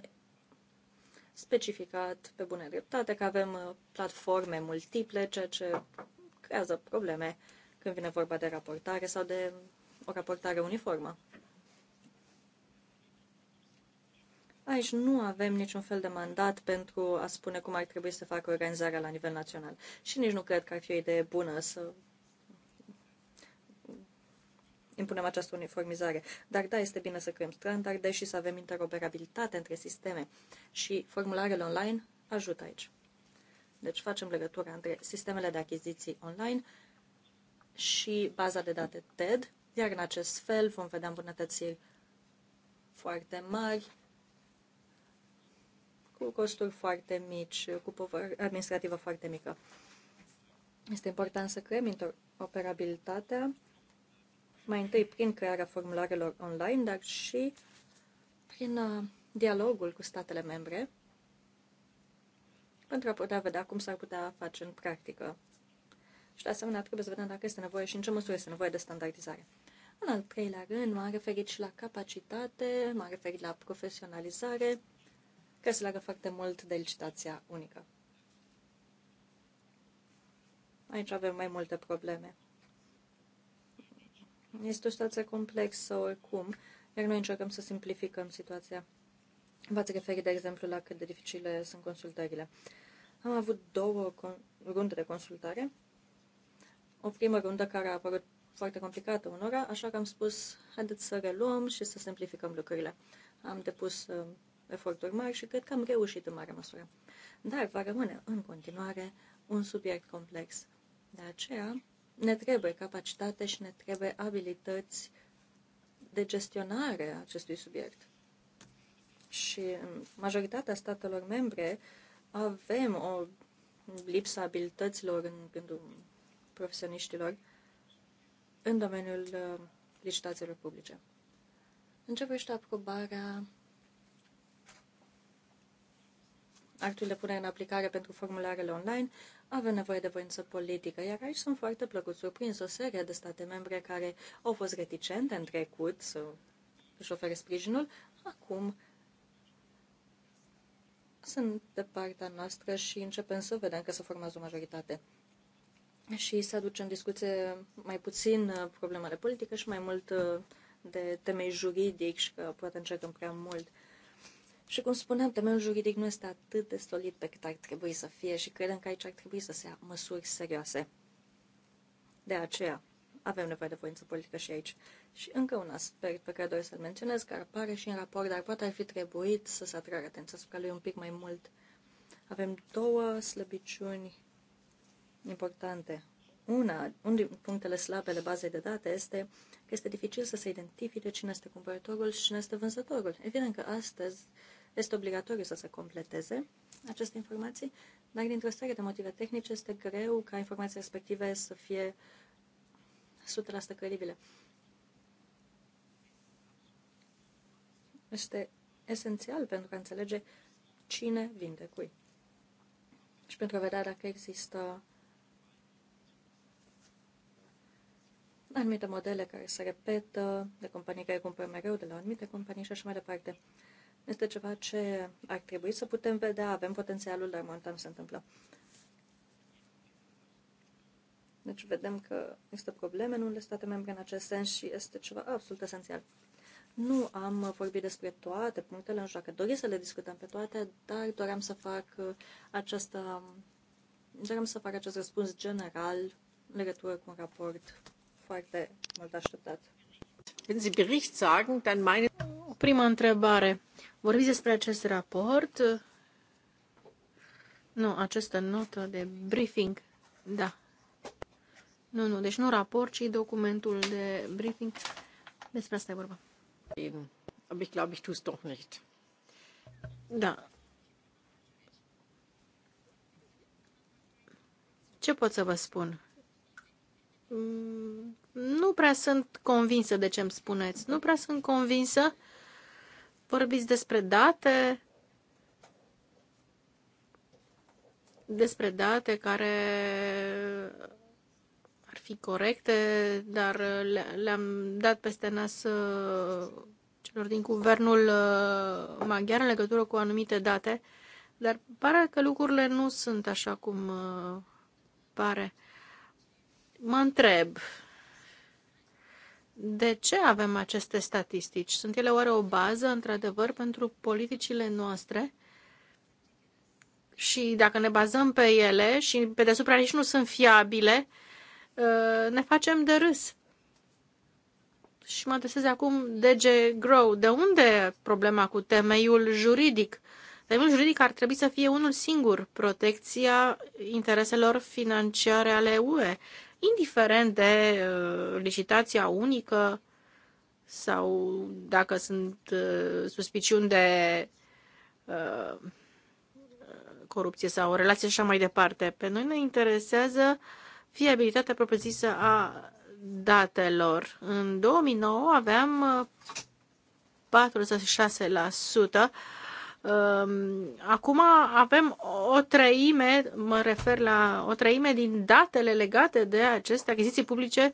specificat pe bună dreptate că avem uh, platforme multiple, ceea ce creează probleme când vine vorba de raportare sau de o raportare uniformă. Aici nu avem niciun fel de mandat pentru a spune cum ar trebui să facă organizarea la nivel național. Și nici nu cred că ar fi o idee bună să impunem această uniformizare. Dar da, este bine să creăm standarde și să avem interoperabilitate între sisteme și formularele online ajută aici. Deci facem legătura între sistemele de achiziții online și baza de date TED, iar în acest fel vom vedea îmbunătățiri foarte mari, cu costuri foarte mici, cu povară administrativă foarte mică. Este important să creăm interoperabilitatea mai întâi prin crearea formularelor online, dar și prin uh, dialogul cu statele membre pentru a putea vedea cum s-ar putea face în practică. Și de asemenea trebuie să vedem dacă este nevoie și în ce măsură este nevoie de standardizare. În al treilea rând, m-am referit și la capacitate, m-am referit la profesionalizare, care se leagă foarte mult de licitația unică. Aici avem mai multe probleme. Este o situație complexă oricum, iar noi încercăm să simplificăm situația. V-ați referit, de exemplu, la cât de dificile sunt consultările. Am avut două runde de consultare. O primă rundă care a apărut foarte complicată unora, așa că am spus, haideți să reluăm și să simplificăm lucrurile. Am depus uh, eforturi mari și cred că am reușit în mare măsură. Dar va rămâne în continuare un subiect complex. De aceea ne trebuie capacitate și ne trebuie abilități de gestionare a acestui subiect. Și majoritatea statelor membre avem o lipsă abilităților în gândul profesioniștilor în domeniul uh, licitațiilor publice. Începește aprobarea actul de punere în aplicare pentru formularele online, avem nevoie de voință politică, iar aici sunt foarte plăcut surprins o serie de state membre care au fost reticente în trecut să își ofere sprijinul, acum sunt de partea noastră și începem să vedem că se formează o majoritate. Și să aduce în discuție mai puțin uh, problemele de politică și mai mult uh, de temei juridic și că poate încercăm prea mult. Și cum spuneam, temeiul juridic nu este atât de solid pe cât ar trebui să fie și credem că aici ar trebui să se ia măsuri serioase. De aceea avem nevoie de voință politică și aici. Și încă un aspect pe care doresc să-l menționez, care apare și în raport, dar poate ar fi trebuit să se atragă atenția asupra lui un pic mai mult. Avem două slăbiciuni importante. Una, unul din punctele slabe ale bazei de date este că este dificil să se identifice cine este cumpărătorul și cine este vânzătorul. Evident că astăzi este obligatoriu să se completeze aceste informații, dar dintr-o serie de motive tehnice este greu ca informații respective să fie 100% credibile. Este esențial pentru a înțelege cine vinde cui și pentru a vedea dacă există anumite modele care se repetă, de companii care cumpără mereu de la anumite companii și așa mai departe. Este ceva ce ar trebui să putem vedea, avem potențialul, dar momentan se întâmplă. Deci vedem că există probleme în unele state membre în acest sens și este ceva absolut esențial. Nu am vorbit despre toate punctele în joacă. Doresc să le discutăm pe toate, dar doream să fac uh, această doream să fac acest răspuns general în legătură cu un raport foarte mult așteptat. Wenn Sie Bericht sagen, dann meine Prima întrebare. Vorbiți despre acest raport? Nu, această notă de briefing. Da. Nu, nu, deci nu raport, ci documentul de briefing. Despre asta e vorba. Aber ich glaube, ich tue es doch nicht. Da. Ce pot să vă spun? Mm, nu prea sunt convinsă de ce îmi spuneți. Nu prea sunt convinsă Vorbiți despre date, despre date care ar fi corecte, dar le-am dat peste nas uh, celor din guvernul uh, maghiar în legătură cu anumite date, dar pare că lucrurile nu sunt așa cum uh, pare. Mă întreb, de ce avem aceste statistici? Sunt ele oare o bază, într-adevăr, pentru politicile noastre? Și dacă ne bazăm pe ele și pe deasupra nici nu sunt fiabile, uh, ne facem de râs. Și mă adresez acum DG Grow. De unde problema cu temeiul juridic? Temeiul juridic ar trebui să fie unul singur, protecția intereselor financiare ale UE indiferent de uh, licitația unică sau dacă sunt uh, suspiciuni de uh, corupție sau relație și așa mai departe. Pe noi ne interesează fiabilitatea propriu-zisă a datelor. În 2009 aveam 46% Um, acum avem o treime, mă refer la o treime din datele legate de aceste achiziții publice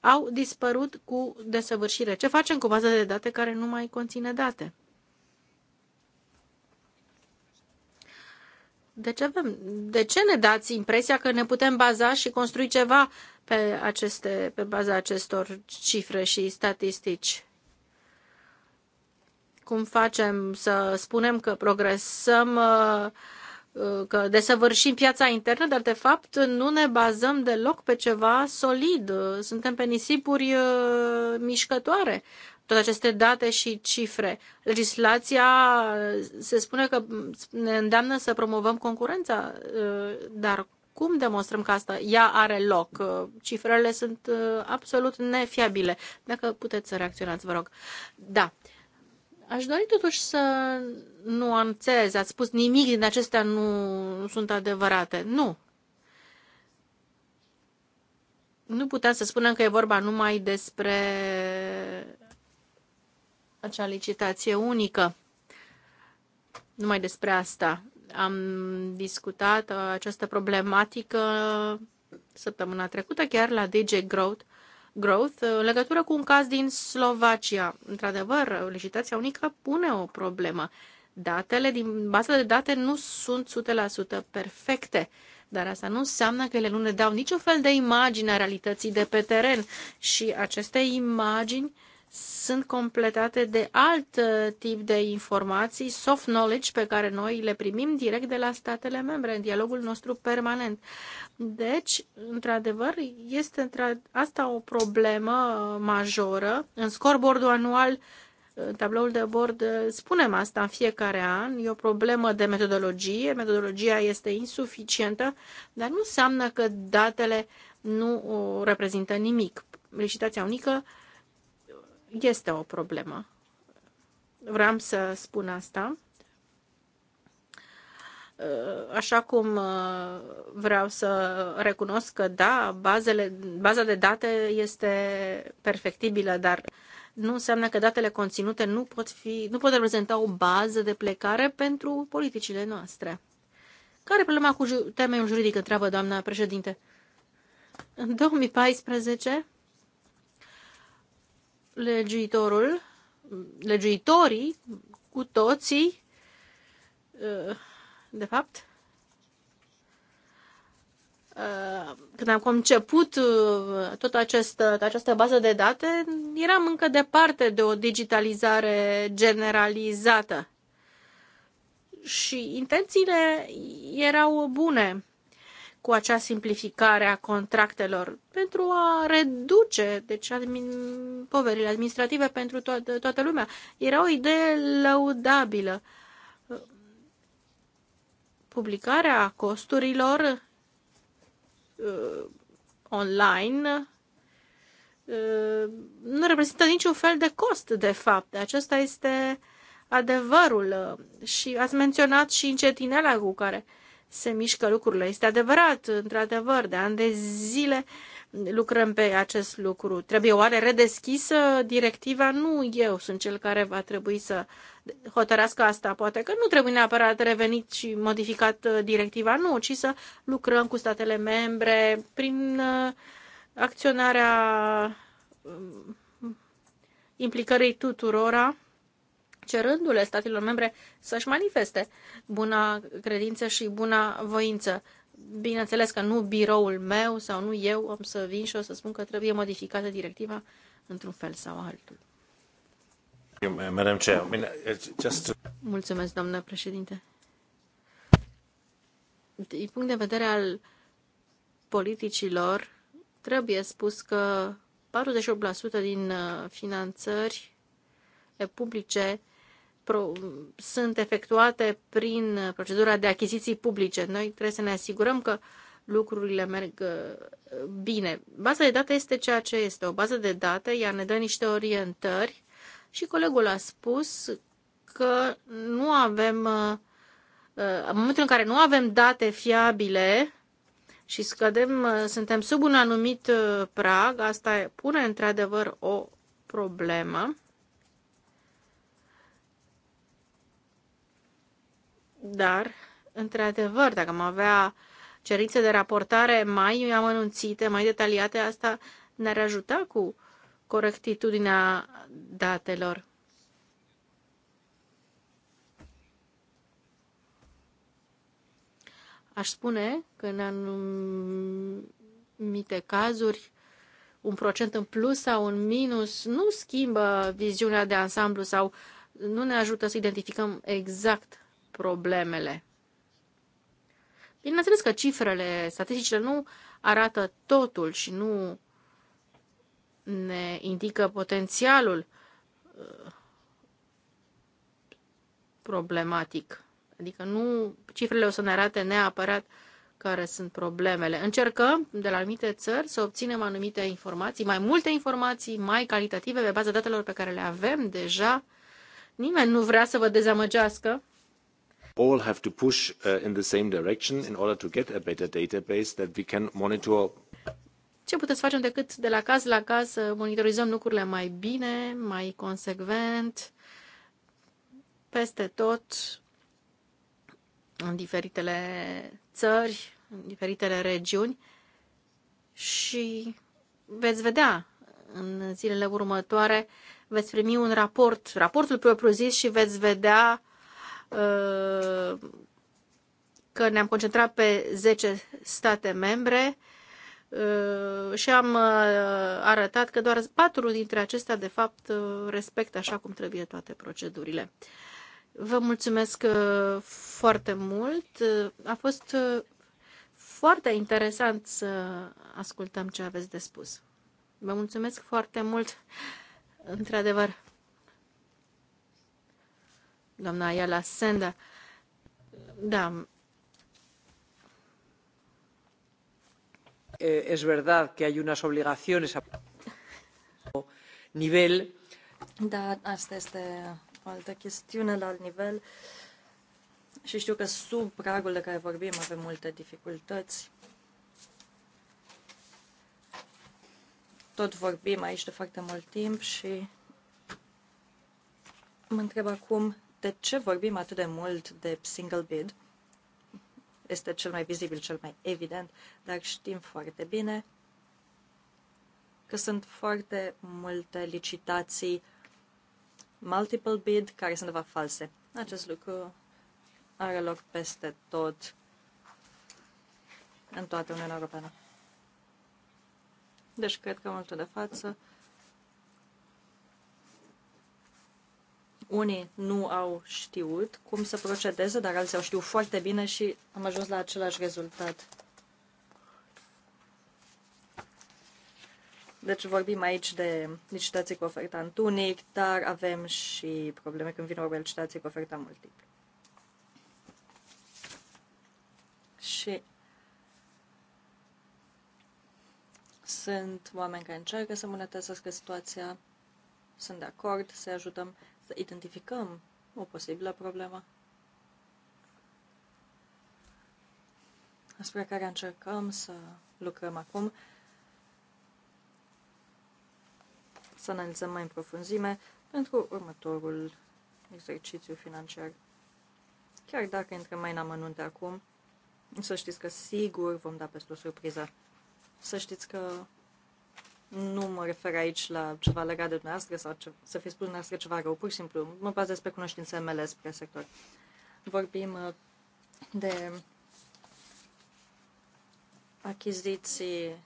au dispărut cu desăvârșire. Ce facem cu baza de date care nu mai conține date? ce, avem, de ce ne dați impresia că ne putem baza și construi ceva pe, aceste, pe baza acestor cifre și statistici? Cum facem să spunem că progresăm, uh, uh, că desăvârșim piața internă, dar de fapt nu ne bazăm deloc pe ceva solid. Suntem pe nisipuri uh, mișcătoare toate aceste date și cifre. Legislația se spune că ne îndeamnă să promovăm concurența, dar cum demonstrăm că asta ea are loc? Cifrele sunt absolut nefiabile. Dacă puteți să reacționați, vă rog. Da, Aș dori totuși să nu nuanțez. Ați spus nimic din acestea nu sunt adevărate. Nu. Nu putem să spunem că e vorba numai despre acea licitație unică. Numai despre asta. Am discutat această problematică săptămâna trecută chiar la DJ Growth Growth în legătură cu un caz din Slovacia. Într-adevăr, licitația unică pune o problemă. Datele din baza de date nu sunt 100% perfecte, dar asta nu înseamnă că ele nu ne dau niciun fel de imagine a realității de pe teren și aceste imagini uh, sunt completate de alt uh, tip de informații, soft knowledge, pe care noi le primim direct de la statele membre, în dialogul nostru permanent. Deci, într adevăr este într asta o problemă uh, majoră. În scorbordul anual, uh, în tabloul de bord, spunem asta în fiecare an, e o problemă de metodologie, metodologia este insuficientă, dar nu înseamnă că datele nu reprezintă nimic. Licitația unică este o problemă. Vreau să spun asta. Uh, așa cum uh, vreau să recunosc că, da, bazele, baza de date este perfectibilă, dar nu înseamnă că datele conținute nu pot, fi, nu pot reprezenta o bază de plecare pentru politicile noastre. Care e problema cu temeiul juridic, întreabă doamna președinte? În 2014, legiuitorul, legiuitorii, cu toții, uh, de fapt, uh, când am conceput uh, tot această, această bază de date, eram încă departe de o digitalizare generalizată. Și intențiile erau bune cu acea simplificare a contractelor pentru a reduce deci, admin, poverile administrative pentru toată, toată lumea. Era o idee lăudabilă. Publicarea costurilor uh, online uh, nu reprezintă niciun fel de cost, de fapt. Acesta este adevărul. Și ați menționat și încetinela cu care uh, se mișcă lucrurile. Este adevărat, într-adevăr, de ani de zile lucrăm pe acest lucru. Trebuie oare redeschisă directiva? Nu eu sunt cel care va trebui să hotărească asta. Poate că nu trebuie neapărat revenit și modificat uh, directiva, nu, ci să lucrăm cu statele membre prin uh, acționarea um, implicării tuturora cerându-le statelor membre să-și manifeste buna credință și buna voință. Bineînțeles că nu biroul meu sau nu eu am să vin și o să spun că trebuie modificată directiva într-un fel sau altul. Mulțumesc, doamnă președinte. Din punct de vedere al politicilor, trebuie spus că 48% din uh, finanțări publice sunt efectuate prin procedura de achiziții publice. Noi trebuie să ne asigurăm că lucrurile merg uh, bine. Baza de date este ceea ce este. O bază de date, ea ne dă niște orientări și colegul a spus că nu avem, uh, uh, în momentul în care nu avem date fiabile și scădem, suntem sub un anumit prag, asta pune într-adevăr o problemă. Dar, într-adevăr, dacă am avea cerințe de raportare mai amănunțite, mai detaliate, asta ne-ar ajuta cu corectitudinea datelor. Aș spune că în anumite cazuri un procent în plus sau un minus nu schimbă viziunea de ansamblu sau nu ne ajută să identificăm exact problemele. Bineînțeles că cifrele, statisticile nu arată totul și nu ne indică potențialul uh, problematic. Adică nu cifrele o să ne arate neapărat care sunt problemele. Încercăm de la anumite țări să obținem anumite informații, mai multe informații, mai calitative, pe baza datelor pe care le avem deja. Nimeni nu vrea să vă dezamăgească all have to push uh, in the same direction in order to get a better database that we can monitor. Ce puteți face decât de la caz la caz să monitorizăm lucrurile mai bine, mai consecvent, peste tot, în diferitele țări, în diferitele regiuni și veți vedea în zilele următoare, veți primi un raport, raportul propriu-zis și veți vedea Uh, că ne-am concentrat pe 10 state membre uh, și am uh, arătat că doar patru dintre acestea, de fapt, respectă așa cum trebuie toate procedurile. Vă mulțumesc foarte mult. A fost foarte interesant să ascultăm ce aveți de spus. Vă mulțumesc foarte mult, într-adevăr doamna Ayala Senda. Da. Eh, es verdad que hay unas obligaciones a nivel. Da, asta este o altă chestiune la alt nivel. Și știu că sub pragul de care vorbim avem multe dificultăți. Tot vorbim aici de foarte mult timp și mă întreb acum de ce vorbim atât de mult de single bid. Este cel mai vizibil, cel mai evident, dar știm foarte bine că sunt foarte multe licitații multiple bid care sunt de fapt false. Acest lucru are loc peste tot în toată Uniunea Europeană. Deci cred că în momentul de față Unii nu au știut cum să procedeze, dar alții au știut foarte bine și am ajuns la același rezultat. Deci vorbim aici de licitații cu oferta unic, dar avem și probleme când vine vorba de licitații cu oferta multiple. Și sunt oameni care încearcă să monetizeze situația, sunt de acord să ajutăm, să identificăm o posibilă problemă spre care încercăm să lucrăm acum, să analizăm mai în profunzime pentru următorul exercițiu financiar. Chiar dacă intrăm mai în amănunte acum, să știți că sigur vom da peste o surpriză. Să știți că nu mă refer aici la ceva legat de dumneavoastră sau ce, să fi spus dumneavoastră ceva rău, pur și simplu mă bazez pe cunoștințele mele spre sector. Vorbim uh, de achiziții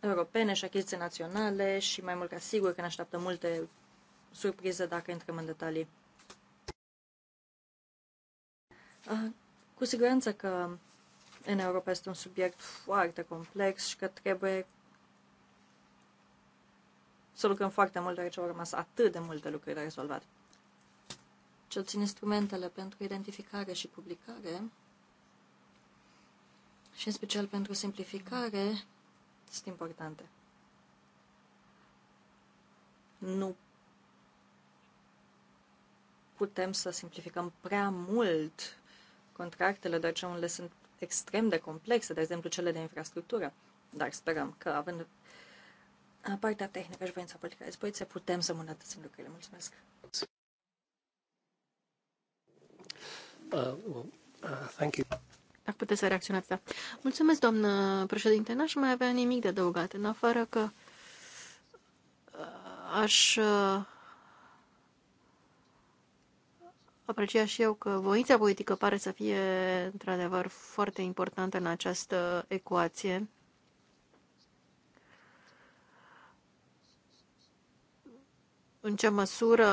europene și achiziții naționale și mai mult ca sigur că ne așteaptă multe surprize dacă intrăm în detalii. Ah, cu siguranță că în Europa este un subiect foarte complex și că trebuie să lucrăm foarte mult, deoarece au rămas atât de multe lucruri de rezolvat. Ce obțin instrumentele pentru identificare și publicare și în special pentru simplificare sunt importante. Nu putem să simplificăm prea mult contractele, deoarece unele sunt extrem de complexe, de exemplu cele de infrastructură. Dar sperăm că, având partea tehnică și voința politică a deci, dispoziție, putem să îmbunătățim lucrurile. Mulțumesc! Uh, well, uh, thank you. Dacă puteți să reacționați, da. Mulțumesc, doamnă președinte. N-aș mai avea nimic de adăugat, în afară că uh, aș uh, aprecia și eu că voința politică pare să fie într-adevăr foarte importantă în această ecuație în ce măsură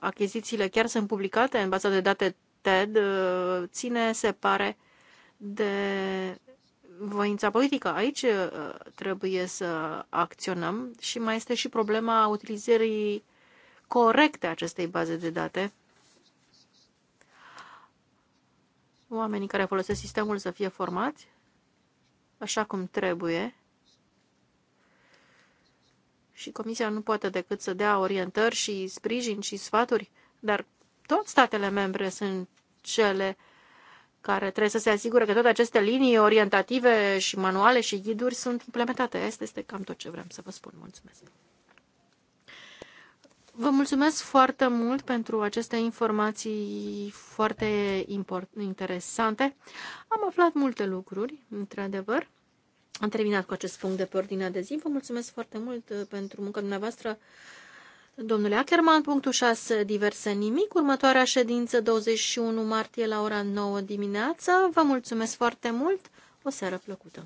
achizițiile chiar sunt publicate în baza de date TED uh, ține, se pare, de voința politică. Aici uh, trebuie să acționăm și mai este și problema utilizării corecte a acestei baze de date. Oamenii care folosesc sistemul să fie formați așa cum trebuie și Comisia nu poate decât să dea orientări și sprijin și sfaturi, dar toate statele membre sunt cele care trebuie să se asigure că toate aceste linii orientative și manuale și ghiduri sunt implementate. Asta este cam tot ce vreau să vă spun. Mulțumesc! Vă mulțumesc foarte mult pentru aceste informații foarte interesante. Am aflat multe lucruri, într-adevăr. Am terminat cu acest punct de pe ordinea de zi. Vă mulțumesc foarte mult uh, pentru munca dumneavoastră. Domnule Ackerman, punctul 6, diverse nimic. Următoarea ședință, 21 martie la ora 9 dimineața. Vă mulțumesc foarte mult. O seară plăcută.